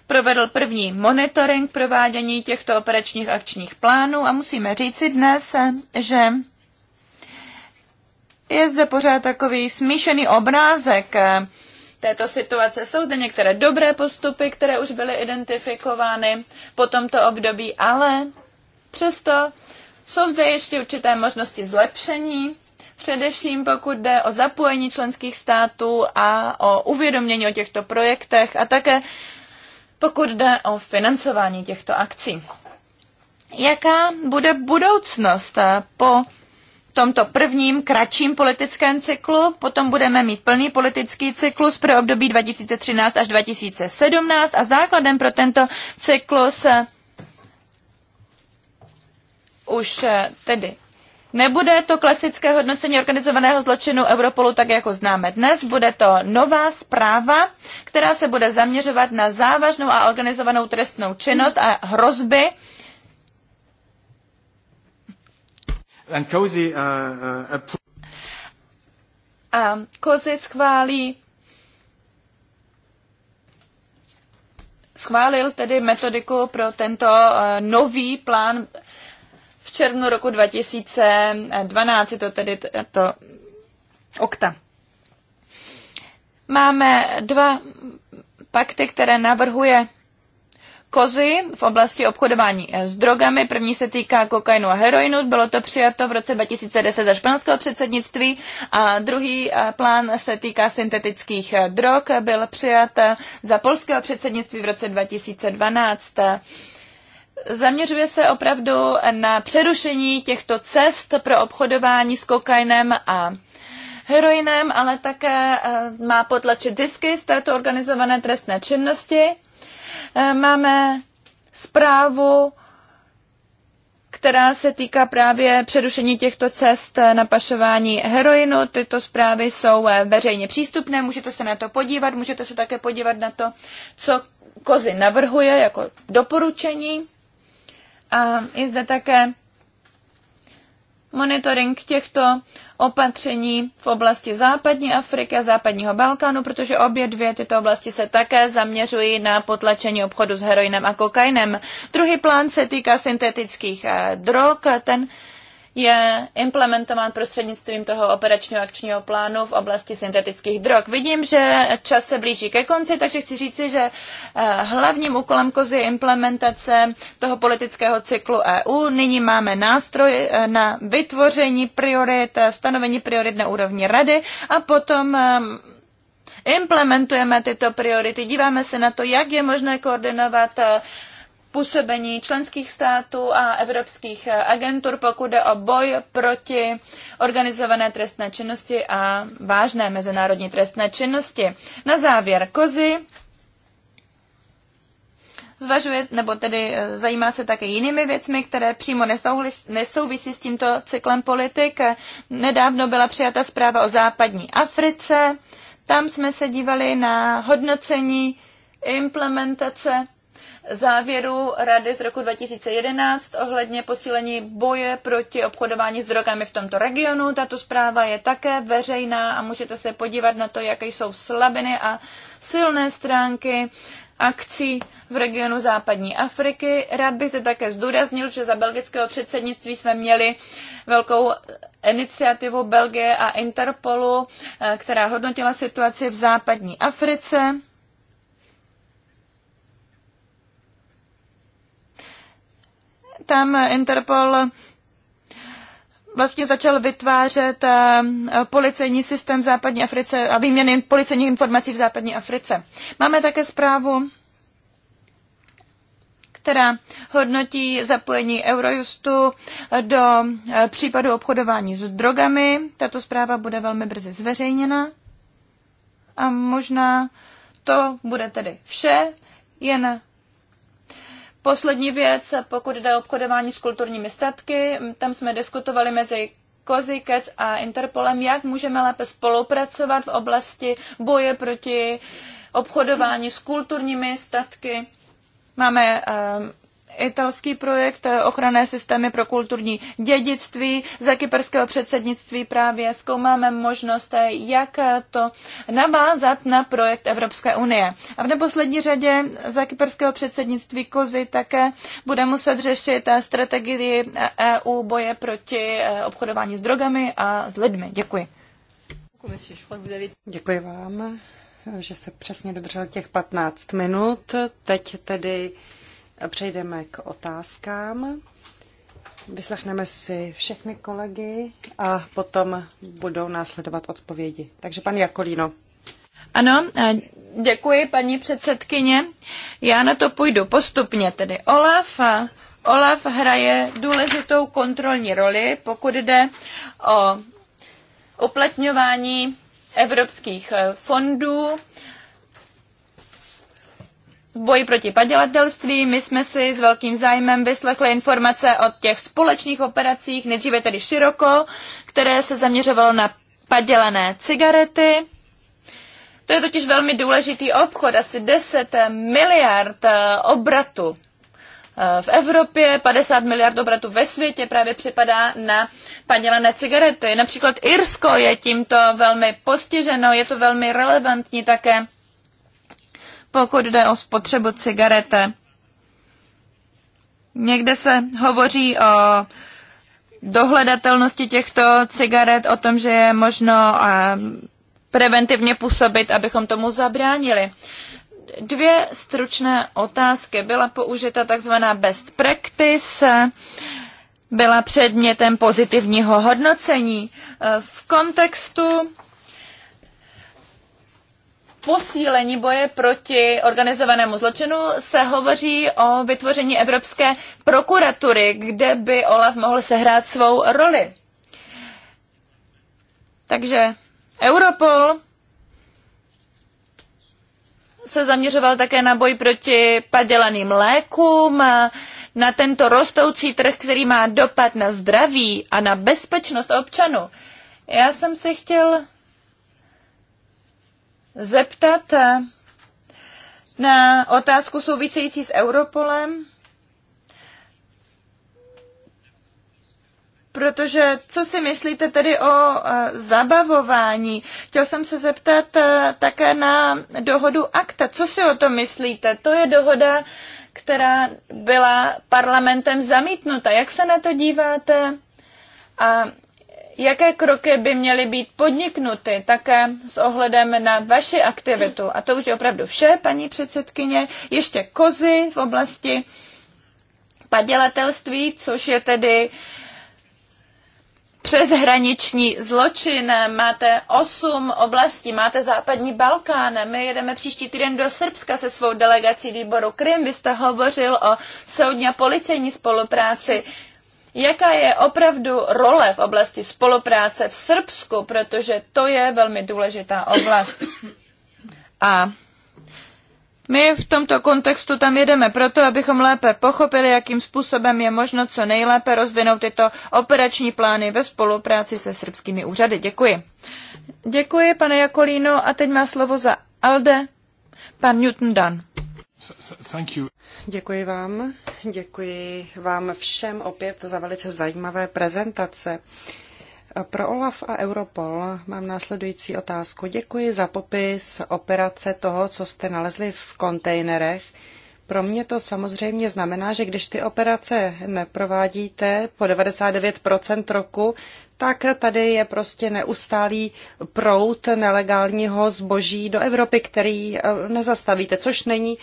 provedl první monitoring provádění těchto operačních akčních plánů a musíme říci dnes, že je zde pořád takový smíšený obrázek této situace. Jsou zde některé dobré postupy, které už byly identifikovány po tomto období, ale přesto jsou zde ještě určité možnosti zlepšení, především pokud jde o zapojení členských států a o uvědomění o těchto projektech a také pokud jde o financování těchto akcí. Jaká bude budoucnost po tomto prvním kratším politickém cyklu, potom budeme mít plný politický cyklus pro období 2013 až 2017 a základem pro tento cyklus eh, už eh, tedy Nebude to klasické hodnocení organizovaného zločinu Europolu tak, jako známe dnes. Bude to nová zpráva, která se bude zaměřovat na závažnou a organizovanou trestnou činnost a hrozby, And uh, uh, a COSI schválí schválil tedy metodiku pro tento uh, nový plán v červnu roku 2012, je to tedy to okta. Máme dva pakty, které navrhuje kozy v oblasti obchodování eh, s drogami. První se týká kokainu a heroinu. Bylo to přijato v roce 2010 za španělského předsednictví a druhý eh, plán se týká syntetických eh, drog. Byl přijat za polského předsednictví v roce 2012 zaměřuje se opravdu na přerušení těchto cest pro obchodování s kokainem a heroinem, ale také má potlačit disky z této organizované trestné činnosti. Eh, máme zprávu, která se týká právě přerušení těchto cest eh, na pašování heroinu. Tyto zprávy jsou eh, veřejně přístupné, můžete se na to podívat, můžete se také podívat na to, co Kozy navrhuje jako doporučení. A je zde také monitoring těchto opatření v oblasti západní Afriky a západního Balkánu, protože obě dvě tyto oblasti se také zaměřují na potlačení obchodu s heroinem a kokainem. Druhý plán se týká syntetických eh, drog, ten je implementován prostřednictvím toho operačního akčního plánu v oblasti syntetických drog. Vidím, že čas se blíží ke konci, takže chci říci, že eh, hlavním úkolem kozy je implementace toho politického cyklu EU. Nyní máme nástroj eh, na vytvoření priorit, eh, stanovení priorit na úrovni rady a potom implementujeme tyto priority. Díváme se na to, jak je možné koordinovat působení členských států a evropských agentur, pokud jde o boj proti organizované trestné činnosti a vážné mezinárodní trestné činnosti. Na závěr kozy zvažuje, nebo tedy eh, zajímá se také jinými věcmi, které přímo nesouvisí s tímto cyklem politik. Nedávno byla přijata zpráva o západní Africe. Tam jsme se dívali na hodnocení implementace závěrů Rady z roku 2011 ohledně posílení boje proti obchodování s drogami v tomto regionu. Tato zpráva je také veřejná a můžete se podívat na to, jaké jsou slabiny a silné stránky akcí v regionu západní Afriky. Rád bych se také zdůraznil, že za belgického předsednictví jsme měli velkou iniciativu Belgie a Interpolu, eh, která hodnotila situaci v západní Africe. tam Interpol vlastně začal vytvářet eh, policejní systém v západní Africe a výměny policejních informací v západní Africe. Máme také zprávu, která hodnotí zapojení Eurojustu eh, do eh, případu obchodování s drogami. Tato zpráva bude velmi brzy zveřejněna. A možná to bude tedy vše. Jen Poslední věc, pokud jde o obchodování s kulturními statky, tam jsme diskutovali mezi Kozy, a Interpolem, jak můžeme lépe spolupracovat v oblasti boje proti obchodování s kulturními statky. Máme italský projekt eh, ochranné systémy pro kulturní dědictví. Za kyperského předsednictví právě zkoumáme možnost, eh, jak eh, to navázat na projekt Evropské unie. A v neposlední řadě za kyperského předsednictví Kozy také bude muset řešit strategii EU e boje proti obchodování s drogami a s lidmi. Děkuji. Děkuji vám, že jste přesně dodržel těch 15 minut. Teď tedy Přejdeme k otázkám. Vyslechneme si všechny kolegy a potom budou následovat odpovědi. Takže pan Jakolíno. Ano, děkuji paní předsedkyně. Já na to půjdu postupně, tedy Olaf. Olaf hraje důležitou kontrolní roli, pokud jde o uplatňování evropských fondů v boji proti padělatelství. My jsme si s velkým zájmem vyslechli informace o těch společných operacích, nejdříve tedy široko, které se zaměřovalo na padělané cigarety. To je totiž velmi důležitý obchod, asi 10 miliard eh, obratu eh, v Evropě, 50 miliard obratu ve světě právě připadá na padělané cigarety. Například Irsko je tímto velmi postiženo, je to velmi relevantní také pokud jde o spotřebu cigarete, někde se hovoří o dohledatelnosti těchto cigaret, o tom, že je možno eh, preventivně působit, abychom tomu zabránili. Dvě stručné otázky. Byla použita takzvaná best practice, byla předmětem pozitivního hodnocení. Eh, v kontextu posílení boje proti organizovanému zločinu se hovoří o vytvoření Evropské prokuratury, kde by OLAF mohl sehrát svou roli. Takže Europol se zaměřoval také na boj proti padělaným lékům, na tento rostoucí trh, který má dopad na zdraví a na bezpečnost občanů. Já jsem si chtěl zeptat eh, na otázku související s Europolem, protože co si myslíte tedy o eh, zabavování? Chtěl jsem se zeptat eh, také na dohodu akta. Co si o tom myslíte? To je dohoda, která byla parlamentem zamítnuta. Jak se na to díváte? A jaké kroky by měly být podniknuty také s ohledem na vaši aktivitu. A to už je opravdu vše, paní předsedkyně. Ještě kozy v oblasti padělatelství, což je tedy přeshraniční zločin. Máte osm oblastí, máte západní Balkán. My jedeme příští týden do Srbska se svou delegací výboru Krym. Vy jste hovořil o soudně a policejní spolupráci jaká je opravdu role v oblasti spolupráce v Srbsku, protože to je velmi důležitá oblast. A my v tomto kontextu tam jedeme proto, abychom lépe pochopili, jakým způsobem je možno co nejlépe rozvinout tyto operační plány ve spolupráci se srbskými úřady. Děkuji. Děkuji, pane Jakolíno, a teď má slovo za Alde pan Newton Dunn. Thank you. Děkuji vám. Děkuji vám všem opět za velice zajímavé prezentace. Pro OLAF a Europol mám následující otázku. Děkuji za popis operace toho, co jste nalezli v kontejnerech. Pro mě to samozřejmě znamená, že když ty operace neprovádíte po 99% roku, tak tady je prostě neustálý prout nelegálního zboží do Evropy, který eh, nezastavíte, což není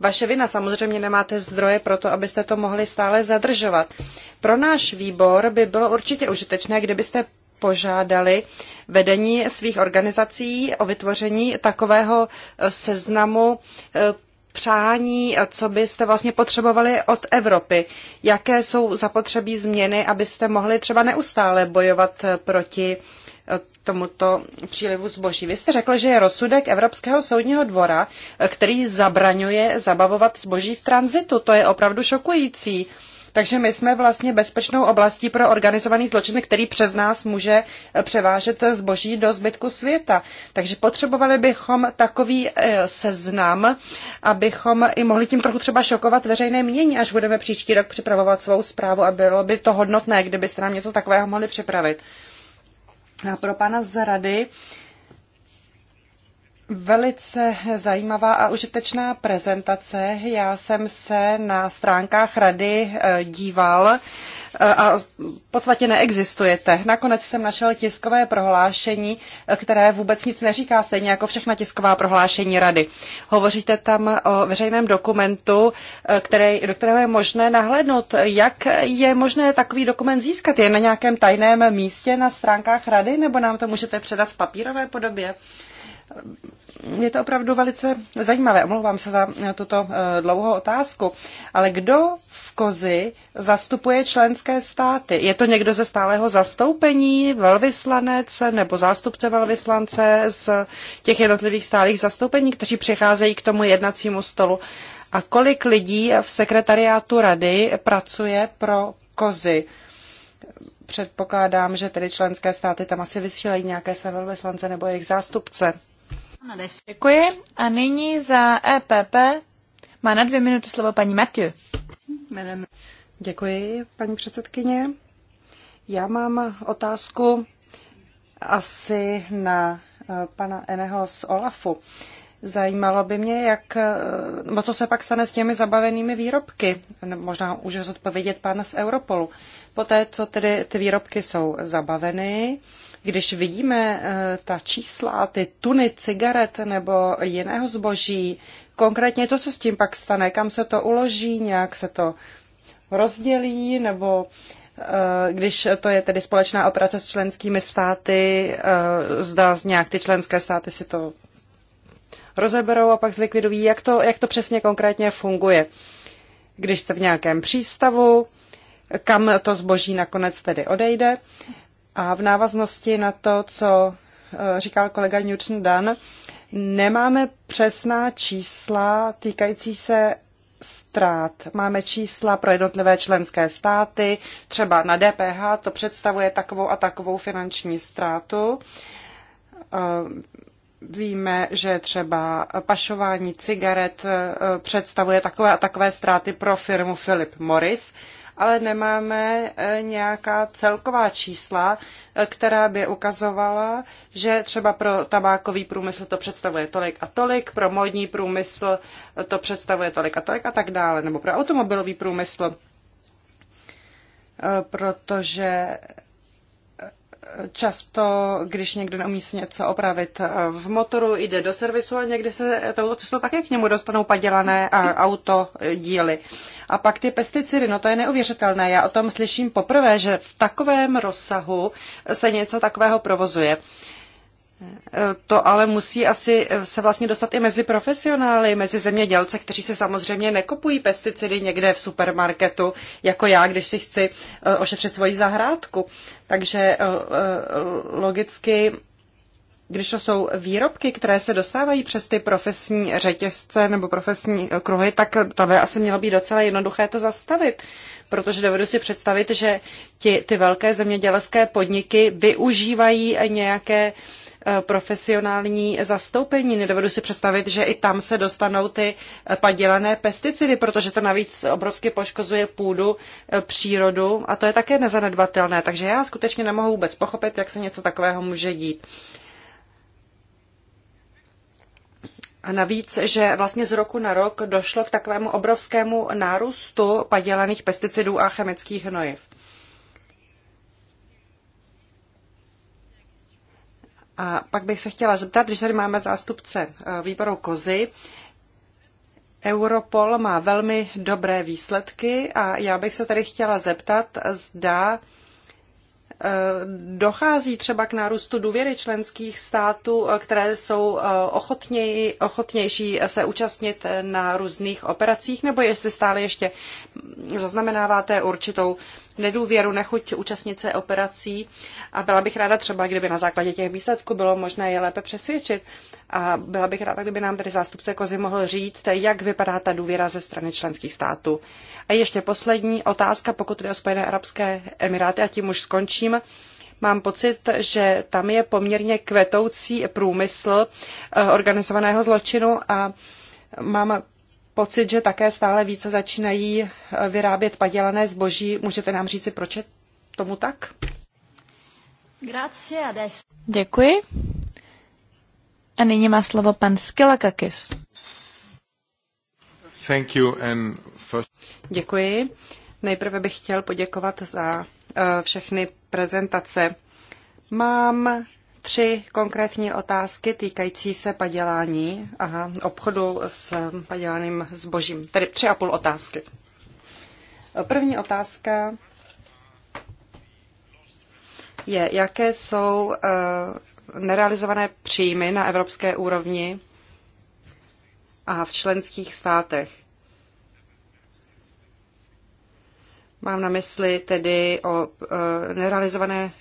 vaše vina. Samozřejmě nemáte zdroje pro to, abyste to mohli stále zadržovat. Pro náš výbor by bylo určitě užitečné, kdybyste požádali vedení svých organizací o vytvoření takového eh, seznamu eh, přání, eh, co byste vlastně potřebovali od Evropy? Jaké jsou zapotřebí změny, abyste mohli třeba neustále bojovat eh, proti eh, tomuto přílivu zboží. Vy jste řekl, že je rozsudek Evropského soudního dvora, který zabraňuje zabavovat zboží v tranzitu. To je opravdu šokující. Takže my jsme vlastně bezpečnou oblastí pro organizovaný zločin, který přes nás může eh, převážet zboží do zbytku světa. Takže potřebovali bychom takový eh, seznam, abychom i mohli tím trochu třeba šokovat veřejné mínění, až budeme příští rok připravovat svou zprávu a bylo by to hodnotné, kdybyste nám něco takového mohli připravit. A pro pana z rady, Velice zajímavá a užitečná prezentace. Já jsem se na stránkách rady eh, díval eh, a v podstatě neexistujete. Nakonec jsem našel tiskové prohlášení, eh, které vůbec nic neříká, stejně jako všechna tisková prohlášení rady. Hovoříte tam o veřejném dokumentu, který, do kterého je možné nahlédnout. Jak je možné takový dokument získat? Je na nějakém tajném místě na stránkách rady, nebo nám to můžete předat v papírové podobě? je to opravdu velice zajímavé. Omlouvám se za tuto eh, dlouhou otázku. Ale kdo v Kozi zastupuje členské státy? Je to někdo ze stálého zastoupení, velvyslanec nebo zástupce velvyslance z těch jednotlivých stálých zastoupení, kteří přicházejí k tomu jednacímu stolu? A kolik lidí v sekretariátu rady pracuje pro kozy? Předpokládám, že tedy členské státy tam asi vysílají nějaké své velvyslance nebo jejich zástupce. Děkuji a nyní za EPP má na dvě minuty slovo paní Mathieu. Děkuji, paní předsedkyně. Já mám otázku asi na eh, pana Eneho z Olafu. Zajímalo by mě, jak, no co se pak stane s těmi zabavenými výrobky. No, možná už zodpovědět pan z Europolu. Poté, co tedy ty výrobky jsou zabaveny, když vidíme eh, ta čísla, ty tuny cigaret nebo jiného zboží, konkrétně to, co s tím pak stane, kam se to uloží, nějak se to rozdělí, nebo eh, když to je tedy společná operace s členskými státy, eh, zdá nějak ty členské státy si to rozeberou a pak zlikvidují, jak to, jak to přesně konkrétně funguje. Když jste v nějakém přístavu, kam to zboží nakonec tedy odejde. A v návaznosti na to, co eh, říkal kolega Newton Dan, nemáme přesná čísla týkající se ztrát. Máme čísla pro jednotlivé členské státy, třeba na DPH to představuje takovou a takovou finanční ztrátu. Eh, víme, že třeba pašování cigaret eh, představuje takové a takové ztráty pro firmu Philip Morris ale nemáme eh, nějaká celková čísla, eh, která by ukazovala, že třeba pro tabákový průmysl to představuje tolik a tolik, pro modní průmysl eh, to představuje tolik a tolik a tak dále, nebo pro automobilový průmysl protože často, když někdo neumí si něco opravit eh, v motoru, jde do servisu a někdy se touto cestou také k němu dostanou padělané auto díly. A pak ty pesticidy, no to je neuvěřitelné. Já o tom slyším poprvé, že v takovém rozsahu se něco takového provozuje. Uh, to ale musí asi se vlastně dostat i mezi profesionály, mezi zemědělce, kteří se samozřejmě nekopují pesticidy někde v supermarketu, jako já, když si chci eh, ošetřit svoji zahrádku. Takže eh, eh, logicky, když to jsou výrobky, které se dostávají přes ty profesní řetězce nebo profesní kruhy, tak to by asi mělo být docela jednoduché to zastavit, protože dovedu si představit, že ti, ty velké zemědělské podniky využívají nějaké uh, Eh, profesionální zastoupení. Nedovedu si představit, že i tam se dostanou ty eh, padělané pesticidy, protože to navíc obrovsky poškozuje půdu, eh, přírodu a to je také nezanedbatelné. Takže já skutečně nemohu vůbec pochopit, jak se něco takového může dít. A navíc, že vlastně z roku na rok došlo k takovému obrovskému nárůstu padělaných pesticidů a chemických hnojiv. A pak bych se chtěla zeptat, když tady máme zástupce eh, výboru Kozy, Europol má velmi dobré výsledky a já bych se tady chtěla zeptat, zda eh, dochází třeba k nárůstu důvěry členských států, eh, které jsou ochotněji, ochotnější se účastnit na různých operacích, nebo jestli stále ještě zaznamenáváte určitou nedůvěru, nechuť účastnit se operací a byla bych ráda třeba, kdyby na základě těch výsledků bylo možné je lépe přesvědčit a byla bych ráda, kdyby nám tedy zástupce Kozy mohl říct, jak vypadá ta důvěra ze strany členských států. A ještě poslední otázka, pokud jde o Spojené Arabské Emiráty a tím už skončím mám pocit, že tam je poměrně kvetoucí průmysl eh, organizovaného zločinu a mám pocit, že také stále více začínají eh, vyrábět padělané zboží. Můžete nám říci, proč je tomu tak? Děkuji. A nyní má slovo pan Skilakakis. Thank you and first... Děkuji. Nejprve bych chtěl poděkovat za eh, všechny prezentace. Mám tři konkrétní otázky týkající se padělání a obchodu s padělaným zbožím. Tedy tři a půl otázky. První otázka je, jaké jsou eh, nerealizované příjmy na evropské úrovni a v členských státech. Mám na mysli tedy o e, nerealizované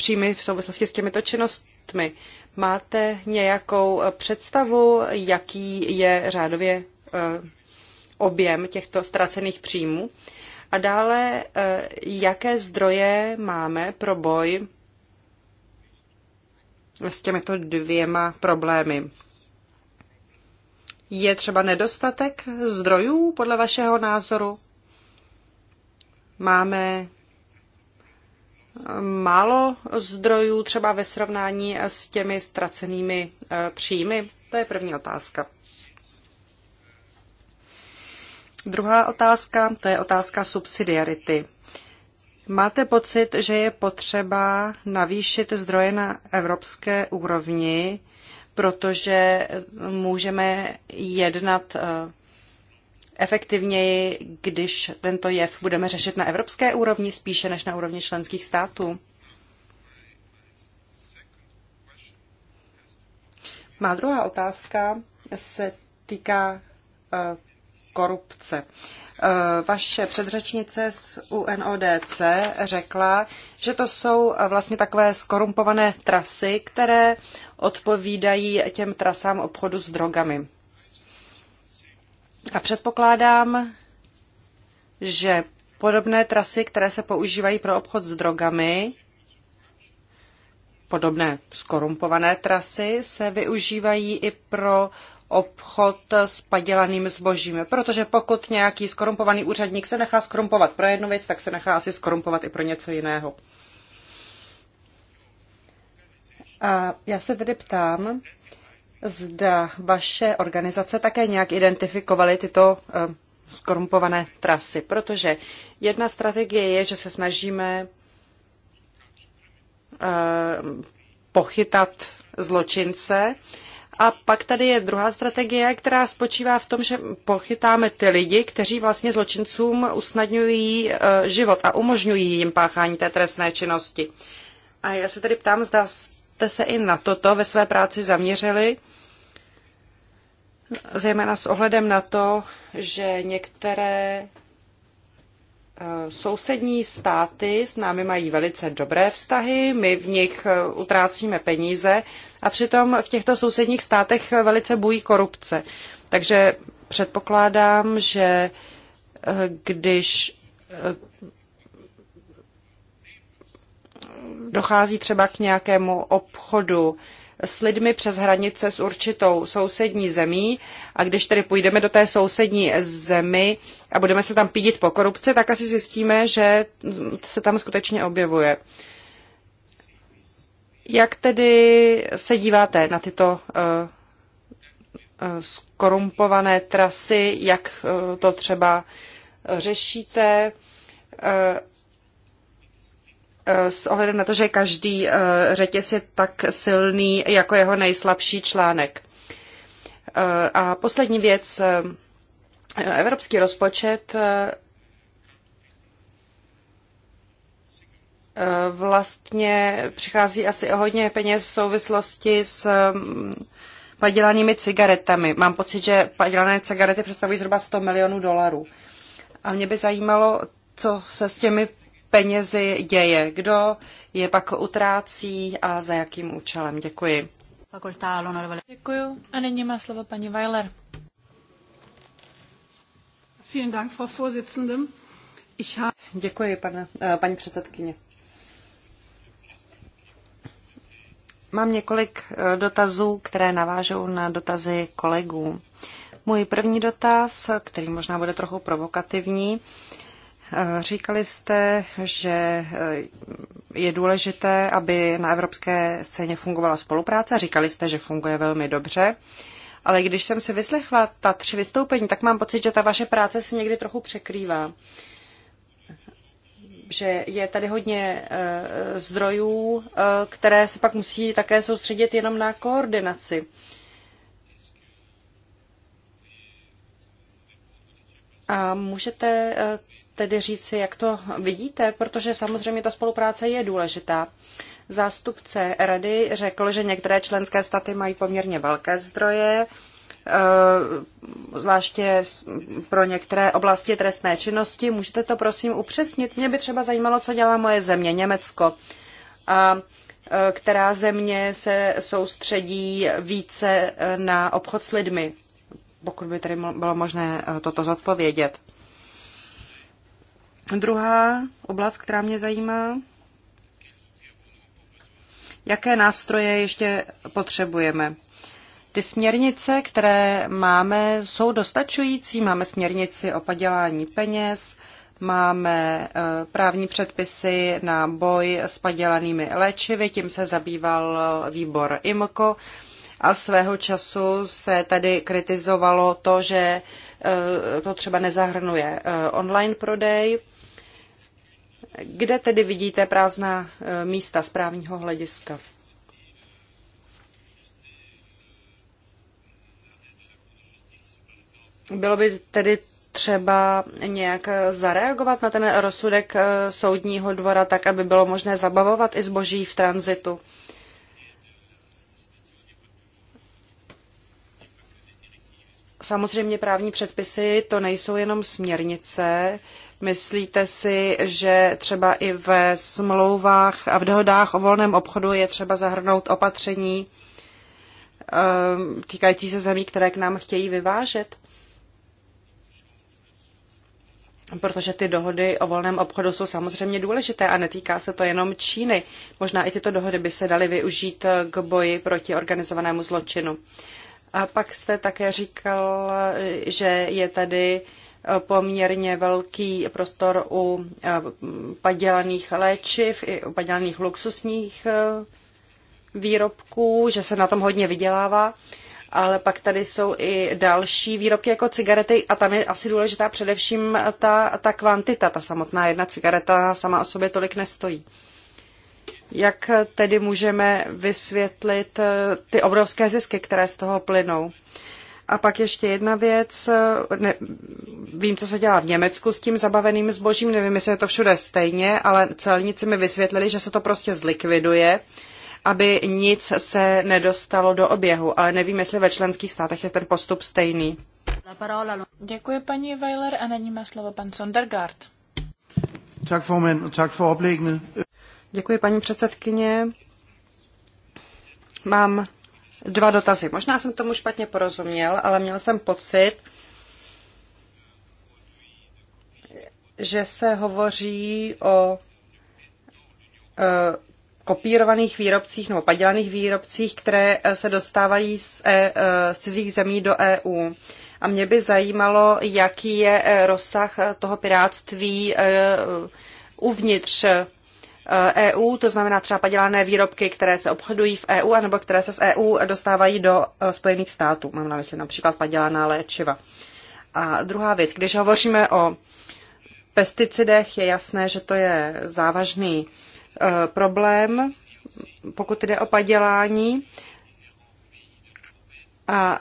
příjmy v souvislosti s těmito činnostmi. Máte nějakou představu, jaký je řádově eh, objem těchto ztracených příjmů? A dále, eh, jaké zdroje máme pro boj s těmito dvěma problémy? Je třeba nedostatek zdrojů podle vašeho názoru? Máme málo zdrojů, třeba ve srovnání s těmi ztracenými eh, příjmy? To je první otázka. Druhá otázka, to je otázka subsidiarity. Máte pocit, že je potřeba navýšit zdroje na evropské úrovni, protože můžeme jednat eh, efektivněji, když tento jev budeme řešit na evropské úrovni spíše než na úrovni členských států? Má druhá otázka se týká eh, korupce. Eh, vaše předřečnice z UNODC řekla, že to jsou eh, vlastně takové skorumpované trasy, které odpovídají těm trasám obchodu s drogami. A předpokládám, že podobné trasy, které se používají pro obchod s drogami, podobné skorumpované trasy, se využívají i pro obchod s padělaným zbožím. Protože pokud nějaký skorumpovaný úředník se nechá skorumpovat pro jednu věc, tak se nechá asi skorumpovat i pro něco jiného. A já se tedy ptám, zda vaše organizace také nějak identifikovaly tyto eh, skorumpované trasy, protože jedna strategie je, že se snažíme eh, pochytat zločince. A pak tady je druhá strategie, která spočívá v tom, že pochytáme ty lidi, kteří vlastně zločincům usnadňují eh, život a umožňují jim páchání té trestné činnosti. A já se tedy ptám, zda jste se i na toto ve své práci zaměřili, zejména s ohledem na to, že některé eh, sousední státy s námi mají velice dobré vztahy, my v nich eh, utrácíme peníze a přitom v těchto sousedních státech velice bují korupce. Takže předpokládám, že eh, když dochází třeba k nějakému obchodu s lidmi přes hranice s určitou sousední zemí a když tedy půjdeme do té sousední zemi a budeme se tam pídit po korupci, tak asi zjistíme, že se tam skutečně objevuje. Jak tedy se díváte na tyto eh, eh, skorumpované trasy, jak eh, to třeba řešíte? Eh, s ohledem na to, že každý eh, řetěz je tak silný jako jeho nejslabší článek. Eh, a poslední věc, evropský rozpočet vlastně přichází asi o hodně peněz v souvislosti s padělanými cigaretami. Mám pocit, že padělané cigarety představují zhruba 100 milionů dolarů. A mě by zajímalo, co se s těmi penězi děje, kdo je pak utrácí a za jakým účelem. Děkuji. Děkuji a nyní má slovo paní Weiler. Děkuji, pane, eh, paní předsedkyně. Mám několik eh, dotazů, které navážou na dotazy kolegů. Můj první dotaz, který možná bude trochu provokativní, Eh, říkali jste, že eh, je důležité, aby na evropské scéně fungovala spolupráce. Říkali jste, že funguje velmi dobře. Ale když jsem si vyslechla ta tři vystoupení, tak mám pocit, že ta vaše práce se někdy trochu překrývá. Že je tady hodně eh, zdrojů, které se pak musí také soustředit jenom na koordinaci. A můžete tedy říci, jak to vidíte, protože samozřejmě ta spolupráce je důležitá. Zástupce rady řekl, že některé členské státy mají poměrně velké zdroje, eh, zvláště pro některé oblasti trestné činnosti. Můžete to prosím upřesnit? Mě by třeba zajímalo, co dělá moje země, Německo. A eh, která země se soustředí více eh, na obchod s lidmi, pokud by tedy bylo možné toto zodpovědět. Druhá oblast, která mě zajímá, jaké nástroje ještě potřebujeme. Ty směrnice, které máme, jsou dostačující. Máme směrnici o padělání peněz, máme eh, právní předpisy na boj s padělanými léčivy, tím se zabýval eh, výbor IMCO a svého času se tady kritizovalo to, že eh, to třeba nezahrnuje online prodej. Kde tedy vidíte prázdná e, místa z právního hlediska? Bylo by tedy třeba nějak zareagovat na ten rozsudek e, soudního dvora, tak aby bylo možné zabavovat i zboží v tranzitu. Samozřejmě právní předpisy to nejsou jenom směrnice, Myslíte si, že třeba i ve smlouvách a v dohodách o volném obchodu je třeba zahrnout opatření ehm, týkající se zemí, které k nám chtějí vyvážet? Protože ty dohody o volném obchodu jsou samozřejmě důležité a netýká se to jenom Číny. Možná i tyto dohody by se daly využít k boji proti organizovanému zločinu. A pak jste také říkal, že je tady poměrně velký prostor u eh, padělaných léčiv i u padělaných luxusních eh, výrobků, že se na tom hodně vydělává. Ale pak tady jsou i další výrobky jako cigarety a tam je asi důležitá především ta, ta kvantita. Ta samotná jedna cigareta sama o sobě tolik nestojí. Jak tedy můžeme vysvětlit eh, ty obrovské zisky, které z toho plynou? A pak ještě jedna věc, ne, vím, co se dělá v Německu s tím zabaveným zbožím, nevím, jestli je to všude stejně, ale celníci mi vysvětlili, že se to prostě zlikviduje, aby nic se nedostalo do oběhu, ale nevím, jestli ve členských státech je ten postup stejný. Děkuji paní Weiler a na ní má slovo pan Sondergaard. Tak formen, tak for Děkuji paní předsedkyně. Mám dva dotazy. Možná jsem tomu špatně porozuměl, ale měl jsem pocit, že se hovoří o e, kopírovaných výrobcích nebo padělaných výrobcích, které e, se dostávají z, e, e, z cizích zemí do EU. A mě by zajímalo, jaký je rozsah toho piráctví uvnitř Eh, EU, to znamená třeba padělané výrobky, které se obchodují v EU, anebo které se z EU dostávají do eh, Spojených států. Mám na mysli například padělaná léčiva. A druhá věc, když hovoříme o pesticidech, je jasné, že to je závažný eh, problém, pokud jde o padělání. A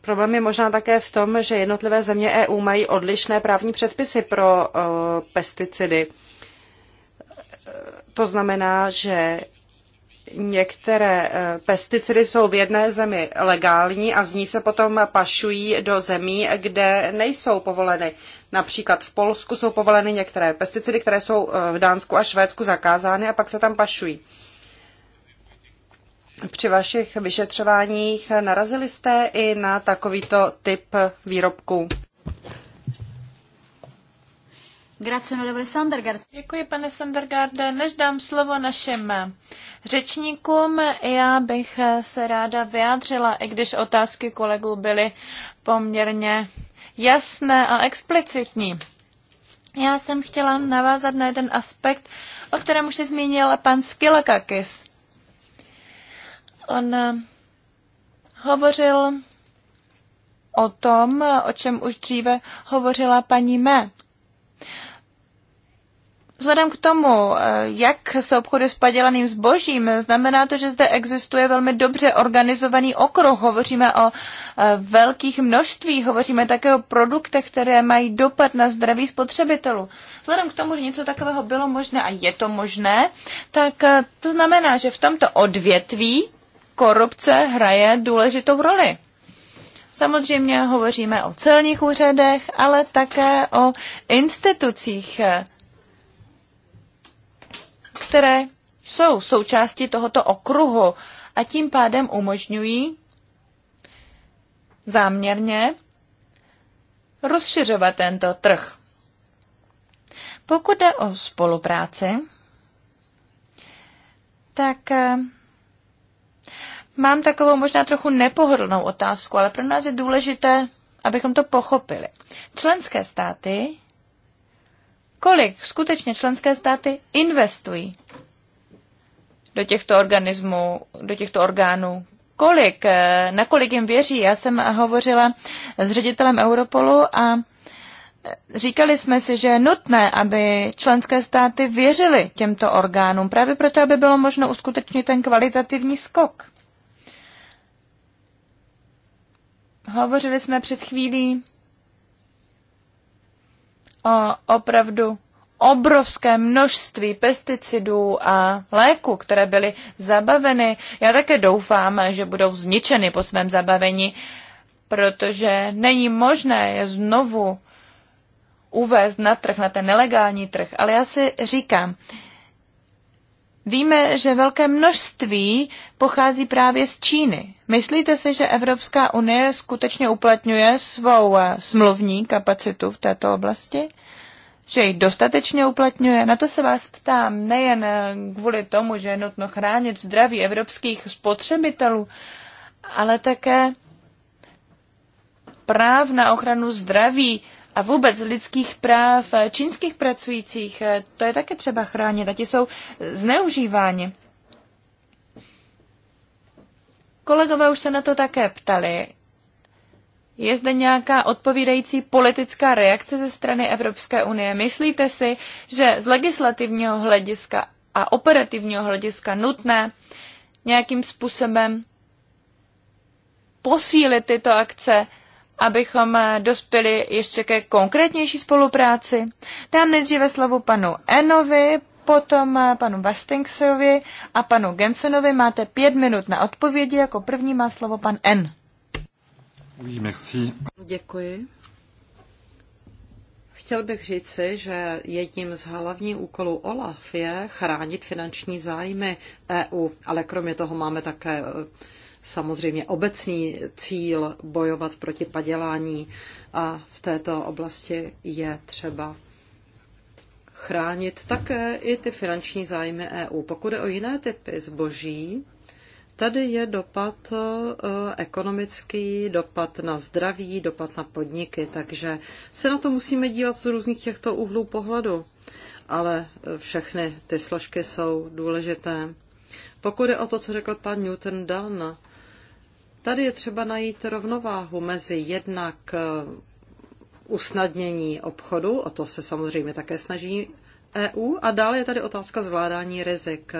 Problém je možná také v tom, že jednotlivé země EU mají odlišné právní předpisy pro pesticidy. To znamená, že některé eh, pesticidy jsou v jedné zemi legální a z ní se potom pašují do zemí, kde nejsou povoleny. Například v Polsku jsou povoleny některé pesticidy, které jsou eh, v Dánsku a Švédsku zakázány a pak se tam pašují. Při vašich vyšetřováních narazili jste i na takovýto typ výrobku? Děkuji, pane Sandergarde. Než dám slovo našim řečníkům, já bych se ráda vyjádřila, i když otázky kolegů byly poměrně jasné a explicitní. Já jsem chtěla navázat na jeden aspekt, o kterém už se zmínil pan Skilakakis. On hovořil o tom, o čem už dříve hovořila paní Me. Vzhledem k tomu, eh, jak se obchody s padělaným zbožím, znamená to, že zde existuje velmi dobře organizovaný okruh. Hovoříme o eh, velkých množstvích, hovoříme také o produktech, které mají dopad na zdraví spotřebitelů. Vzhledem k tomu, že něco takového bylo možné a je to možné, tak eh, to znamená, že v tomto odvětví korupce hraje důležitou roli. Samozřejmě hovoříme o celních úřadech, ale také o institucích které jsou součástí tohoto okruhu a tím pádem umožňují záměrně rozšiřovat tento trh. Pokud jde o spolupráci, tak eh, mám takovou možná trochu nepohodlnou otázku, ale pro nás je důležité, abychom to pochopili. Členské státy kolik skutečně členské státy investují do těchto organismů, do těchto orgánů, kolik, eh, nakolik jim věří. Já jsem hovořila s ředitelem Europolu a eh, Říkali jsme si, že je nutné, aby členské státy věřily těmto orgánům, právě proto, aby bylo možno uskutečnit ten kvalitativní skok. Hovořili jsme před chvílí o opravdu obrovské množství pesticidů a léků, které byly zabaveny. Já také doufám, že budou zničeny po svém zabavení, protože není možné je znovu uvést na trh, na ten nelegální trh. Ale já si říkám, Víme, že velké množství pochází právě z Číny. Myslíte si, že Evropská unie skutečně uplatňuje svou eh, smluvní kapacitu v této oblasti? Že ji dostatečně uplatňuje? Na to se vás ptám nejen eh, kvůli tomu, že je nutno chránit zdraví evropských spotřebitelů, ale také práv na ochranu zdraví a vůbec lidských práv čínských pracujících, eh, to je také třeba chránit a ti jsou zneužíváni. Kolegové už se na to také ptali. Je zde nějaká odpovídající politická reakce ze strany Evropské unie? Myslíte si, že z legislativního hlediska a operativního hlediska nutné nějakým způsobem posílit tyto akce abychom eh, dospěli ještě ke konkrétnější spolupráci. Dám nejdříve slovo panu Enovi, potom eh, panu Bastingsovi a panu Gensonovi. Máte pět minut na odpovědi. Jako první má slovo pan N. Oui, merci. Děkuji. Chtěl bych říci, že jedním z hlavních úkolů OLAF je chránit finanční zájmy EU, ale kromě toho máme také eh, samozřejmě obecný cíl bojovat proti padělání a v této oblasti je třeba chránit také i ty finanční zájmy EU. Pokud je o jiné typy zboží, tady je dopad e, ekonomický, dopad na zdraví, dopad na podniky, takže se na to musíme dívat z různých těchto úhlů pohledu. Ale e, všechny ty složky jsou důležité. Pokud je o to, co řekl pan Newton Dunn, Tady je třeba najít rovnováhu mezi jednak eh, usnadnění obchodu, o to se samozřejmě také snaží EU, a dále je tady otázka zvládání rizik,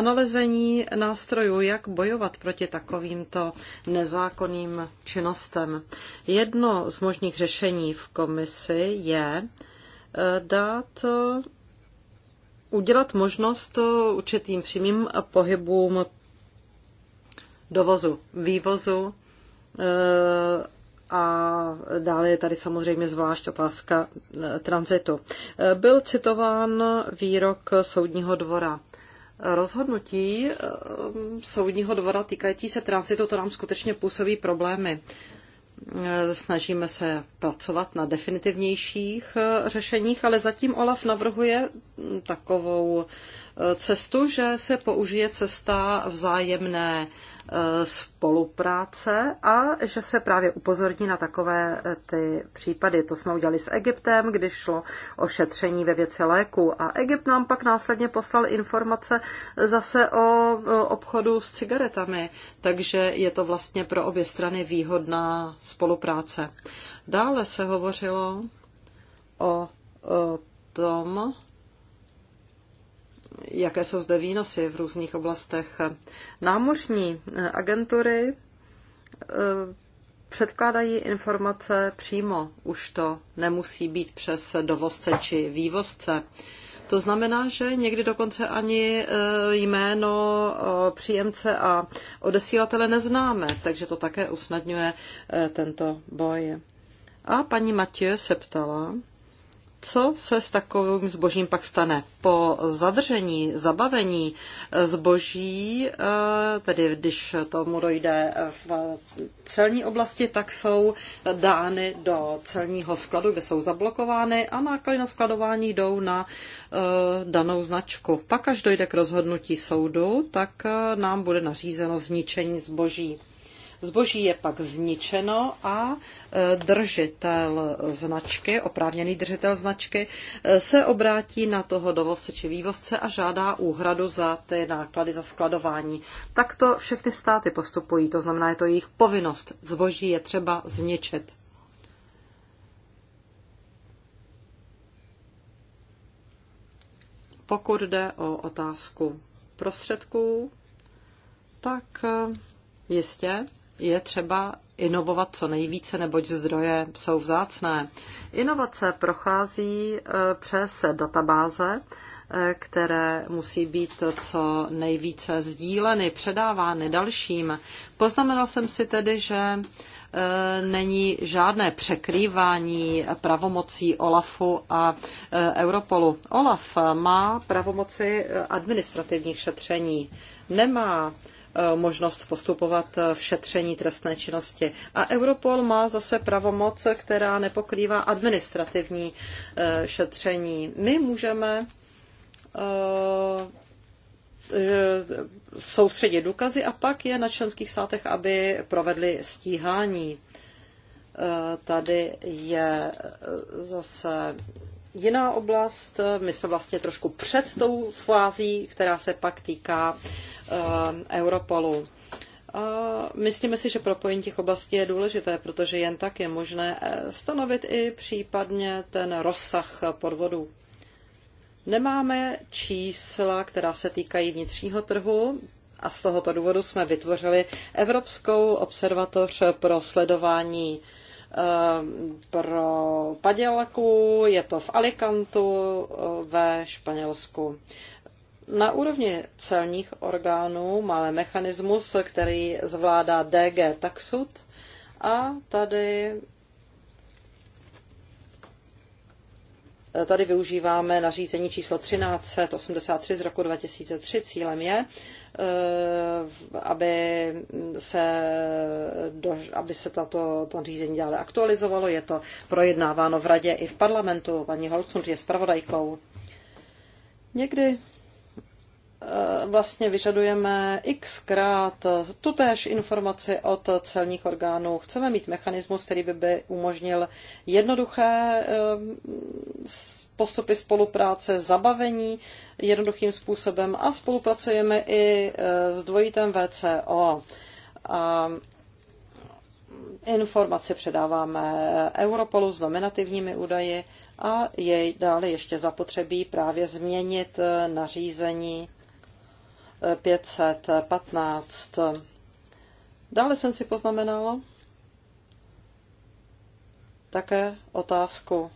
nalezení nástrojů, jak bojovat proti takovýmto nezákonným činnostem. Jedno z možných řešení v komisi je eh, dát eh, udělat možnost určitým přímým pohybům dovozu, vývozu eh, a dále je tady samozřejmě zvlášť otázka eh, tranzitu. Eh, byl citován výrok soudního dvora. Rozhodnutí soudního dvora týkající se tranzitu, to nám skutečně působí problémy. Snažíme se pracovat na definitivnějších řešeních, ale zatím Olaf navrhuje hm, takovou cestu, že se použije cesta vzájemné Eh, spolupráce a že se právě upozorní na takové eh, ty případy. To jsme udělali s Egyptem, když šlo o šetření ve věci léku a Egypt nám pak následně poslal informace zase o obchodu s cigaretami, takže je to vlastně pro obě strany výhodná spolupráce. Dále se hovořilo o, o tom, jaké jsou zde výnosy v různých oblastech. Námořní eh, agentury eh, předkládají informace přímo, už to nemusí být přes dovozce či vývozce. To znamená, že někdy dokonce ani eh, jméno příjemce a odesílatele neznáme, takže to také usnadňuje tento boj. A paní Matěje se ptala, co se s takovým zbožím pak stane? Po zadržení, zabavení eh, zboží, eh, tedy když tomu dojde v celní oblasti, tak jsou dány do celního skladu, kde jsou zablokovány a náklady na skladování jdou na eh, danou značku. Pak, až dojde k rozhodnutí soudu, tak nám bude nařízeno zničení zboží. Zboží je pak zničeno a e, držitel značky, oprávněný držitel značky, e, se obrátí na toho dovozce či vývozce a žádá úhradu za ty náklady za skladování. Takto všechny státy postupují, to znamená, je to jejich povinnost. Zboží je třeba zničit. Pokud jde o otázku prostředků, tak e, jistě je třeba inovovat co nejvíce, neboť zdroje jsou vzácné. Inovace prochází e, přes databáze, e, které musí být co nejvíce sdíleny, předávány dalším. Poznamenal jsem si tedy, že e, není žádné překrývání pravomocí OLAFu a Europolu. OLAF má pravomoci administrativních šetření, nemá Eh, možnost postupovat eh, v šetření trestné činnosti. A Europol má zase pravomoc, která nepokrývá administrativní eh, šetření. My můžeme soustředit důkazy a pak je na členských státech, aby provedli stíhání. Tady je zase jiná oblast. My jsme vlastně trošku před tou fází, která se pak týká Eh, Europolu. Uh, myslíme si, že propojení těch oblastí je důležité, protože jen tak je možné eh, stanovit i případně ten rozsah podvodů. Nemáme čísla, která se týkají vnitřního trhu, a z tohoto důvodu jsme vytvořili Evropskou observatoř pro sledování eh, pro padělku, je to v Alicantu ve Španělsku. Na úrovni celních orgánů máme mechanismus, který zvládá DG taxut a tady Tady využíváme nařízení číslo 1383 z roku 2003. Cílem je, eh, aby se, do, aby se tato to řízení dále aktualizovalo. Je to projednáváno v radě i v parlamentu. Paní Holcund je zpravodajkou. Někdy Eh, vlastně vyžadujeme xkrát tutéž informaci od celních orgánů. Chceme mít mechanismus, který by, by umožnil jednoduché eh, postupy spolupráce, zabavení jednoduchým způsobem a spolupracujeme i eh, s dvojitem VCO. A informace předáváme Europolu s nominativními údaji a jej dále ještě zapotřebí právě změnit nařízení 515. Dále jsem si poznamenala také otázku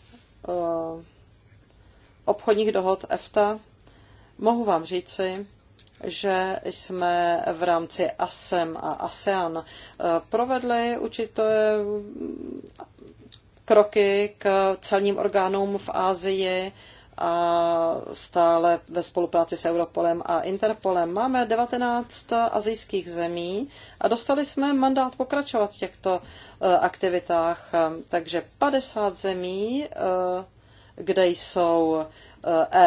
eh, obchodních dohod EFTA. Mohu vám říci, že jsme v rámci ASEM a ASEAN eh, provedli určité kroky k celním orgánům v Ázii, a stále ve spolupráci s Europolem a Interpolem. Máme 19 azijských zemí a dostali jsme mandát pokračovat v těchto e, aktivitách. Takže 50 zemí, e, kde jsou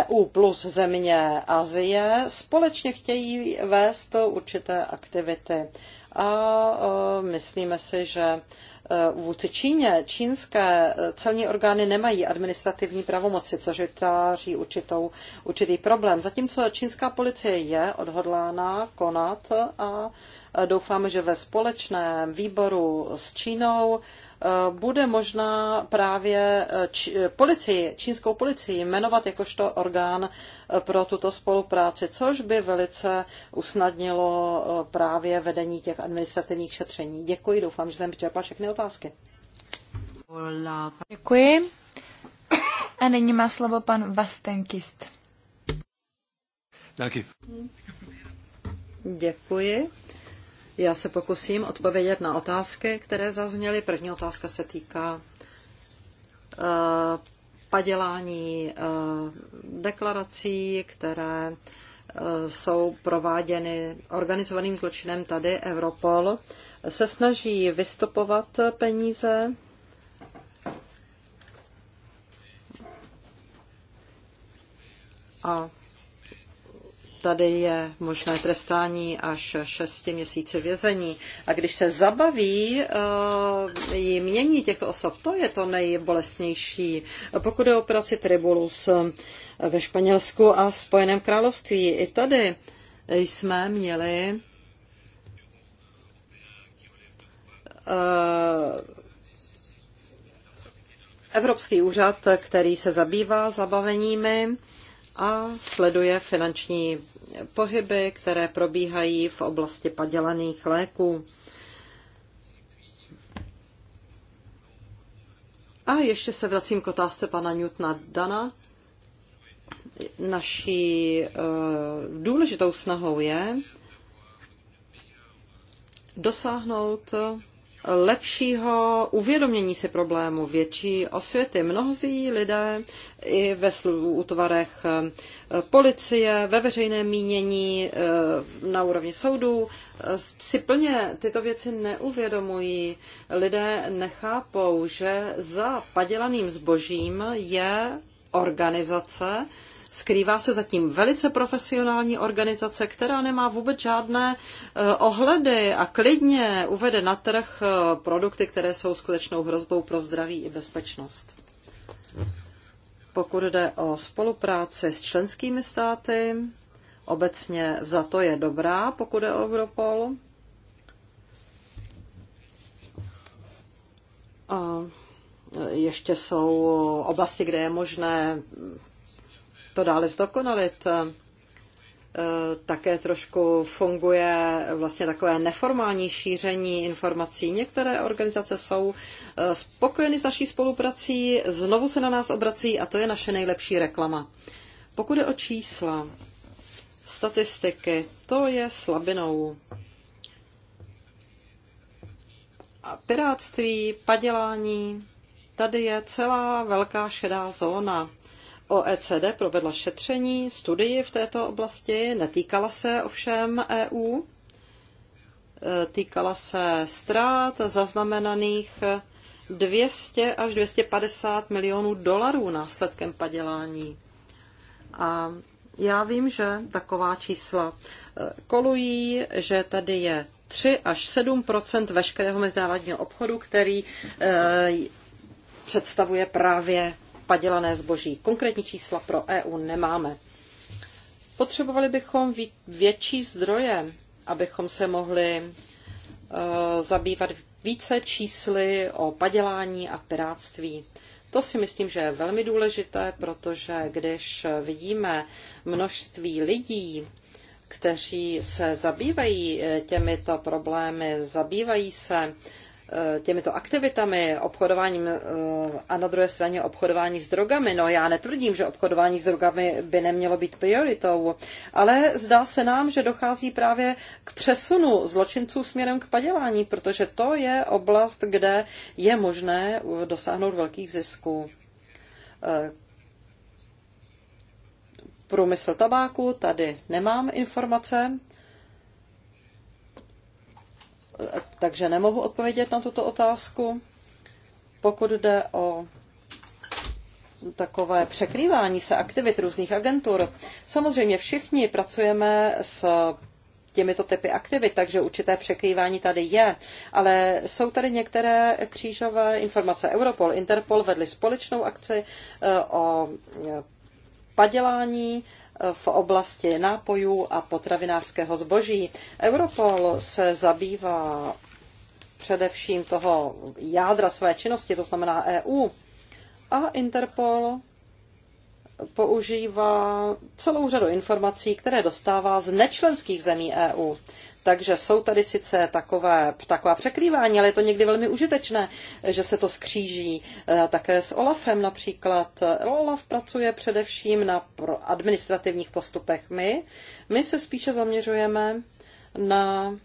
EU e plus země Azie, společně chtějí vést určité aktivity. A myslíme si, že Eh, vůči Číně. Čínské eh, celní orgány nemají administrativní pravomoci, což vytváří určitý problém. Zatímco čínská policie je odhodlána konat a doufáme, že ve společném výboru s Čínou Eh, bude možná právě eh, či, eh, policii, čínskou policii jmenovat jakožto orgán pro tuto spolupráci, což by velice usnadnilo právě vedení těch administrativních šetření. Děkuji, doufám, že jsem vyčerpala všechny otázky. Děkuji. A nyní má slovo pan Vastenkist. Děkuji. Děkuji. Já se pokusím odpovědět na otázky, které zazněly. První otázka se týká eh, padělání eh, deklarací, které eh, jsou prováděny organizovaným zločinem tady Europol, se snaží vystopovat peníze. A Tady je možné trestání až 6 měsíci vězení. A když se zabaví eh, jí mění těchto osob, to je to nejbolestnější. Pokud je operaci Tribulus eh, ve Španělsku a Spojeném království, i tady jsme měli eh, Evropský úřad, který se zabývá zabaveními a sleduje finanční pohyby, které probíhají v oblasti padělaných léků. A ještě se vracím k otázce pana Newtona Dana. Naší uh, důležitou snahou je dosáhnout lepšího uvědomění si problému, větší osvěty. Mnozí lidé i ve útvarech eh, policie, ve veřejném mínění, eh, na úrovni soudů eh, si plně tyto věci neuvědomují. Lidé nechápou, že za padělaným zbožím je organizace, Skrývá se zatím velice profesionální organizace, která nemá vůbec žádné eh, ohledy a klidně uvede na trh eh, produkty, které jsou skutečnou hrozbou pro zdraví i bezpečnost. Pokud jde o spolupráci s členskými státy, obecně za to je dobrá, pokud je o Europol. A ještě jsou oblasti, kde je možné to dále zdokonalit. Eh, také trošku funguje vlastně takové neformální šíření informací. Některé organizace jsou eh, spokojeny s naší spoluprací, znovu se na nás obrací a to je naše nejlepší reklama. Pokud je o čísla, statistiky, to je slabinou. A piráctví, padělání, tady je celá velká šedá zóna. OECD provedla šetření, studii v této oblasti, netýkala se ovšem EU, e, týkala se ztrát zaznamenaných 200 až 250 milionů dolarů následkem padělání. A já vím, že taková čísla e, kolují, že tady je 3 až 7 veškerého mezinárodního obchodu, který e, představuje právě padělané zboží. Konkrétní čísla pro EU nemáme. Potřebovali bychom větší zdroje, abychom se mohli e, zabývat více čísly o padělání a pirátství. To si myslím, že je velmi důležité, protože když vidíme množství lidí, kteří se zabývají e, těmito problémy, zabývají se Eh, těmito aktivitami, obchodováním eh, a na druhé straně obchodování s drogami. No já netvrdím, že obchodování s drogami by nemělo být prioritou, ale zdá se nám, že dochází právě k přesunu zločinců směrem k padělání, protože to je oblast, kde je možné dosáhnout velkých zisků. Eh, průmysl tabáku, tady nemám informace, takže nemohu odpovědět na tuto otázku. Pokud jde o takové překrývání se aktivit různých agentur, samozřejmě všichni pracujeme s těmito typy aktivit, takže určité překrývání tady je. Ale jsou tady některé křížové informace. Europol, Interpol vedli společnou akci eh, o eh, padělání v oblasti nápojů a potravinářského zboží. Europol se zabývá především toho jádra své činnosti, to znamená EU. A Interpol používá celou řadu informací, které dostává z nečlenských zemí EU. Takže jsou tady sice takové, taková překrývání, ale je to někdy velmi užitečné, že se to skříží e, také s OLAFem například. OLAF pracuje především na administrativních postupech. My, my se spíše zaměřujeme na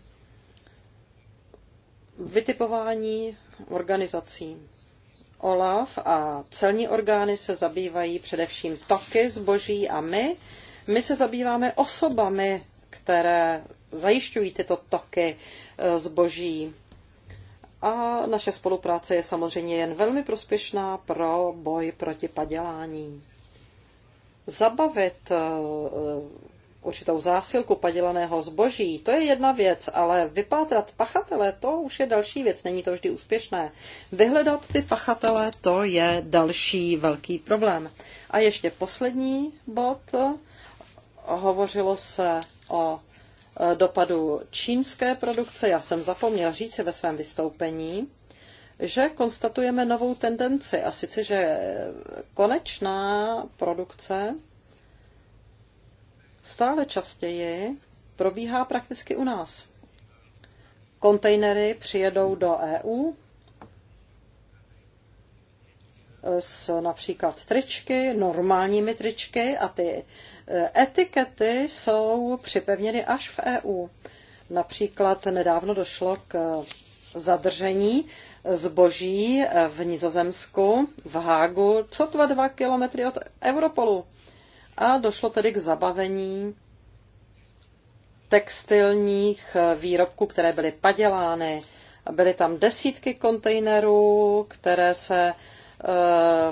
vytipování organizací. OLAF a celní orgány se zabývají především toky zboží a my, my se zabýváme osobami, které zajišťují tyto toky e, zboží. A naše spolupráce je samozřejmě jen velmi prospěšná pro boj proti padělání. Zabavit e, e, určitou zásilku padělaného zboží, to je jedna věc, ale vypátrat pachatele, to už je další věc, není to vždy úspěšné. Vyhledat ty pachatele, to je další velký problém. A ještě poslední bod, hovořilo se o Eh, dopadu čínské produkce. Já jsem zapomněl říci ve svém vystoupení, že konstatujeme novou tendenci, a sice, že konečná produkce stále častěji probíhá prakticky u nás. Kontejnery přijedou do EU s například tričky, normálními tričky a ty Eh, etikety jsou připevněny až v EU. Například nedávno došlo k zadržení zboží v Nizozemsku, v Hágu, tva dva kilometry od Europolu. A došlo tedy k zabavení textilních výrobků, které byly padělány. Byly tam desítky kontejnerů, které se Eh,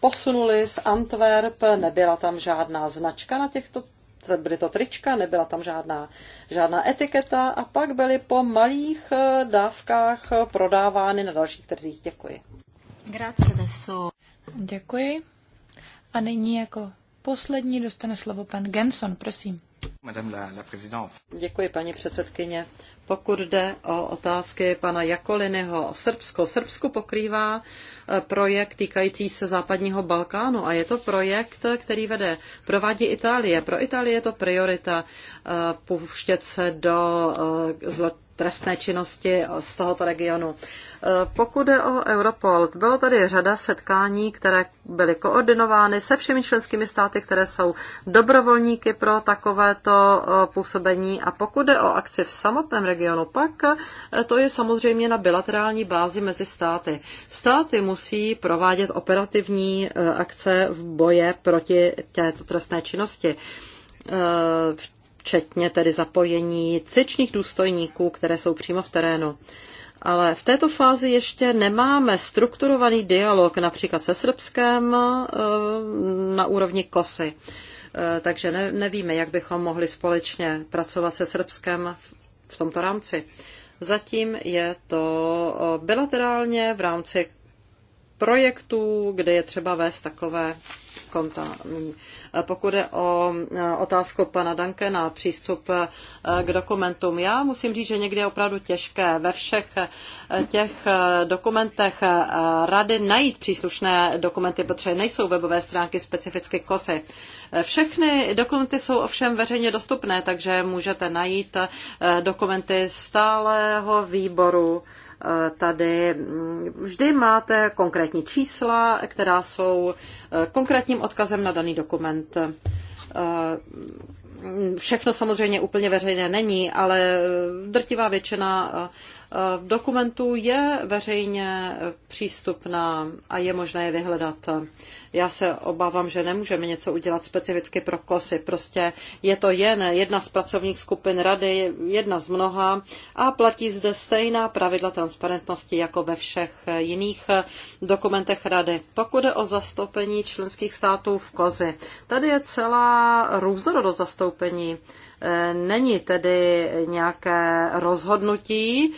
posunuli z Antwerp, nebyla tam žádná značka na těchto byly to trička, nebyla tam žádná, žádná etiketa a pak byly po malých eh, dávkách prodávány na dalších trzích. Děkuji. Děkuji. A nyní jako poslední dostane slovo pan Genson, prosím. Děkuji, paní předsedkyně. Pokud jde o otázky pana Jakolinyho o Srbsko, Srbsko pokrývá eh, projekt týkající se západního Balkánu a je to projekt, který vede, provádí Itálie. Pro Itálii je to priorita eh, pouštět se do eh, zlat trestné činnosti z tohoto regionu. E, pokud jde o Europol, bylo tady řada setkání, které byly koordinovány se všemi členskými státy, které jsou dobrovolníky pro takovéto e, působení. A pokud jde o akci v samotném regionu, pak e, to je samozřejmě na bilaterální bázi mezi státy. Státy musí provádět operativní akce v boje proti této trestné činnosti včetně tedy zapojení cvičných důstojníků, které jsou přímo v terénu. Ale v této fázi ještě nemáme strukturovaný dialog například se Srbskem eh, na úrovni KOSY. Eh, takže ne, nevíme, jak bychom mohli společně pracovat se Srbskem v tomto rámci. Zatím je to eh, bilaterálně v rámci projektů, kde je třeba vést takové kontaminovaní. Pokud je o eh, otázku pana Dankena, přístup eh, k dokumentům, já musím říct, že někdy je opravdu těžké ve všech eh, těch dokumentech rady najít příslušné dokumenty, protože nejsou webové stránky specificky kosy. Všechny dokumenty jsou ovšem veřejně dostupné, takže můžete najít dokumenty stálého výboru Tady mm, vždy máte konkrétní čísla, která jsou eh, konkrétním odkazem na daný dokument. Eh, všechno samozřejmě úplně veřejné není, ale eh, drtivá většina dokumentů je veřejně přístupná a je možné je vyhledat. Já se obávám, že nemůžeme něco udělat specificky pro kosy. Prostě je to jen jedna z pracovních skupin rady, jedna z mnoha a platí zde stejná pravidla transparentnosti jako ve všech jiných dokumentech rady. Pokud je o zastoupení členských států v kozy, tady je celá různorodost zastoupení. E, není tedy nějaké rozhodnutí, e,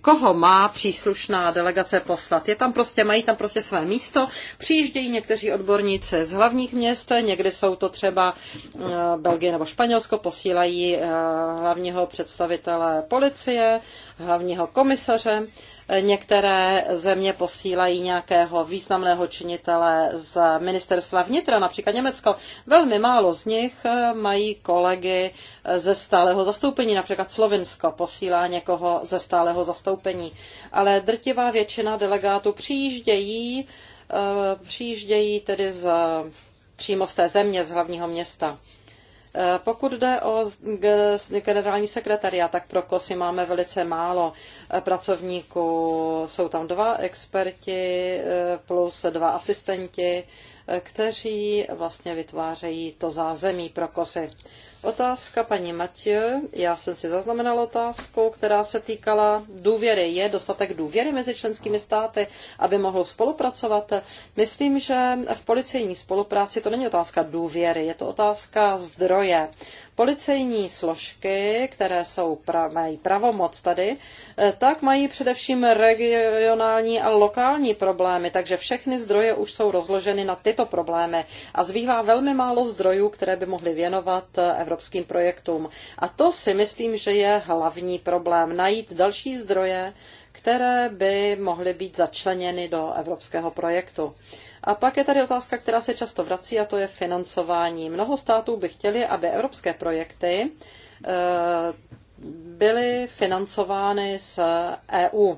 koho má příslušná delegace poslat. Je tam prostě, mají tam prostě své místo. Přijíždějí někteří odborníci z hlavních měst, někdy jsou to třeba e, Belgie nebo Španělsko, posílají hlavního představitele policie, hlavního komisaře Některé země posílají nějakého významného činitele z ministerstva vnitra, například Německo. Velmi málo z nich eh, mají kolegy eh, ze stáleho zastoupení, například Slovinsko posílá někoho ze stáleho zastoupení. Ale drtivá většina delegátů přijíždějí, eh, přijíždějí tedy z, přímo z té země, z hlavního města. Eh, pokud jde o generální sekretariat, tak pro KOSY máme velice málo eh, pracovníků. Jsou tam dva experti eh, plus dva asistenti, kteří vlastně vytvářejí to zázemí pro KOSY. Otázka paní Matě. Já jsem si zaznamenala otázku, která se týkala důvěry. Je dostatek důvěry mezi členskými státy, aby mohlo spolupracovat? Myslím, že v policejní spolupráci to není otázka důvěry, je to otázka zdroje. Policejní složky, které jsou, mají pravomoc tady, eh, tak mají především regionální a lokální problémy, takže všechny zdroje už jsou rozloženy na tyto problémy a zbývá velmi málo zdrojů, které by mohly věnovat eh, evropským projektům. A to si myslím, že je hlavní problém, najít další zdroje, které by mohly být začleněny do evropského projektu. A pak je tady otázka, která se často vrací, a to je financování. Mnoho států by chtěli, aby evropské projekty eh, byly financovány z EU.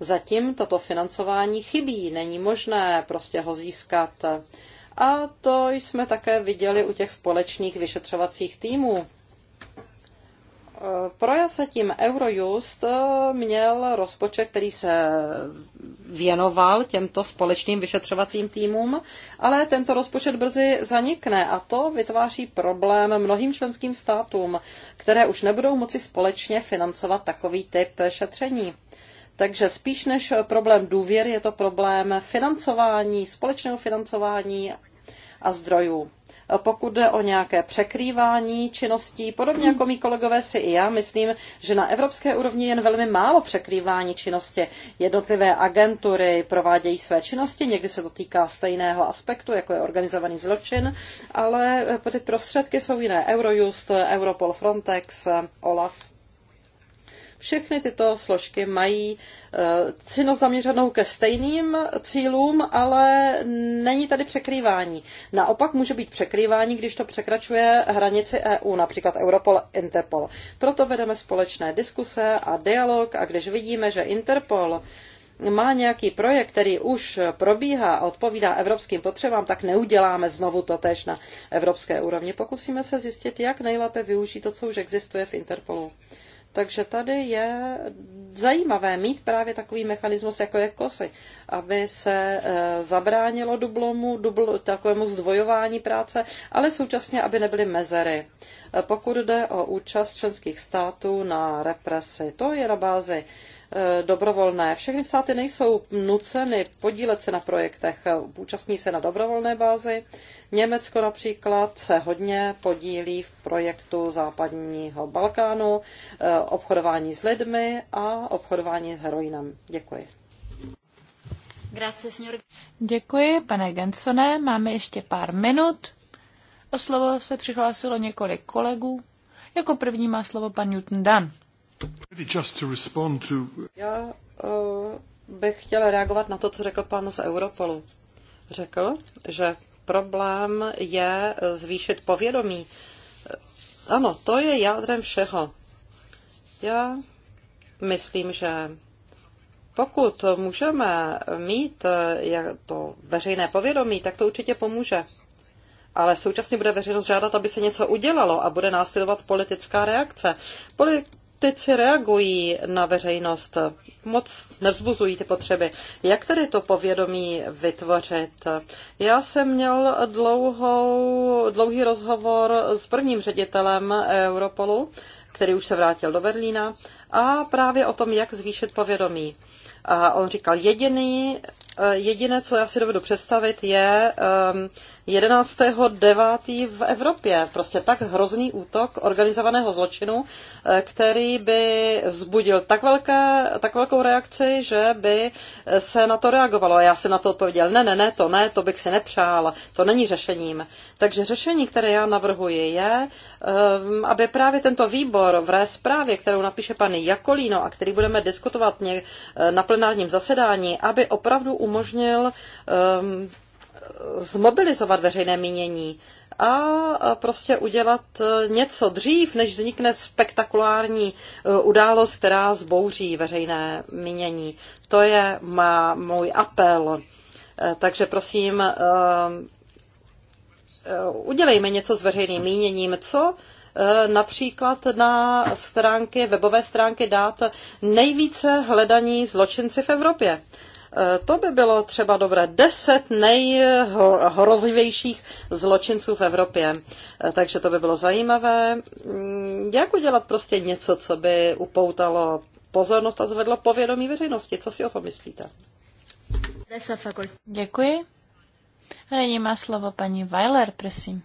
Zatím toto financování chybí, není možné prostě ho získat. A to jsme také viděli u těch společných vyšetřovacích týmů tím Eurojust eh, měl rozpočet, který se věnoval těmto společným vyšetřovacím týmům, ale tento rozpočet brzy zanikne a to vytváří problém mnohým členským státům, které už nebudou moci společně financovat takový typ šetření. Takže spíš než problém důvěry je to problém financování, společného financování a zdrojů pokud jde o nějaké překrývání činností, podobně jako mý kolegové si i já, myslím, že na evropské úrovni jen velmi málo překrývání činnosti. Jednotlivé agentury provádějí své činnosti, někdy se to týká stejného aspektu, jako je organizovaný zločin, ale ty prostředky jsou jiné. Eurojust, Europol, Frontex, OLAF. Všechny tyto složky mají eh, cino zaměřenou ke stejným cílům, ale není tady překrývání. Naopak může být překrývání, když to překračuje hranici EU, například Europol, Interpol. Proto vedeme společné diskuse a dialog a když vidíme, že Interpol má nějaký projekt, který už probíhá a odpovídá evropským potřebám, tak neuděláme znovu to tež na evropské úrovni. Pokusíme se zjistit, jak nejlépe využít to, co už existuje v Interpolu. Takže tady je zajímavé mít právě takový mechanismus, jako je kosy, aby se eh, zabránilo dublomu, dubl, takovému zdvojování práce, ale současně, aby nebyly mezery. Eh, pokud jde o účast členských států na represi, to je na bázi Eh, dobrovolné. Všechny státy nejsou nuceny podílet se na projektech, účastní se na dobrovolné bázi. Německo například se hodně podílí v projektu západního Balkánu, eh, obchodování s lidmi a obchodování s heroinem. Děkuji. Děkuji, pane Gensone. Máme ještě pár minut. O slovo se přihlásilo několik kolegů. Jako první má slovo pan Newton Dan. Já eh, bych chtěla reagovat na to, co řekl pan z Europolu. Řekl, že problém je zvýšit povědomí. Eh, ano, to je jádrem všeho. Já myslím, že pokud můžeme mít eh, to veřejné povědomí, tak to určitě pomůže. Ale současně bude veřejnost žádat, aby se něco udělalo a bude následovat politická reakce. Poli- politici reagují na veřejnost, moc nevzbuzují ty potřeby. Jak tedy to povědomí vytvořit? Já jsem měl dlouhou, dlouhý rozhovor s prvním ředitelem Europolu, který už se vrátil do Berlína a právě o tom, jak zvýšit povědomí. A on říkal, jediný, eh, jediné, co já si dovedu představit, je 11.9. Eh, v Evropě. Prostě tak hrozný útok organizovaného zločinu, eh, který by vzbudil tak, velké, tak velkou reakci, že by se na to reagovalo. A já jsem na to odpověděl, ne, ne, ne, to ne, to bych si nepřál, to není řešením. Takže řešení, které já navrhuji, je, aby právě tento výbor v ré zprávě, kterou napíše pan Jakolíno a který budeme diskutovat eh, na plenárním zasedání, aby opravdu umožnil ehm, zmobilizovat veřejné mínění a prostě udělat eh, něco dřív, než vznikne spektakulární eh, událost, která zbouří veřejné mínění. To je má, můj apel. Takže prosím, ehm, udělejme něco s veřejným míněním, co Eh, například na stránky, webové stránky dát nejvíce hledaní zločinci v Evropě. Eh, to by bylo třeba dobré. Deset nejhrozivějších zločinců v Evropě. Eh, takže to by bylo zajímavé. Mm, jak udělat prostě něco, co by upoutalo pozornost a zvedlo povědomí veřejnosti? Co si o tom myslíte? Děkuji. A nyní má slovo paní Weiler, prosím.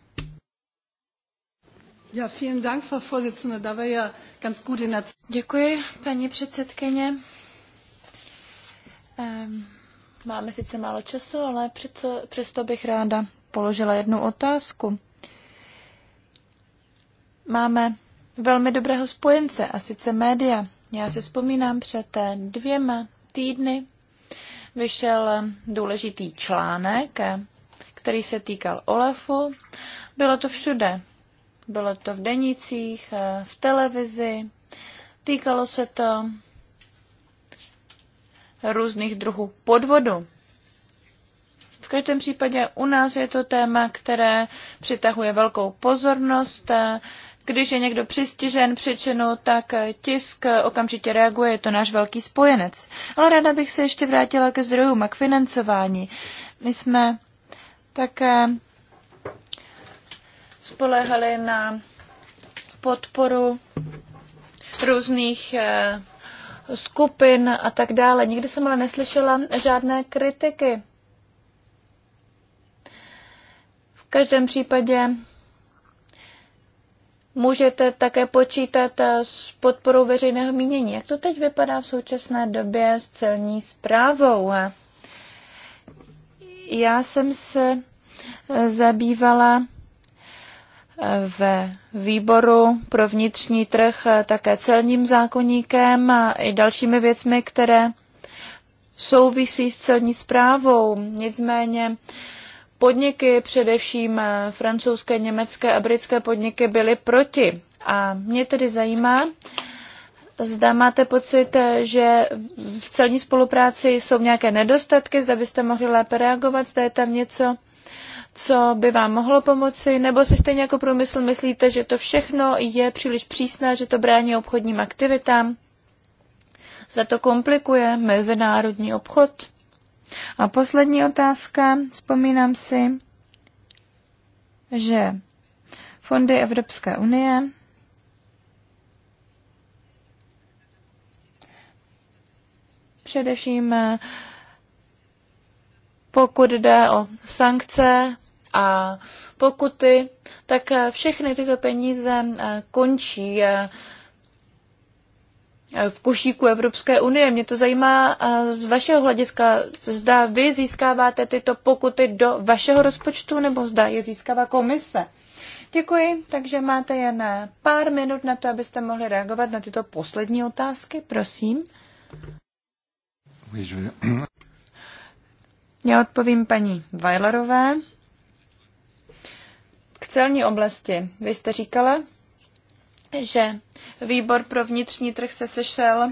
Děkuji, paní předsedkyně. Ehm, máme sice málo času, ale přesto, přesto bych ráda položila jednu otázku. Máme velmi dobrého spojence, a sice média. Já si vzpomínám před eh, dvěma týdny vyšel eh, důležitý článek, eh, který se týkal Olafu. Bylo to všude. Bylo to v denicích, eh, v televizi. Týkalo se to různých druhů podvodu. V každém případě u nás je to téma, které přitahuje velkou pozornost. Když je někdo přistižen přičinu, tak tisk okamžitě reaguje, je to náš velký spojenec. Ale ráda bych se ještě vrátila ke zdrojům a k financování. My jsme také spolehali na podporu různých eh, skupin a tak dále. Nikdy jsem ale neslyšela žádné kritiky. V každém případě můžete také počítat s podporou veřejného mínění. Jak to teď vypadá v současné době s celní zprávou? Já jsem se zabývala ve výboru pro vnitřní trh eh, také celním zákoníkem a i dalšími věcmi, které souvisí s celní zprávou. Nicméně podniky, především eh, francouzské, německé a britské podniky, byly proti. A mě tedy zajímá, Zda máte pocit, eh, že v celní spolupráci jsou nějaké nedostatky, zda byste mohli lépe reagovat, zda je tam něco, co by vám mohlo pomoci, nebo si stejně jako průmysl myslíte, že to všechno je příliš přísné, že to brání obchodním aktivitám? Za to komplikuje mezinárodní obchod? A poslední otázka, vzpomínám si, že fondy Evropské unie především eh, pokud jde o sankce a pokuty, tak eh, všechny tyto peníze eh, končí eh, v košíku Evropské unie. Mě to zajímá z vašeho hlediska. Zda vy získáváte tyto pokuty do vašeho rozpočtu, nebo zda je získává komise? Děkuji, takže máte jen pár minut na to, abyste mohli reagovat na tyto poslední otázky, prosím. Já odpovím paní Weilerové celní oblasti. Vy jste říkala, že výbor pro vnitřní trh se sešel,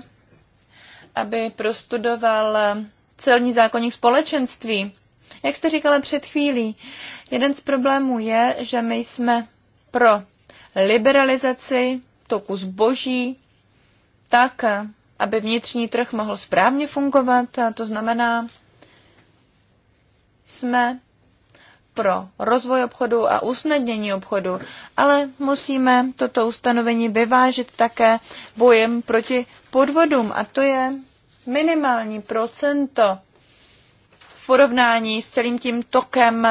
aby prostudoval celní zákonník společenství. Jak jste říkala před chvílí, jeden z problémů je, že my jsme pro liberalizaci toku zboží tak, aby vnitřní trh mohl správně fungovat. A to znamená, jsme pro rozvoj obchodu a usnadnění obchodu, ale musíme toto ustanovení vyvážit také bojem proti podvodům a to je minimální procento v porovnání s celým tím tokem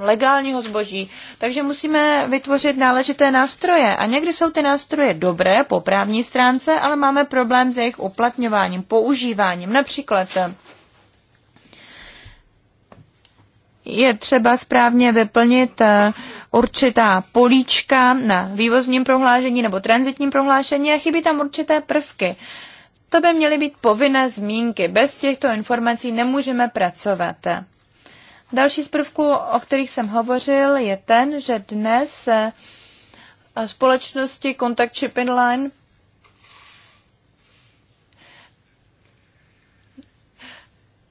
legálního zboží. Takže musíme vytvořit náležité nástroje. A někdy jsou ty nástroje dobré po právní stránce, ale máme problém s jejich uplatňováním, používáním. Například je třeba správně vyplnit eh, určitá políčka na vývozním prohlášení nebo transitním prohlášení a chybí tam určité prvky. To by měly být povinné zmínky. Bez těchto informací nemůžeme pracovat. Další z prvků, o kterých jsem hovořil, je ten, že dnes eh, společnosti Contact Chip Inline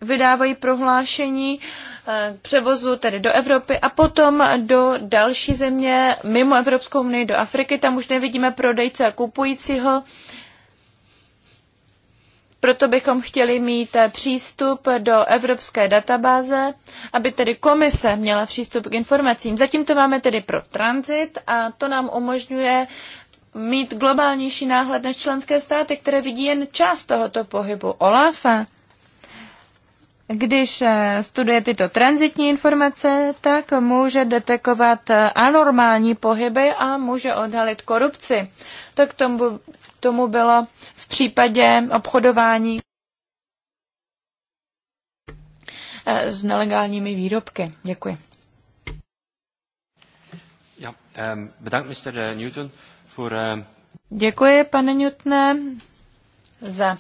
vydávají prohlášení, Eh, převozu tedy do Evropy a potom do další země mimo Evropskou unii, do Afriky. Tam už nevidíme prodejce a kupujícího. Proto bychom chtěli mít eh, přístup do evropské databáze, aby tedy komise měla přístup k informacím. Zatím to máme tedy pro tranzit a to nám umožňuje mít globálnější náhled než členské státy, které vidí jen část tohoto pohybu. Olafa. Eh, když eh, studuje tyto transitní informace, tak může detekovat eh, anormální pohyby a může odhalit korupci. Tak tomu, tomu bylo v případě obchodování eh, s nelegálními výrobky. Děkuji. Ja, Mr. Ehm, Newton, ehm, Děkuji, pane Newtone, za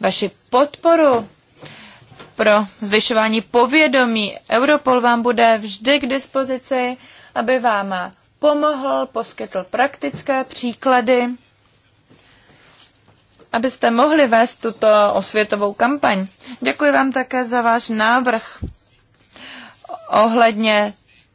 vaši podporu pro zvyšování povědomí. Europol vám bude vždy k dispozici, aby vám pomohl, poskytl praktické příklady, abyste mohli vést tuto osvětovou kampaň. Děkuji vám také za váš návrh ohledně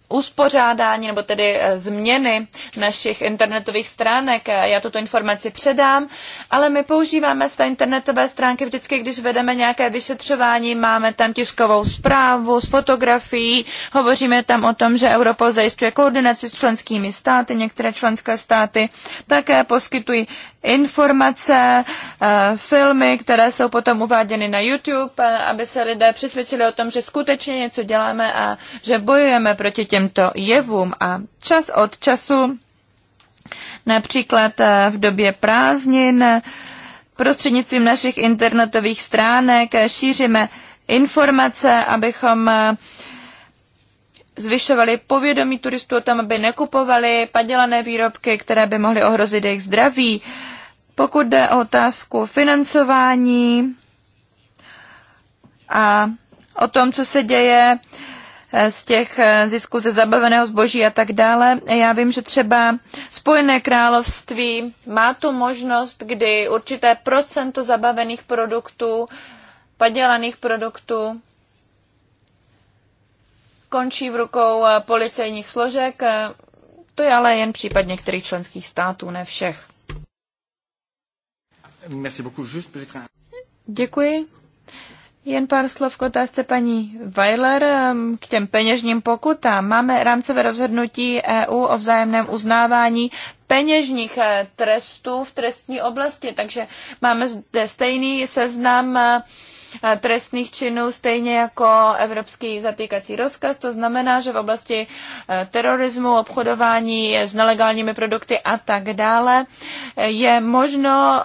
uspořádání nebo tedy eh, změny našich internetových stránek. Eh, já tuto informaci předám, ale my používáme své internetové stránky vždycky, když vedeme nějaké vyšetřování, máme tam tiskovou zprávu s fotografií, hovoříme tam o tom, že Europol zajišťuje koordinaci s členskými státy, některé členské státy také poskytují informace, eh, filmy, které jsou potom uváděny na YouTube, eh, aby se lidé přesvědčili o tom, že skutečně něco děláme a že bojujeme proti těmto jevům. A čas od času, například eh, v době prázdnin, prostřednictvím našich internetových stránek šíříme informace, abychom zvyšovali povědomí turistů o tom, aby nekupovali padělané výrobky, které by mohly ohrozit jejich zdraví. Uh, pokud jde o otázku financování a o tom, co se děje eh, z těch eh, zisků ze zabaveného zboží a tak dále. Já vím, že třeba Spojené království má tu možnost, kdy určité procento zabavených produktů, padělaných produktů končí v rukou eh, policejních složek. To je ale jen případ některých členských států, ne všech. Děkuji. Jen pár slov k otázce paní Weiler um, k těm peněžním pokutám. Máme rámcové rozhodnutí EU o vzájemném uznávání peněžních eh, trestů v trestní oblasti, takže máme zde stejný seznam eh, trestných činů, stejně jako evropský zatýkací rozkaz. To znamená, že v oblasti eh, terorismu, obchodování s nelegálními produkty a tak dále je možno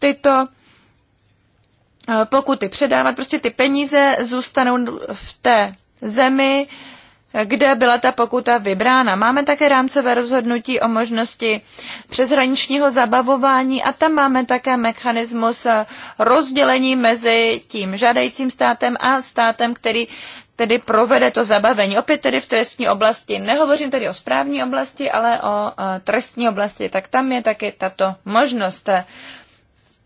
tyto eh, pokuty předávat. Prostě ty peníze zůstanou v té zemi, kde byla ta pokuta vybrána. Máme také rámcové rozhodnutí o možnosti přeshraničního zabavování a tam máme také mechanismus rozdělení mezi tím žádajícím státem a státem, který tedy provede to zabavení. Opět tedy v trestní oblasti. Nehovořím tedy o správní oblasti, ale o eh, trestní oblasti. Tak tam je taky tato možnost.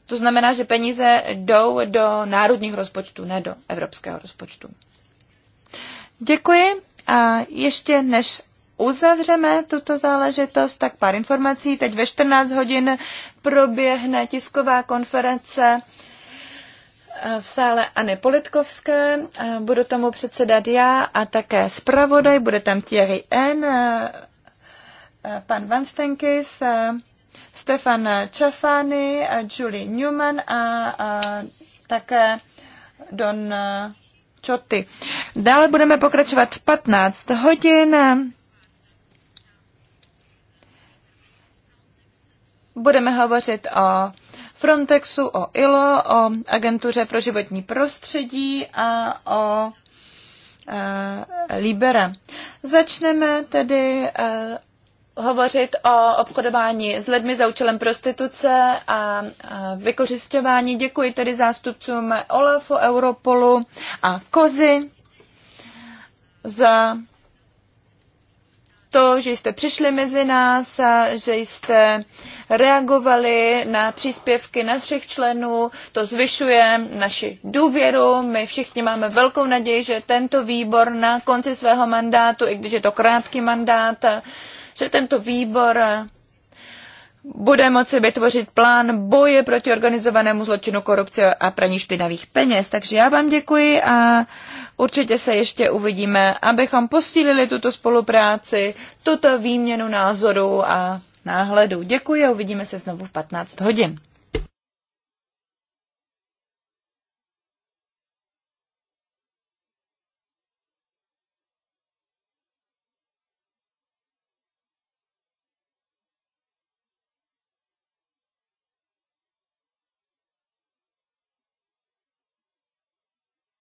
To znamená, že peníze jdou do národních rozpočtů, ne do evropského rozpočtu. Děkuji a ještě než uzavřeme tuto záležitost, tak pár informací. Teď ve 14 hodin proběhne tisková konference eh, v sále Anny Politkovské. Eh, Budu tomu předsedat já a také zpravodaj. Bude tam Thierry N., eh, pan Van Stenkis, Stefan Čafány, Julie Newman a, a také Don Čoty. Dále budeme pokračovat v 15 hodin. Budeme hovořit o Frontexu, o ILO, o Agentuře pro životní prostředí a o e, Libera. Začneme tedy e, hovořit o obchodování s lidmi za účelem prostituce a vykořišťování. Děkuji tedy zástupcům OLAFu, Europolu a Kozy za to, že jste přišli mezi nás a že jste reagovali na příspěvky našich členů. To zvyšuje naši důvěru. My všichni máme velkou naději, že tento výbor na konci svého mandátu, i když je to krátký mandát, že tento výbor bude moci vytvořit plán boje proti organizovanému zločinu korupce a praní špinavých peněz. Takže já vám děkuji a určitě se ještě uvidíme, abychom posílili tuto spolupráci, tuto výměnu názorů a náhledu. Děkuji a uvidíme se znovu v 15 hodin.